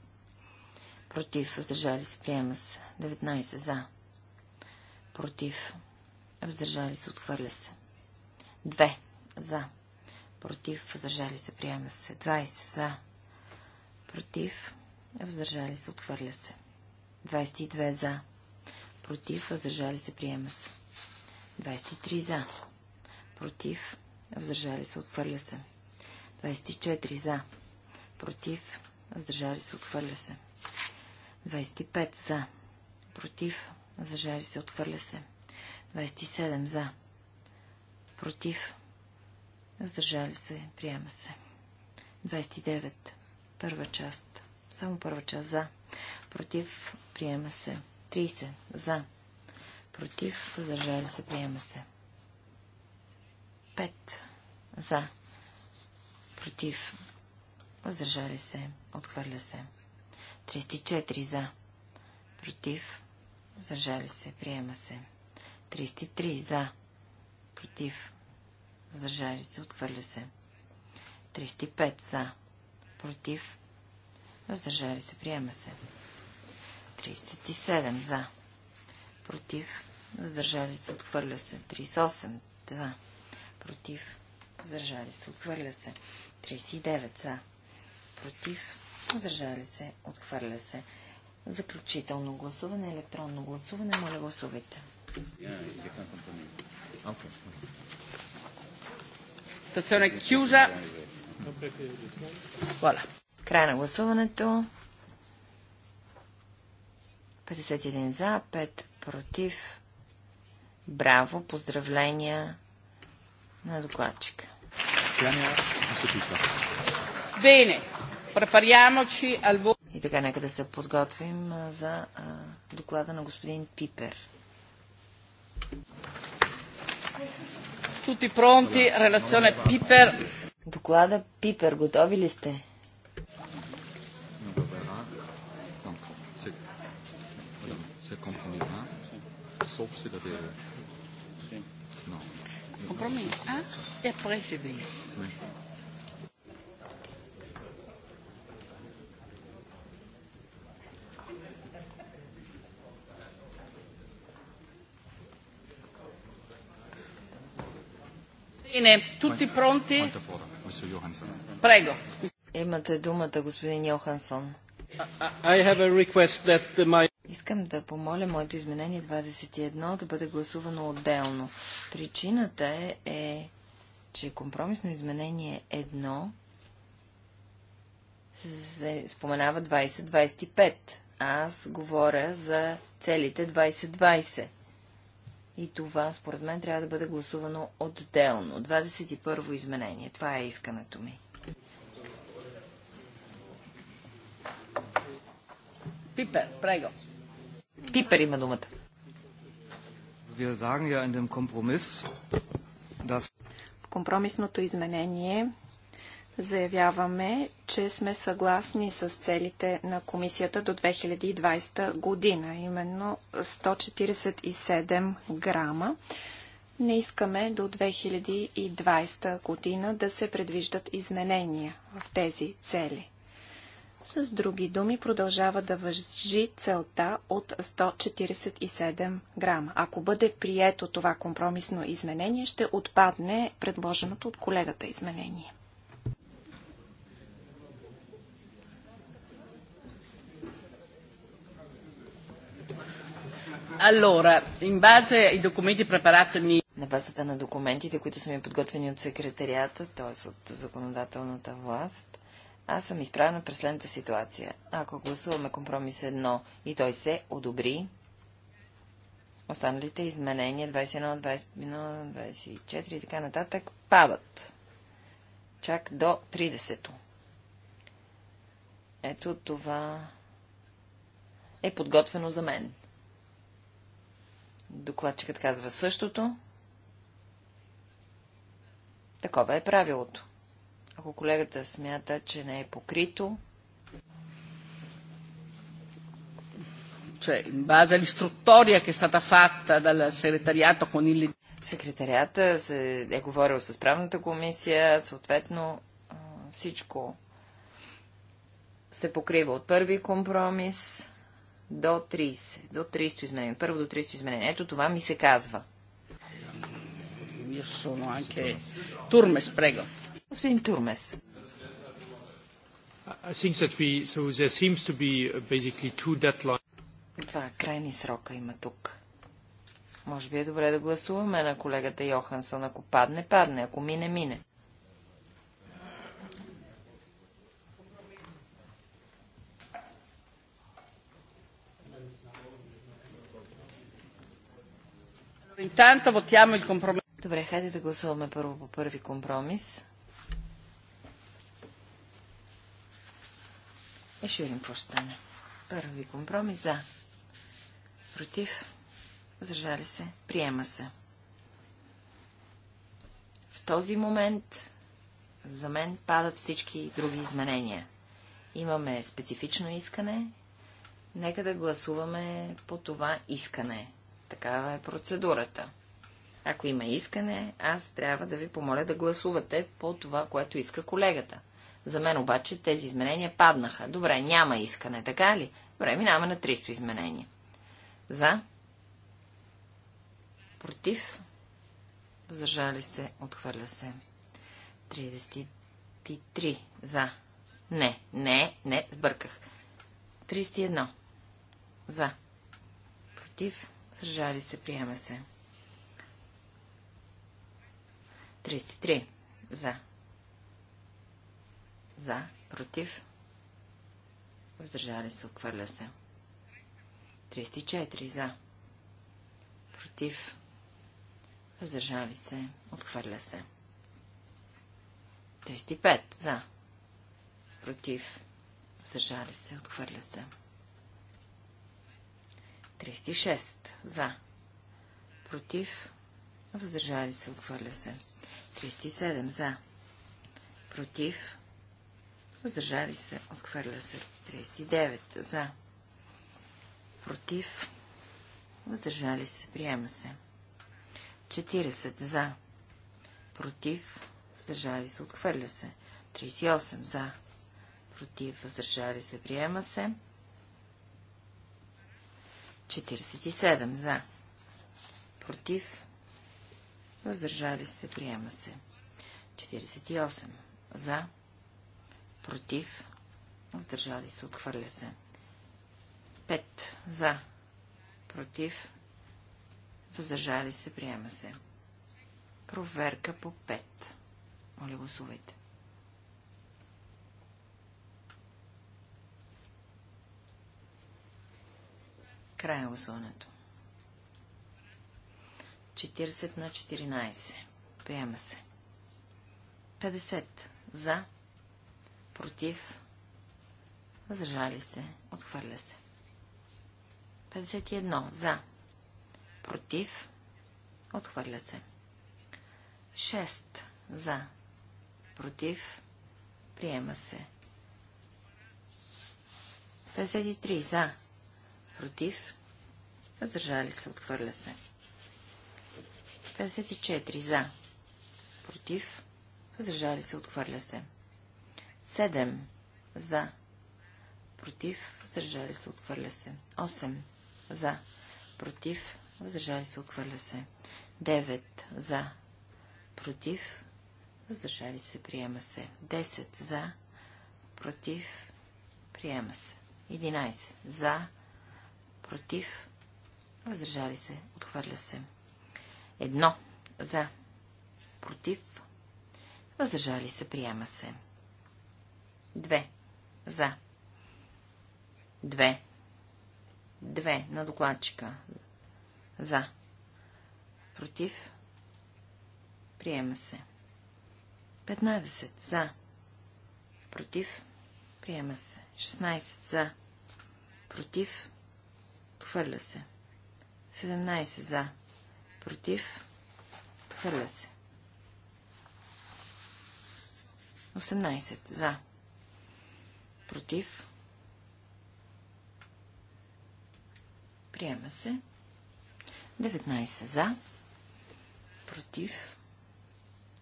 Против. Въздържали се. Приема се. 19. За. Против. Въздържали се. Отхвърля се. 2. За против, въздържали се, приема се. 20 за, против, въздържали се, отхвърля се. 22 за, против, въздържали се, приема се. 23 за, против, въздържали се, отхвърля се. 24 за, против, въздържали се, отхвърля се. 25 за, против, въздържали се, отхвърля се. 27 за, против, Въздържали се. Приема се. 29. Първа част. Само първа част. За. Против. Приема се. 30. За. Против. Въздържали се. Приема се. 5. За. Против. Въздържали се. Отхвърля се. 34. За. Против. Въздържали се. Приема се. 33. За. Против въздържали се, отхвърля се. 35 за, против, въздържали се, приема се. 37 за, против, въздържали се, отхвърля се. 38 за, против, въздържали се, отхвърля се. 39 за, против, въздържали се, отхвърля се. Заключително гласуване, електронно гласуване, моля гласувайте. Yeah, Votazione chiusa. Voilà. Край на гласуването. 51 за, 5 против. Браво, поздравления на докладчика. Bene, prepariamoci al voto. И така, нека да се подготвим за а, доклада на господин Пипер. Tutti pronti, relazione Piper. Доклада Пипер, готови ли сте? Compromis A e poi si Bene, тути пронти. Прего. Имате думата, господин Йохансон. I have a request that my... Искам да помоля моето изменение 21 да бъде гласувано отделно. Причината е, е че компромисно изменение 1 се споменава 2025. Аз говоря за целите 2020. И това, според мен, трябва да бъде гласувано отделно. 21-во изменение. Това е искането ми. Пипер, прего. Пипер има думата. В компромисното изменение заявяваме, че сме съгласни с целите на комисията до 2020 година, именно 147 грама. Не искаме до 2020 година да се предвиждат изменения в тези цели. С други думи, продължава да въжи целта от 147 грама. Ако бъде прието това компромисно изменение, ще отпадне предложеното от колегата изменение. На базата на документите, които са ми подготвени от секретарията, т.е. от законодателната власт, аз съм изправена през следната ситуация. Ако гласуваме компромис 1 и той се одобри, останалите изменения 21, 21, 24 и така нататък падат. Чак до 30-то. Ето това е подготвено за мен. Докладчикът казва същото. Такова е правилото. Ако колегата смята, че не е покрито, Че in base all'istruttoria che è stata fatta dal segretariato con il... Секретарията се е говорил с правната комисия, съответно всичко се покрива от първи компромис до 30. До 30 изменение. Първо до 30 изменение. Ето това ми се казва. Турмес, прего. Господин Турмес. Uh, това е крайни срока има тук. Може би е добре да гласуваме на колегата Йохансон. Ако падне, падне. Ако мине, мине. Добре, хайде да гласуваме първо по първи компромис. И ще видим какво ще стане. Първи компромис за. Против. Зажали се. Приема се. В този момент за мен падат всички други изменения. Имаме специфично искане. Нека да гласуваме по това искане. Такава е процедурата. Ако има искане, аз трябва да ви помоля да гласувате по това, което иска колегата. За мен обаче тези изменения паднаха. Добре, няма искане, така ли? Добре, минаваме на 300 изменения. За? Против? Зажали се, отхвърля се. 33. За. Не, не, не, сбърках. 31. За. Против. Съжали се, приема се. 33. За. За. Против. Въздържали се. Отхвърля се. 34. За. Против. Въздържали се. Отхвърля се. 35. За. Против. Въздържали се. Отхвърля се. 36 за. Против. Въздържали се. Отхвърля се. 37 за. Против. Въздържали се. Отхвърля се. 39 за. Против. Въздържали се. Приема се. 40 за. Против. Въздържали се. Отхвърля се. 38 за. Против. Въздържали се. Приема се. 47 за. Против. Въздържали се. Приема се. 48 за. Против. Въздържали се. Отхвърля се. 5 за. Против. Въздържали се. Приема се. Проверка по 5. Моля, гласувайте. Край на гласуването. 40 на 14. Приема се. 50. За. Против. Въздържали се. Отхвърля се. 51. За. Против. Отхвърля се. 6. За. Против. Приема се. 53. За против, въздържали се, отхвърля се. 54 за, против, въздържали се, отхвърля се. 7 за, против, въздържали се, отхвърля се. 8 за, против, въздържали се, отхвърля се. 9 за, против, въздържали се, приема се. 10 за, против, приема се. 11 за, против, въздържали се, отхвърля се. Едно за, против, въздържали се, приема се. Две за. Две. Две на докладчика. За. Против. Приема се. 15 за. Против. Приема се. 16 за. Против. Отхвърля се. 17 за. Против. Отхвърля се. 18 за. Против. Приема се. 19 за. Против.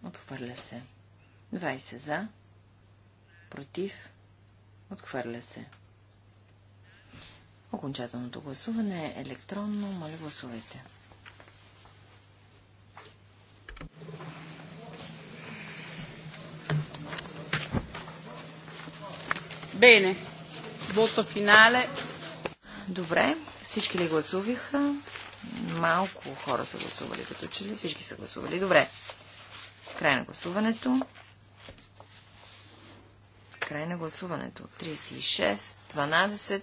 Отхвърля се. 20 за. Против. Отхвърля се. Окончателното гласуване е електронно. Моля, гласувайте. Бене. Вото финале. Добре. Всички ли гласувиха? Малко хора са гласували, като че ли всички са гласували. Добре. Край на гласуването. Край на гласуването. 36, 12,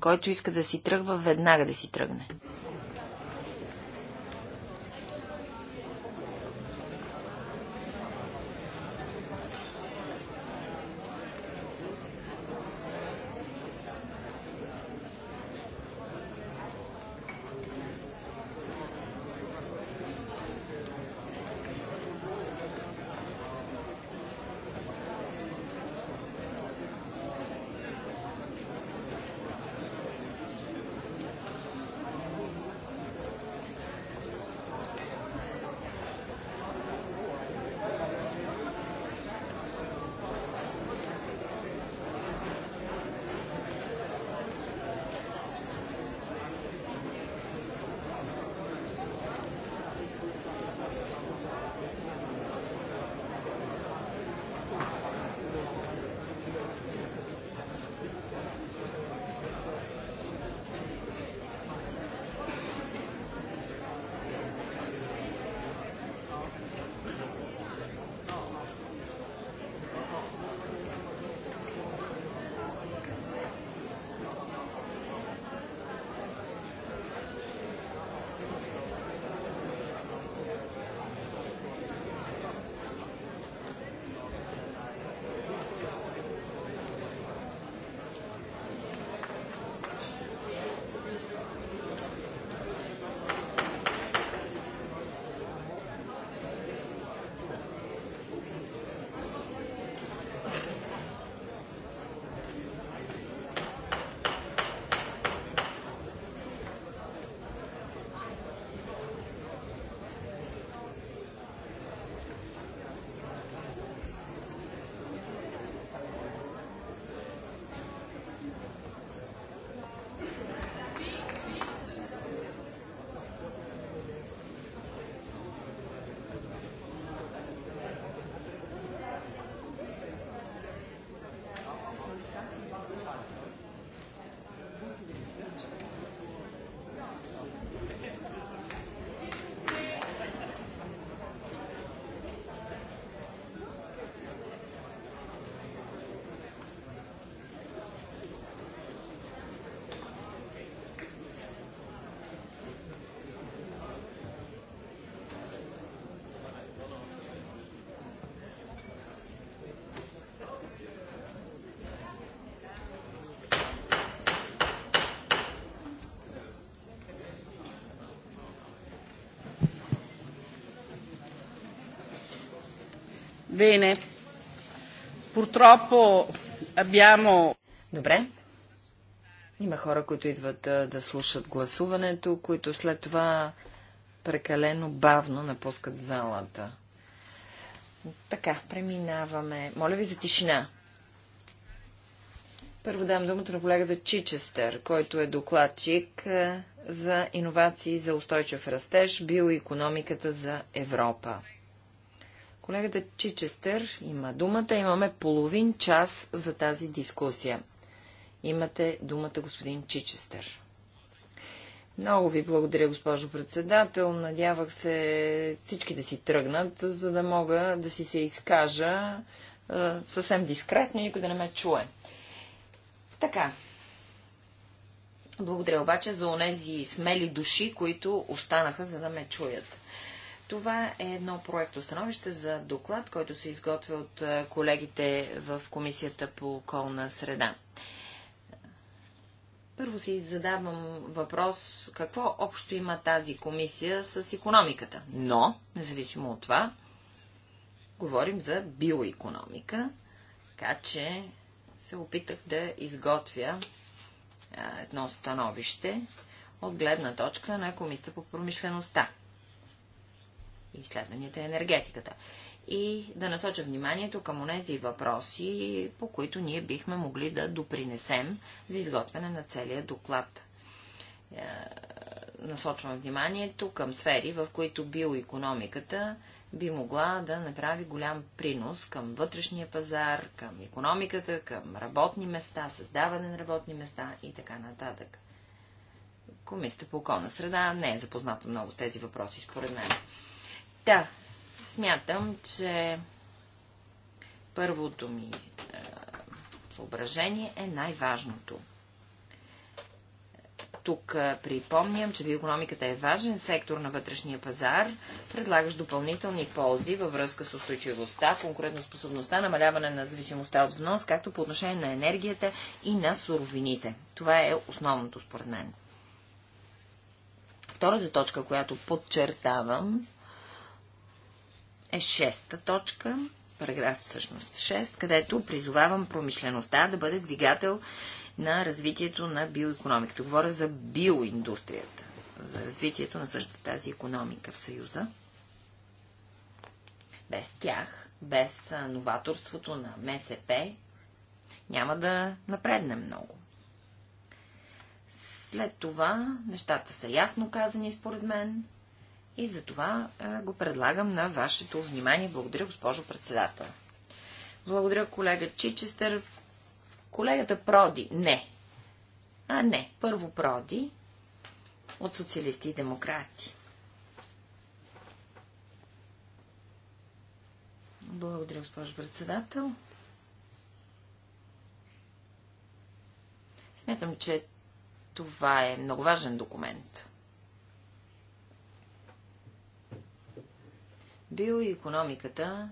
Който иска да си тръгва, веднага да си тръгне. Bene. Purtroppo abbiamo... Добре. Има хора, които идват да слушат гласуването, които след това прекалено бавно напускат залата. Така, преминаваме. Моля ви за тишина. Първо дам думата на колегата Чичестър, който е докладчик за иновации за устойчив растеж, биоекономиката за Европа. Колегата Чичестър има думата. Имаме половин час за тази дискусия. Имате думата, господин Чичестър. Много ви благодаря, госпожо председател. Надявах се всички да си тръгнат, за да мога да си се изкажа е, съвсем дискретно и никой да не ме чуе. Така. Благодаря обаче за онези смели души, които останаха, за да ме чуят. Това е едно проекто становище за доклад, който се изготвя от колегите в Комисията по околна среда. Първо си задавам въпрос, какво общо има тази комисия с економиката. Но, независимо от това, говорим за биоекономика, така че се опитах да изготвя едно становище от гледна точка на Комисията по промишлеността изследванията и енергетиката. И да насоча вниманието към онези въпроси, по които ние бихме могли да допринесем за изготвяне на целия доклад. Е, насочвам вниманието към сфери, в които биоекономиката би могла да направи голям принос към вътрешния пазар, към економиката, към работни места, създаване на работни места и така нататък. Комисията по околна среда не е запозната много с тези въпроси, според мен. Да, смятам, че първото ми е, съображение е най-важното. Тук е, припомням, че биоекономиката е важен сектор на вътрешния пазар, Предлагаш допълнителни ползи във връзка с устойчивостта, конкурентоспособността, намаляване на зависимостта от внос, както по отношение на енергията и на суровините. Това е основното според мен. Втората точка, която подчертавам, е шеста точка, параграф всъщност 6, където призовавам промишлеността да бъде двигател на развитието на биоекономиката. Говоря за биоиндустрията, за развитието на същата тази економика в Съюза. Без тях, без новаторството на МСП, няма да напредне много. След това нещата са ясно казани според мен и затова го предлагам на вашето внимание. Благодаря, госпожо председател. Благодаря, колега Чичестър. Колегата Проди. Не. А, не. Първо Проди от социалисти и демократи. Благодаря, госпожо председател. Смятам, че това е много важен документ. Биоекономиката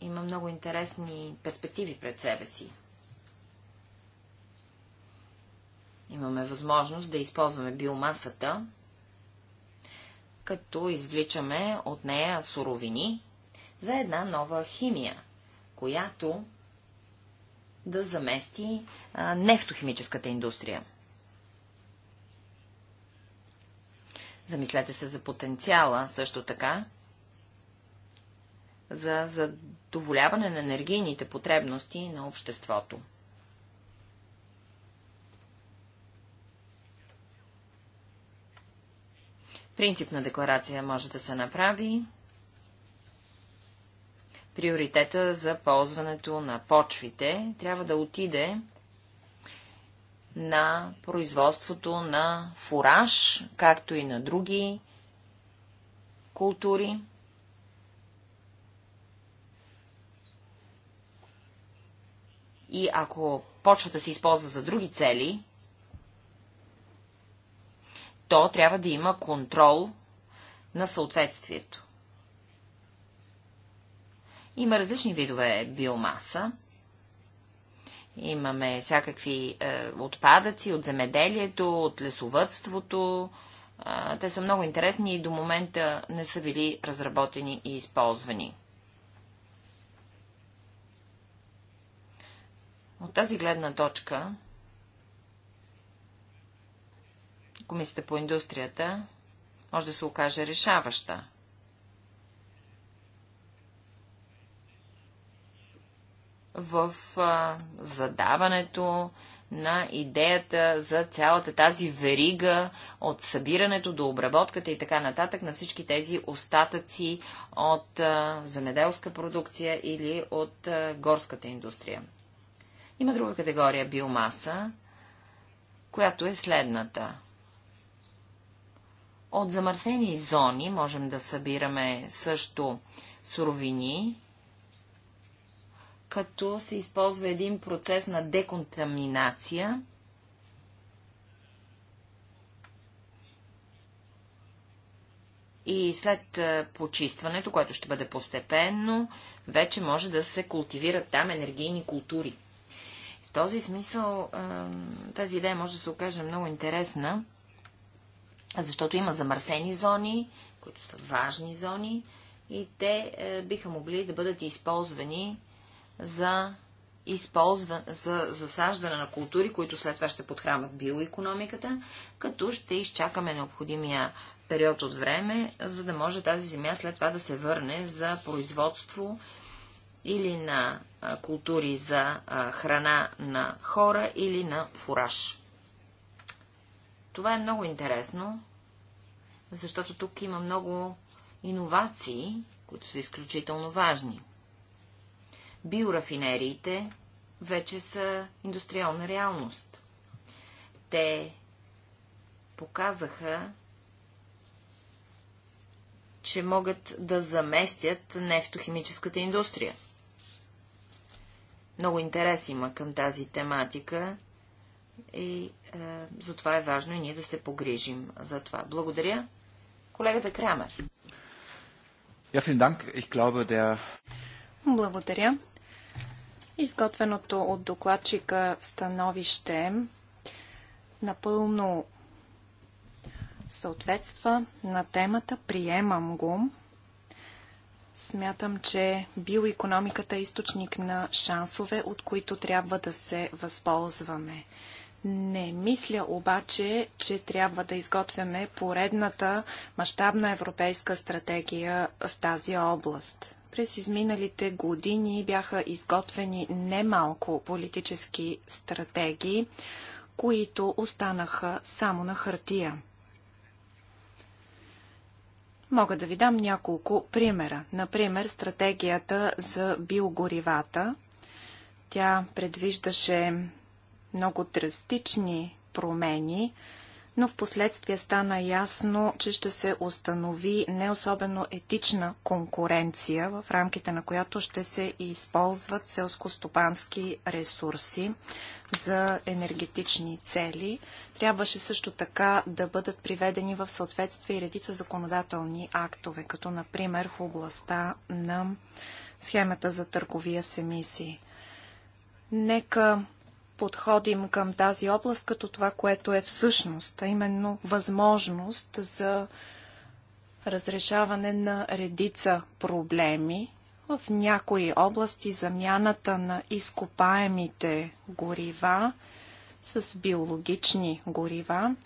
има много интересни перспективи пред себе си. Имаме възможност да използваме биомасата, като извличаме от нея суровини за една нова химия, която да замести нефтохимическата индустрия. Замислете се за потенциала също така за задоволяване на енергийните потребности на обществото. Принципна декларация може да се направи. Приоритета за ползването на почвите трябва да отиде на производството на фураж, както и на други култури. И ако почвата се използва за други цели, то трябва да има контрол на съответствието. Има различни видове биомаса. Имаме всякакви е, отпадъци от земеделието, от лесовътството. Е, те са много интересни и до момента не са били разработени и използвани. От тази гледна точка Комисията по индустрията може да се окаже решаваща. в а, задаването на идеята за цялата тази верига от събирането до обработката и така нататък на всички тези остатъци от а, земеделска продукция или от а, горската индустрия. Има друга категория биомаса, която е следната. От замърсени зони можем да събираме също суровини, като се използва един процес на деконтаминация, и след почистването, което ще бъде постепенно, вече може да се култивират там енергийни култури този смисъл тази идея може да се окаже много интересна, защото има замърсени зони, които са важни зони, и те е, биха могли да бъдат използвани за използва, за засаждане на култури, които след това ще подхранват биоекономиката, като ще изчакаме необходимия период от време, за да може тази земя след това да се върне за производство или на култури за храна на хора или на фураж. Това е много интересно, защото тук има много иновации, които са изключително важни. Биорафинериите вече са индустриална реалност. Те показаха, че могат да заместят нефтохимическата индустрия. Много интерес има към тази тематика и е, затова е важно и ние да се погрижим за това. Благодаря. Колегата Крамер. Благодаря. Изготвеното от докладчика становище напълно съответства на темата. Приемам го. Смятам, че биоекономиката е източник на шансове, от които трябва да се възползваме. Не мисля обаче, че трябва да изготвяме поредната мащабна европейска стратегия в тази област. През изминалите години бяха изготвени немалко политически стратегии, които останаха само на хартия. Мога да ви дам няколко примера. Например, стратегията за биогоривата. Тя предвиждаше много драстични промени но в последствие стана ясно, че ще се установи не особено етична конкуренция, в рамките на която ще се използват селскостопански ресурси за енергетични цели. Трябваше също така да бъдат приведени в съответствие и редица законодателни актове, като например в областта на схемата за търговия с емисии. Нека подходим към тази област като това, което е всъщност, а именно възможност за разрешаване на редица проблеми. В някои области замяната на изкопаемите горива с биологични горива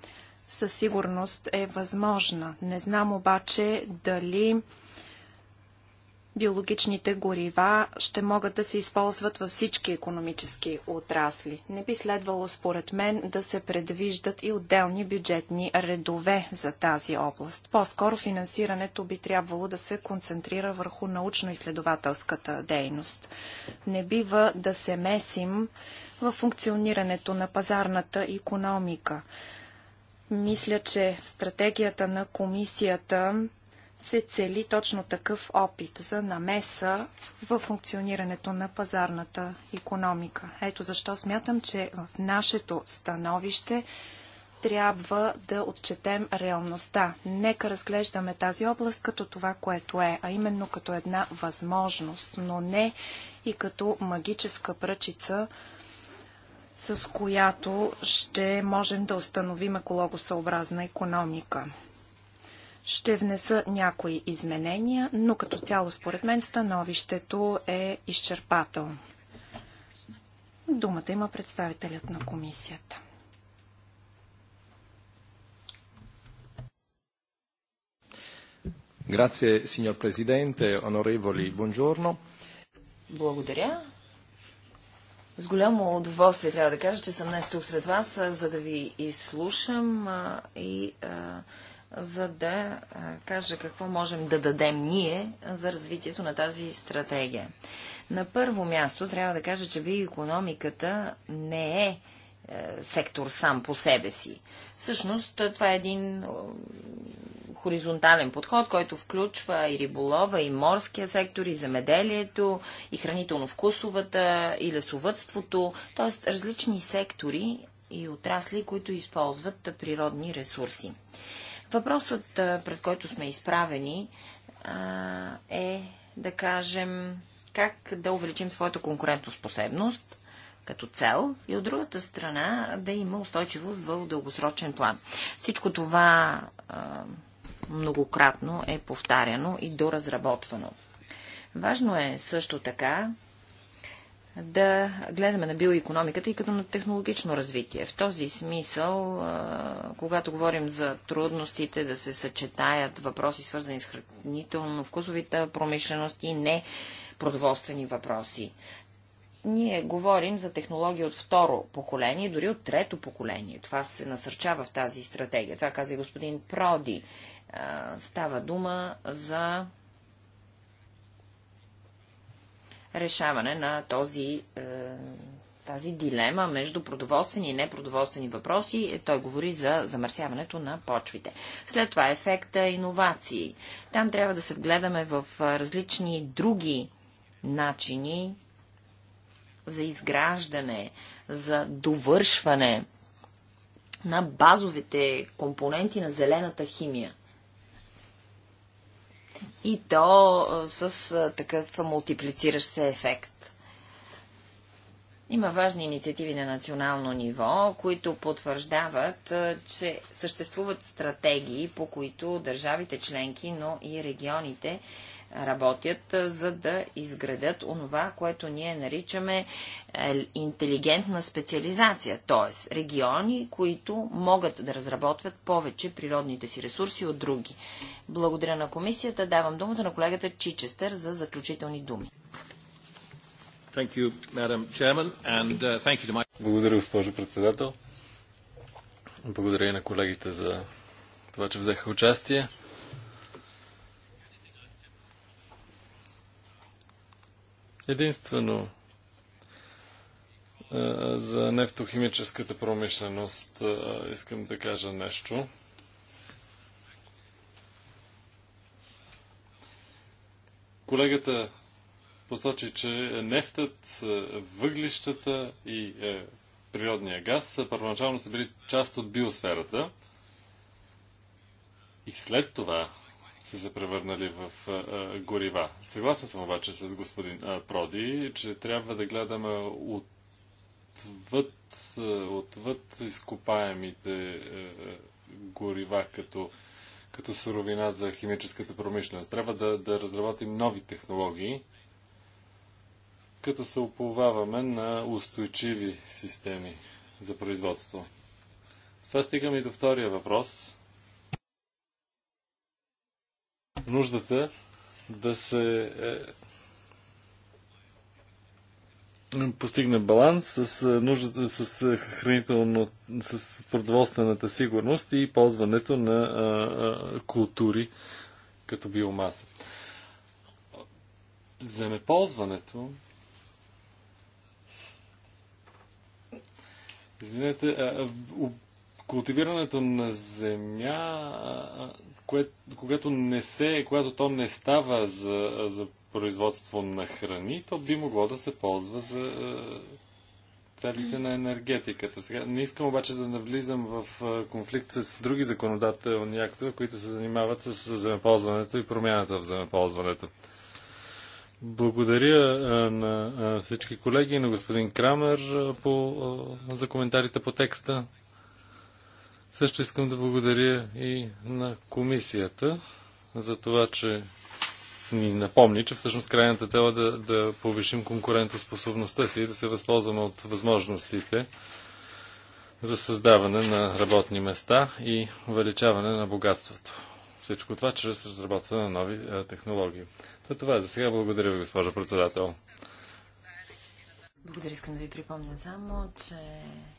със сигурност е възможна. Не знам обаче дали биологичните горива ще могат да се използват във всички економически отрасли. Не би следвало, според мен, да се предвиждат и отделни бюджетни редове за тази област. По-скоро финансирането би трябвало да се концентрира върху научно-изследователската дейност. Не бива да се месим в функционирането на пазарната економика. Мисля, че в стратегията на комисията се цели точно такъв опит за намеса в функционирането на пазарната економика. Ето защо смятам, че в нашето становище трябва да отчетем реалността. Нека разглеждаме тази област като това, което е, а именно като една възможност, но не и като магическа пръчица, с която ще можем да установим екологосъобразна економика. Ще внеса някои изменения, но като цяло според мен становището е изчерпателно. Думата има представителят на комисията. Grazie, signor Presidente, onorevoli, buongiorno. Благодаря. С голямо удоволствие трябва да кажа, че съм днес тук сред вас, за да ви изслушам и а, за да кажа какво можем да дадем ние за развитието на тази стратегия. На първо място трябва да кажа, че биоекономиката не е, е сектор сам по себе си. Всъщност, това е един хоризонтален подход, който включва и риболова, и морския сектор, и земеделието, и хранително-вкусовата, и лесовътството, т.е. различни сектори и отрасли, които използват природни ресурси. Въпросът, пред който сме изправени, е да кажем как да увеличим своята конкурентоспособност като цел и от другата страна да има устойчивост в дългосрочен план. Всичко това многократно е повтаряно и доразработвано. Важно е също така да гледаме на биоекономиката и като на технологично развитие. В този смисъл, когато говорим за трудностите да се съчетаят въпроси, свързани с хранително-вкусовите промишленост и не продоволствени въпроси. Ние говорим за технологии от второ поколение, дори от трето поколение. Това се насърчава в тази стратегия. Това каза и господин Проди. Става дума за решаване на този, е, тази дилема между продоволствени и непродоволствени въпроси. Е, той говори за замърсяването на почвите. След това ефекта иновации. Там трябва да се вгледаме в е, различни други начини за изграждане, за довършване на базовите компоненти на зелената химия и то с такъв мултиплициращ се ефект. Има важни инициативи на национално ниво, които потвърждават, че съществуват стратегии, по които държавите членки, но и регионите работят, за да изградят онова, което ние наричаме е, интелигентна специализация, т.е. региони, които могат да разработват повече природните си ресурси от други. Благодаря на комисията. Давам думата на колегата Чичестър за заключителни думи. Uh, Благодаря, госпожо председател. Благодаря и на колегите за това, че взеха участие. Единствено за нефтохимическата промишленост искам да кажа нещо. Колегата посочи, че нефтът, е, въглищата и е, природния газ първоначално са били част от биосферата и след това са се превърнали в е, е горива. Съгласен съм обаче с господин е, Проди, че трябва да гледаме отвъд, е, отвъд изкопаемите горива като като суровина за химическата промишленост. Трябва да, да разработим нови технологии, като се оплуваваме на устойчиви системи за производство. С това стигаме и до втория въпрос. Нуждата да се е, постигне баланс с е, нуждата с е, хранително, с продоволствената сигурност и ползването на а, а, култури като биомаса. Земеползването извинете, култивирането на земя, кое, когато не се, когато то не става за, за производство на храни, то би могло да се ползва за целите на енергетиката. Сега, не искам обаче да навлизам в конфликт с други законодателни актове, които се занимават с земеползването и промяната в земеползването. Благодаря на всички колеги, на господин Крамер по, за коментарите по текста. Също искам да благодаря и на комисията за това, че ни напомни, че всъщност крайната цел е да, да повишим конкурентоспособността си и да се възползваме от възможностите за създаване на работни места и увеличаване на богатството. Всичко това чрез разработване на нови а, е, технологии. Та това е за сега. Благодаря ви, госпожа председател. Благодаря. Искам да ви припомня само, че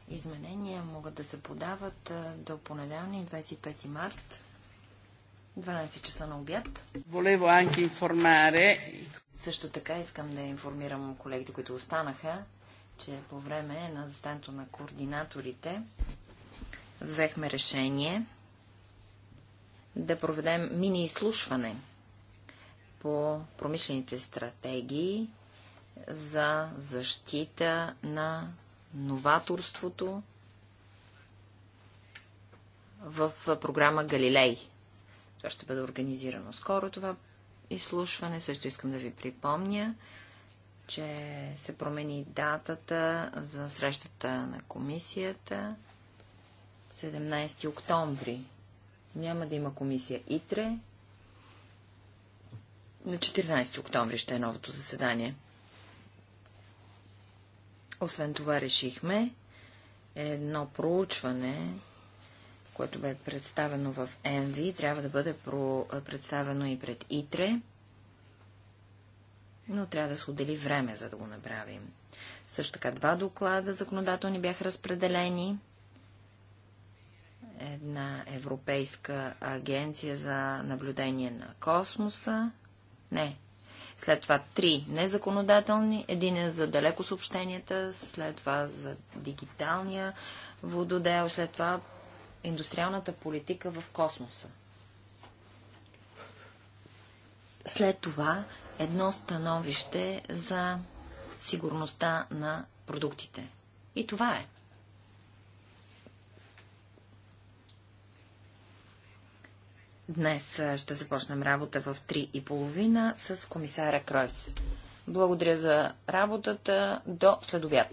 изменения могат да се подават е, до понеделник, 25 март, 12 часа на обяд. Волево анки информаре. Също така искам да информирам колегите, които останаха, че по време на застането на координаторите взехме решение да проведем мини-изслушване по промишлените стратегии за защита на новаторството в програма Галилей. Това ще бъде организирано скоро това изслушване. Също искам да ви припомня, че се промени датата за срещата на комисията 17 октомври няма да има комисия ИТРЕ. На 14 октомври ще е новото заседание. Освен това решихме едно проучване, което бе представено в МВ, трябва да бъде представено и пред ИТРЕ, но трябва да се отдели време, за да го направим. Също така два доклада законодателни бяха разпределени една европейска агенция за наблюдение на космоса. Не. След това три незаконодателни. Един е за далеко съобщенията, след това за дигиталния вододел, след това индустриалната политика в космоса. След това едно становище за сигурността на продуктите. И това е. Днес ще започнем работа в половина с комисаря Кройс. Благодаря за работата. До следобед.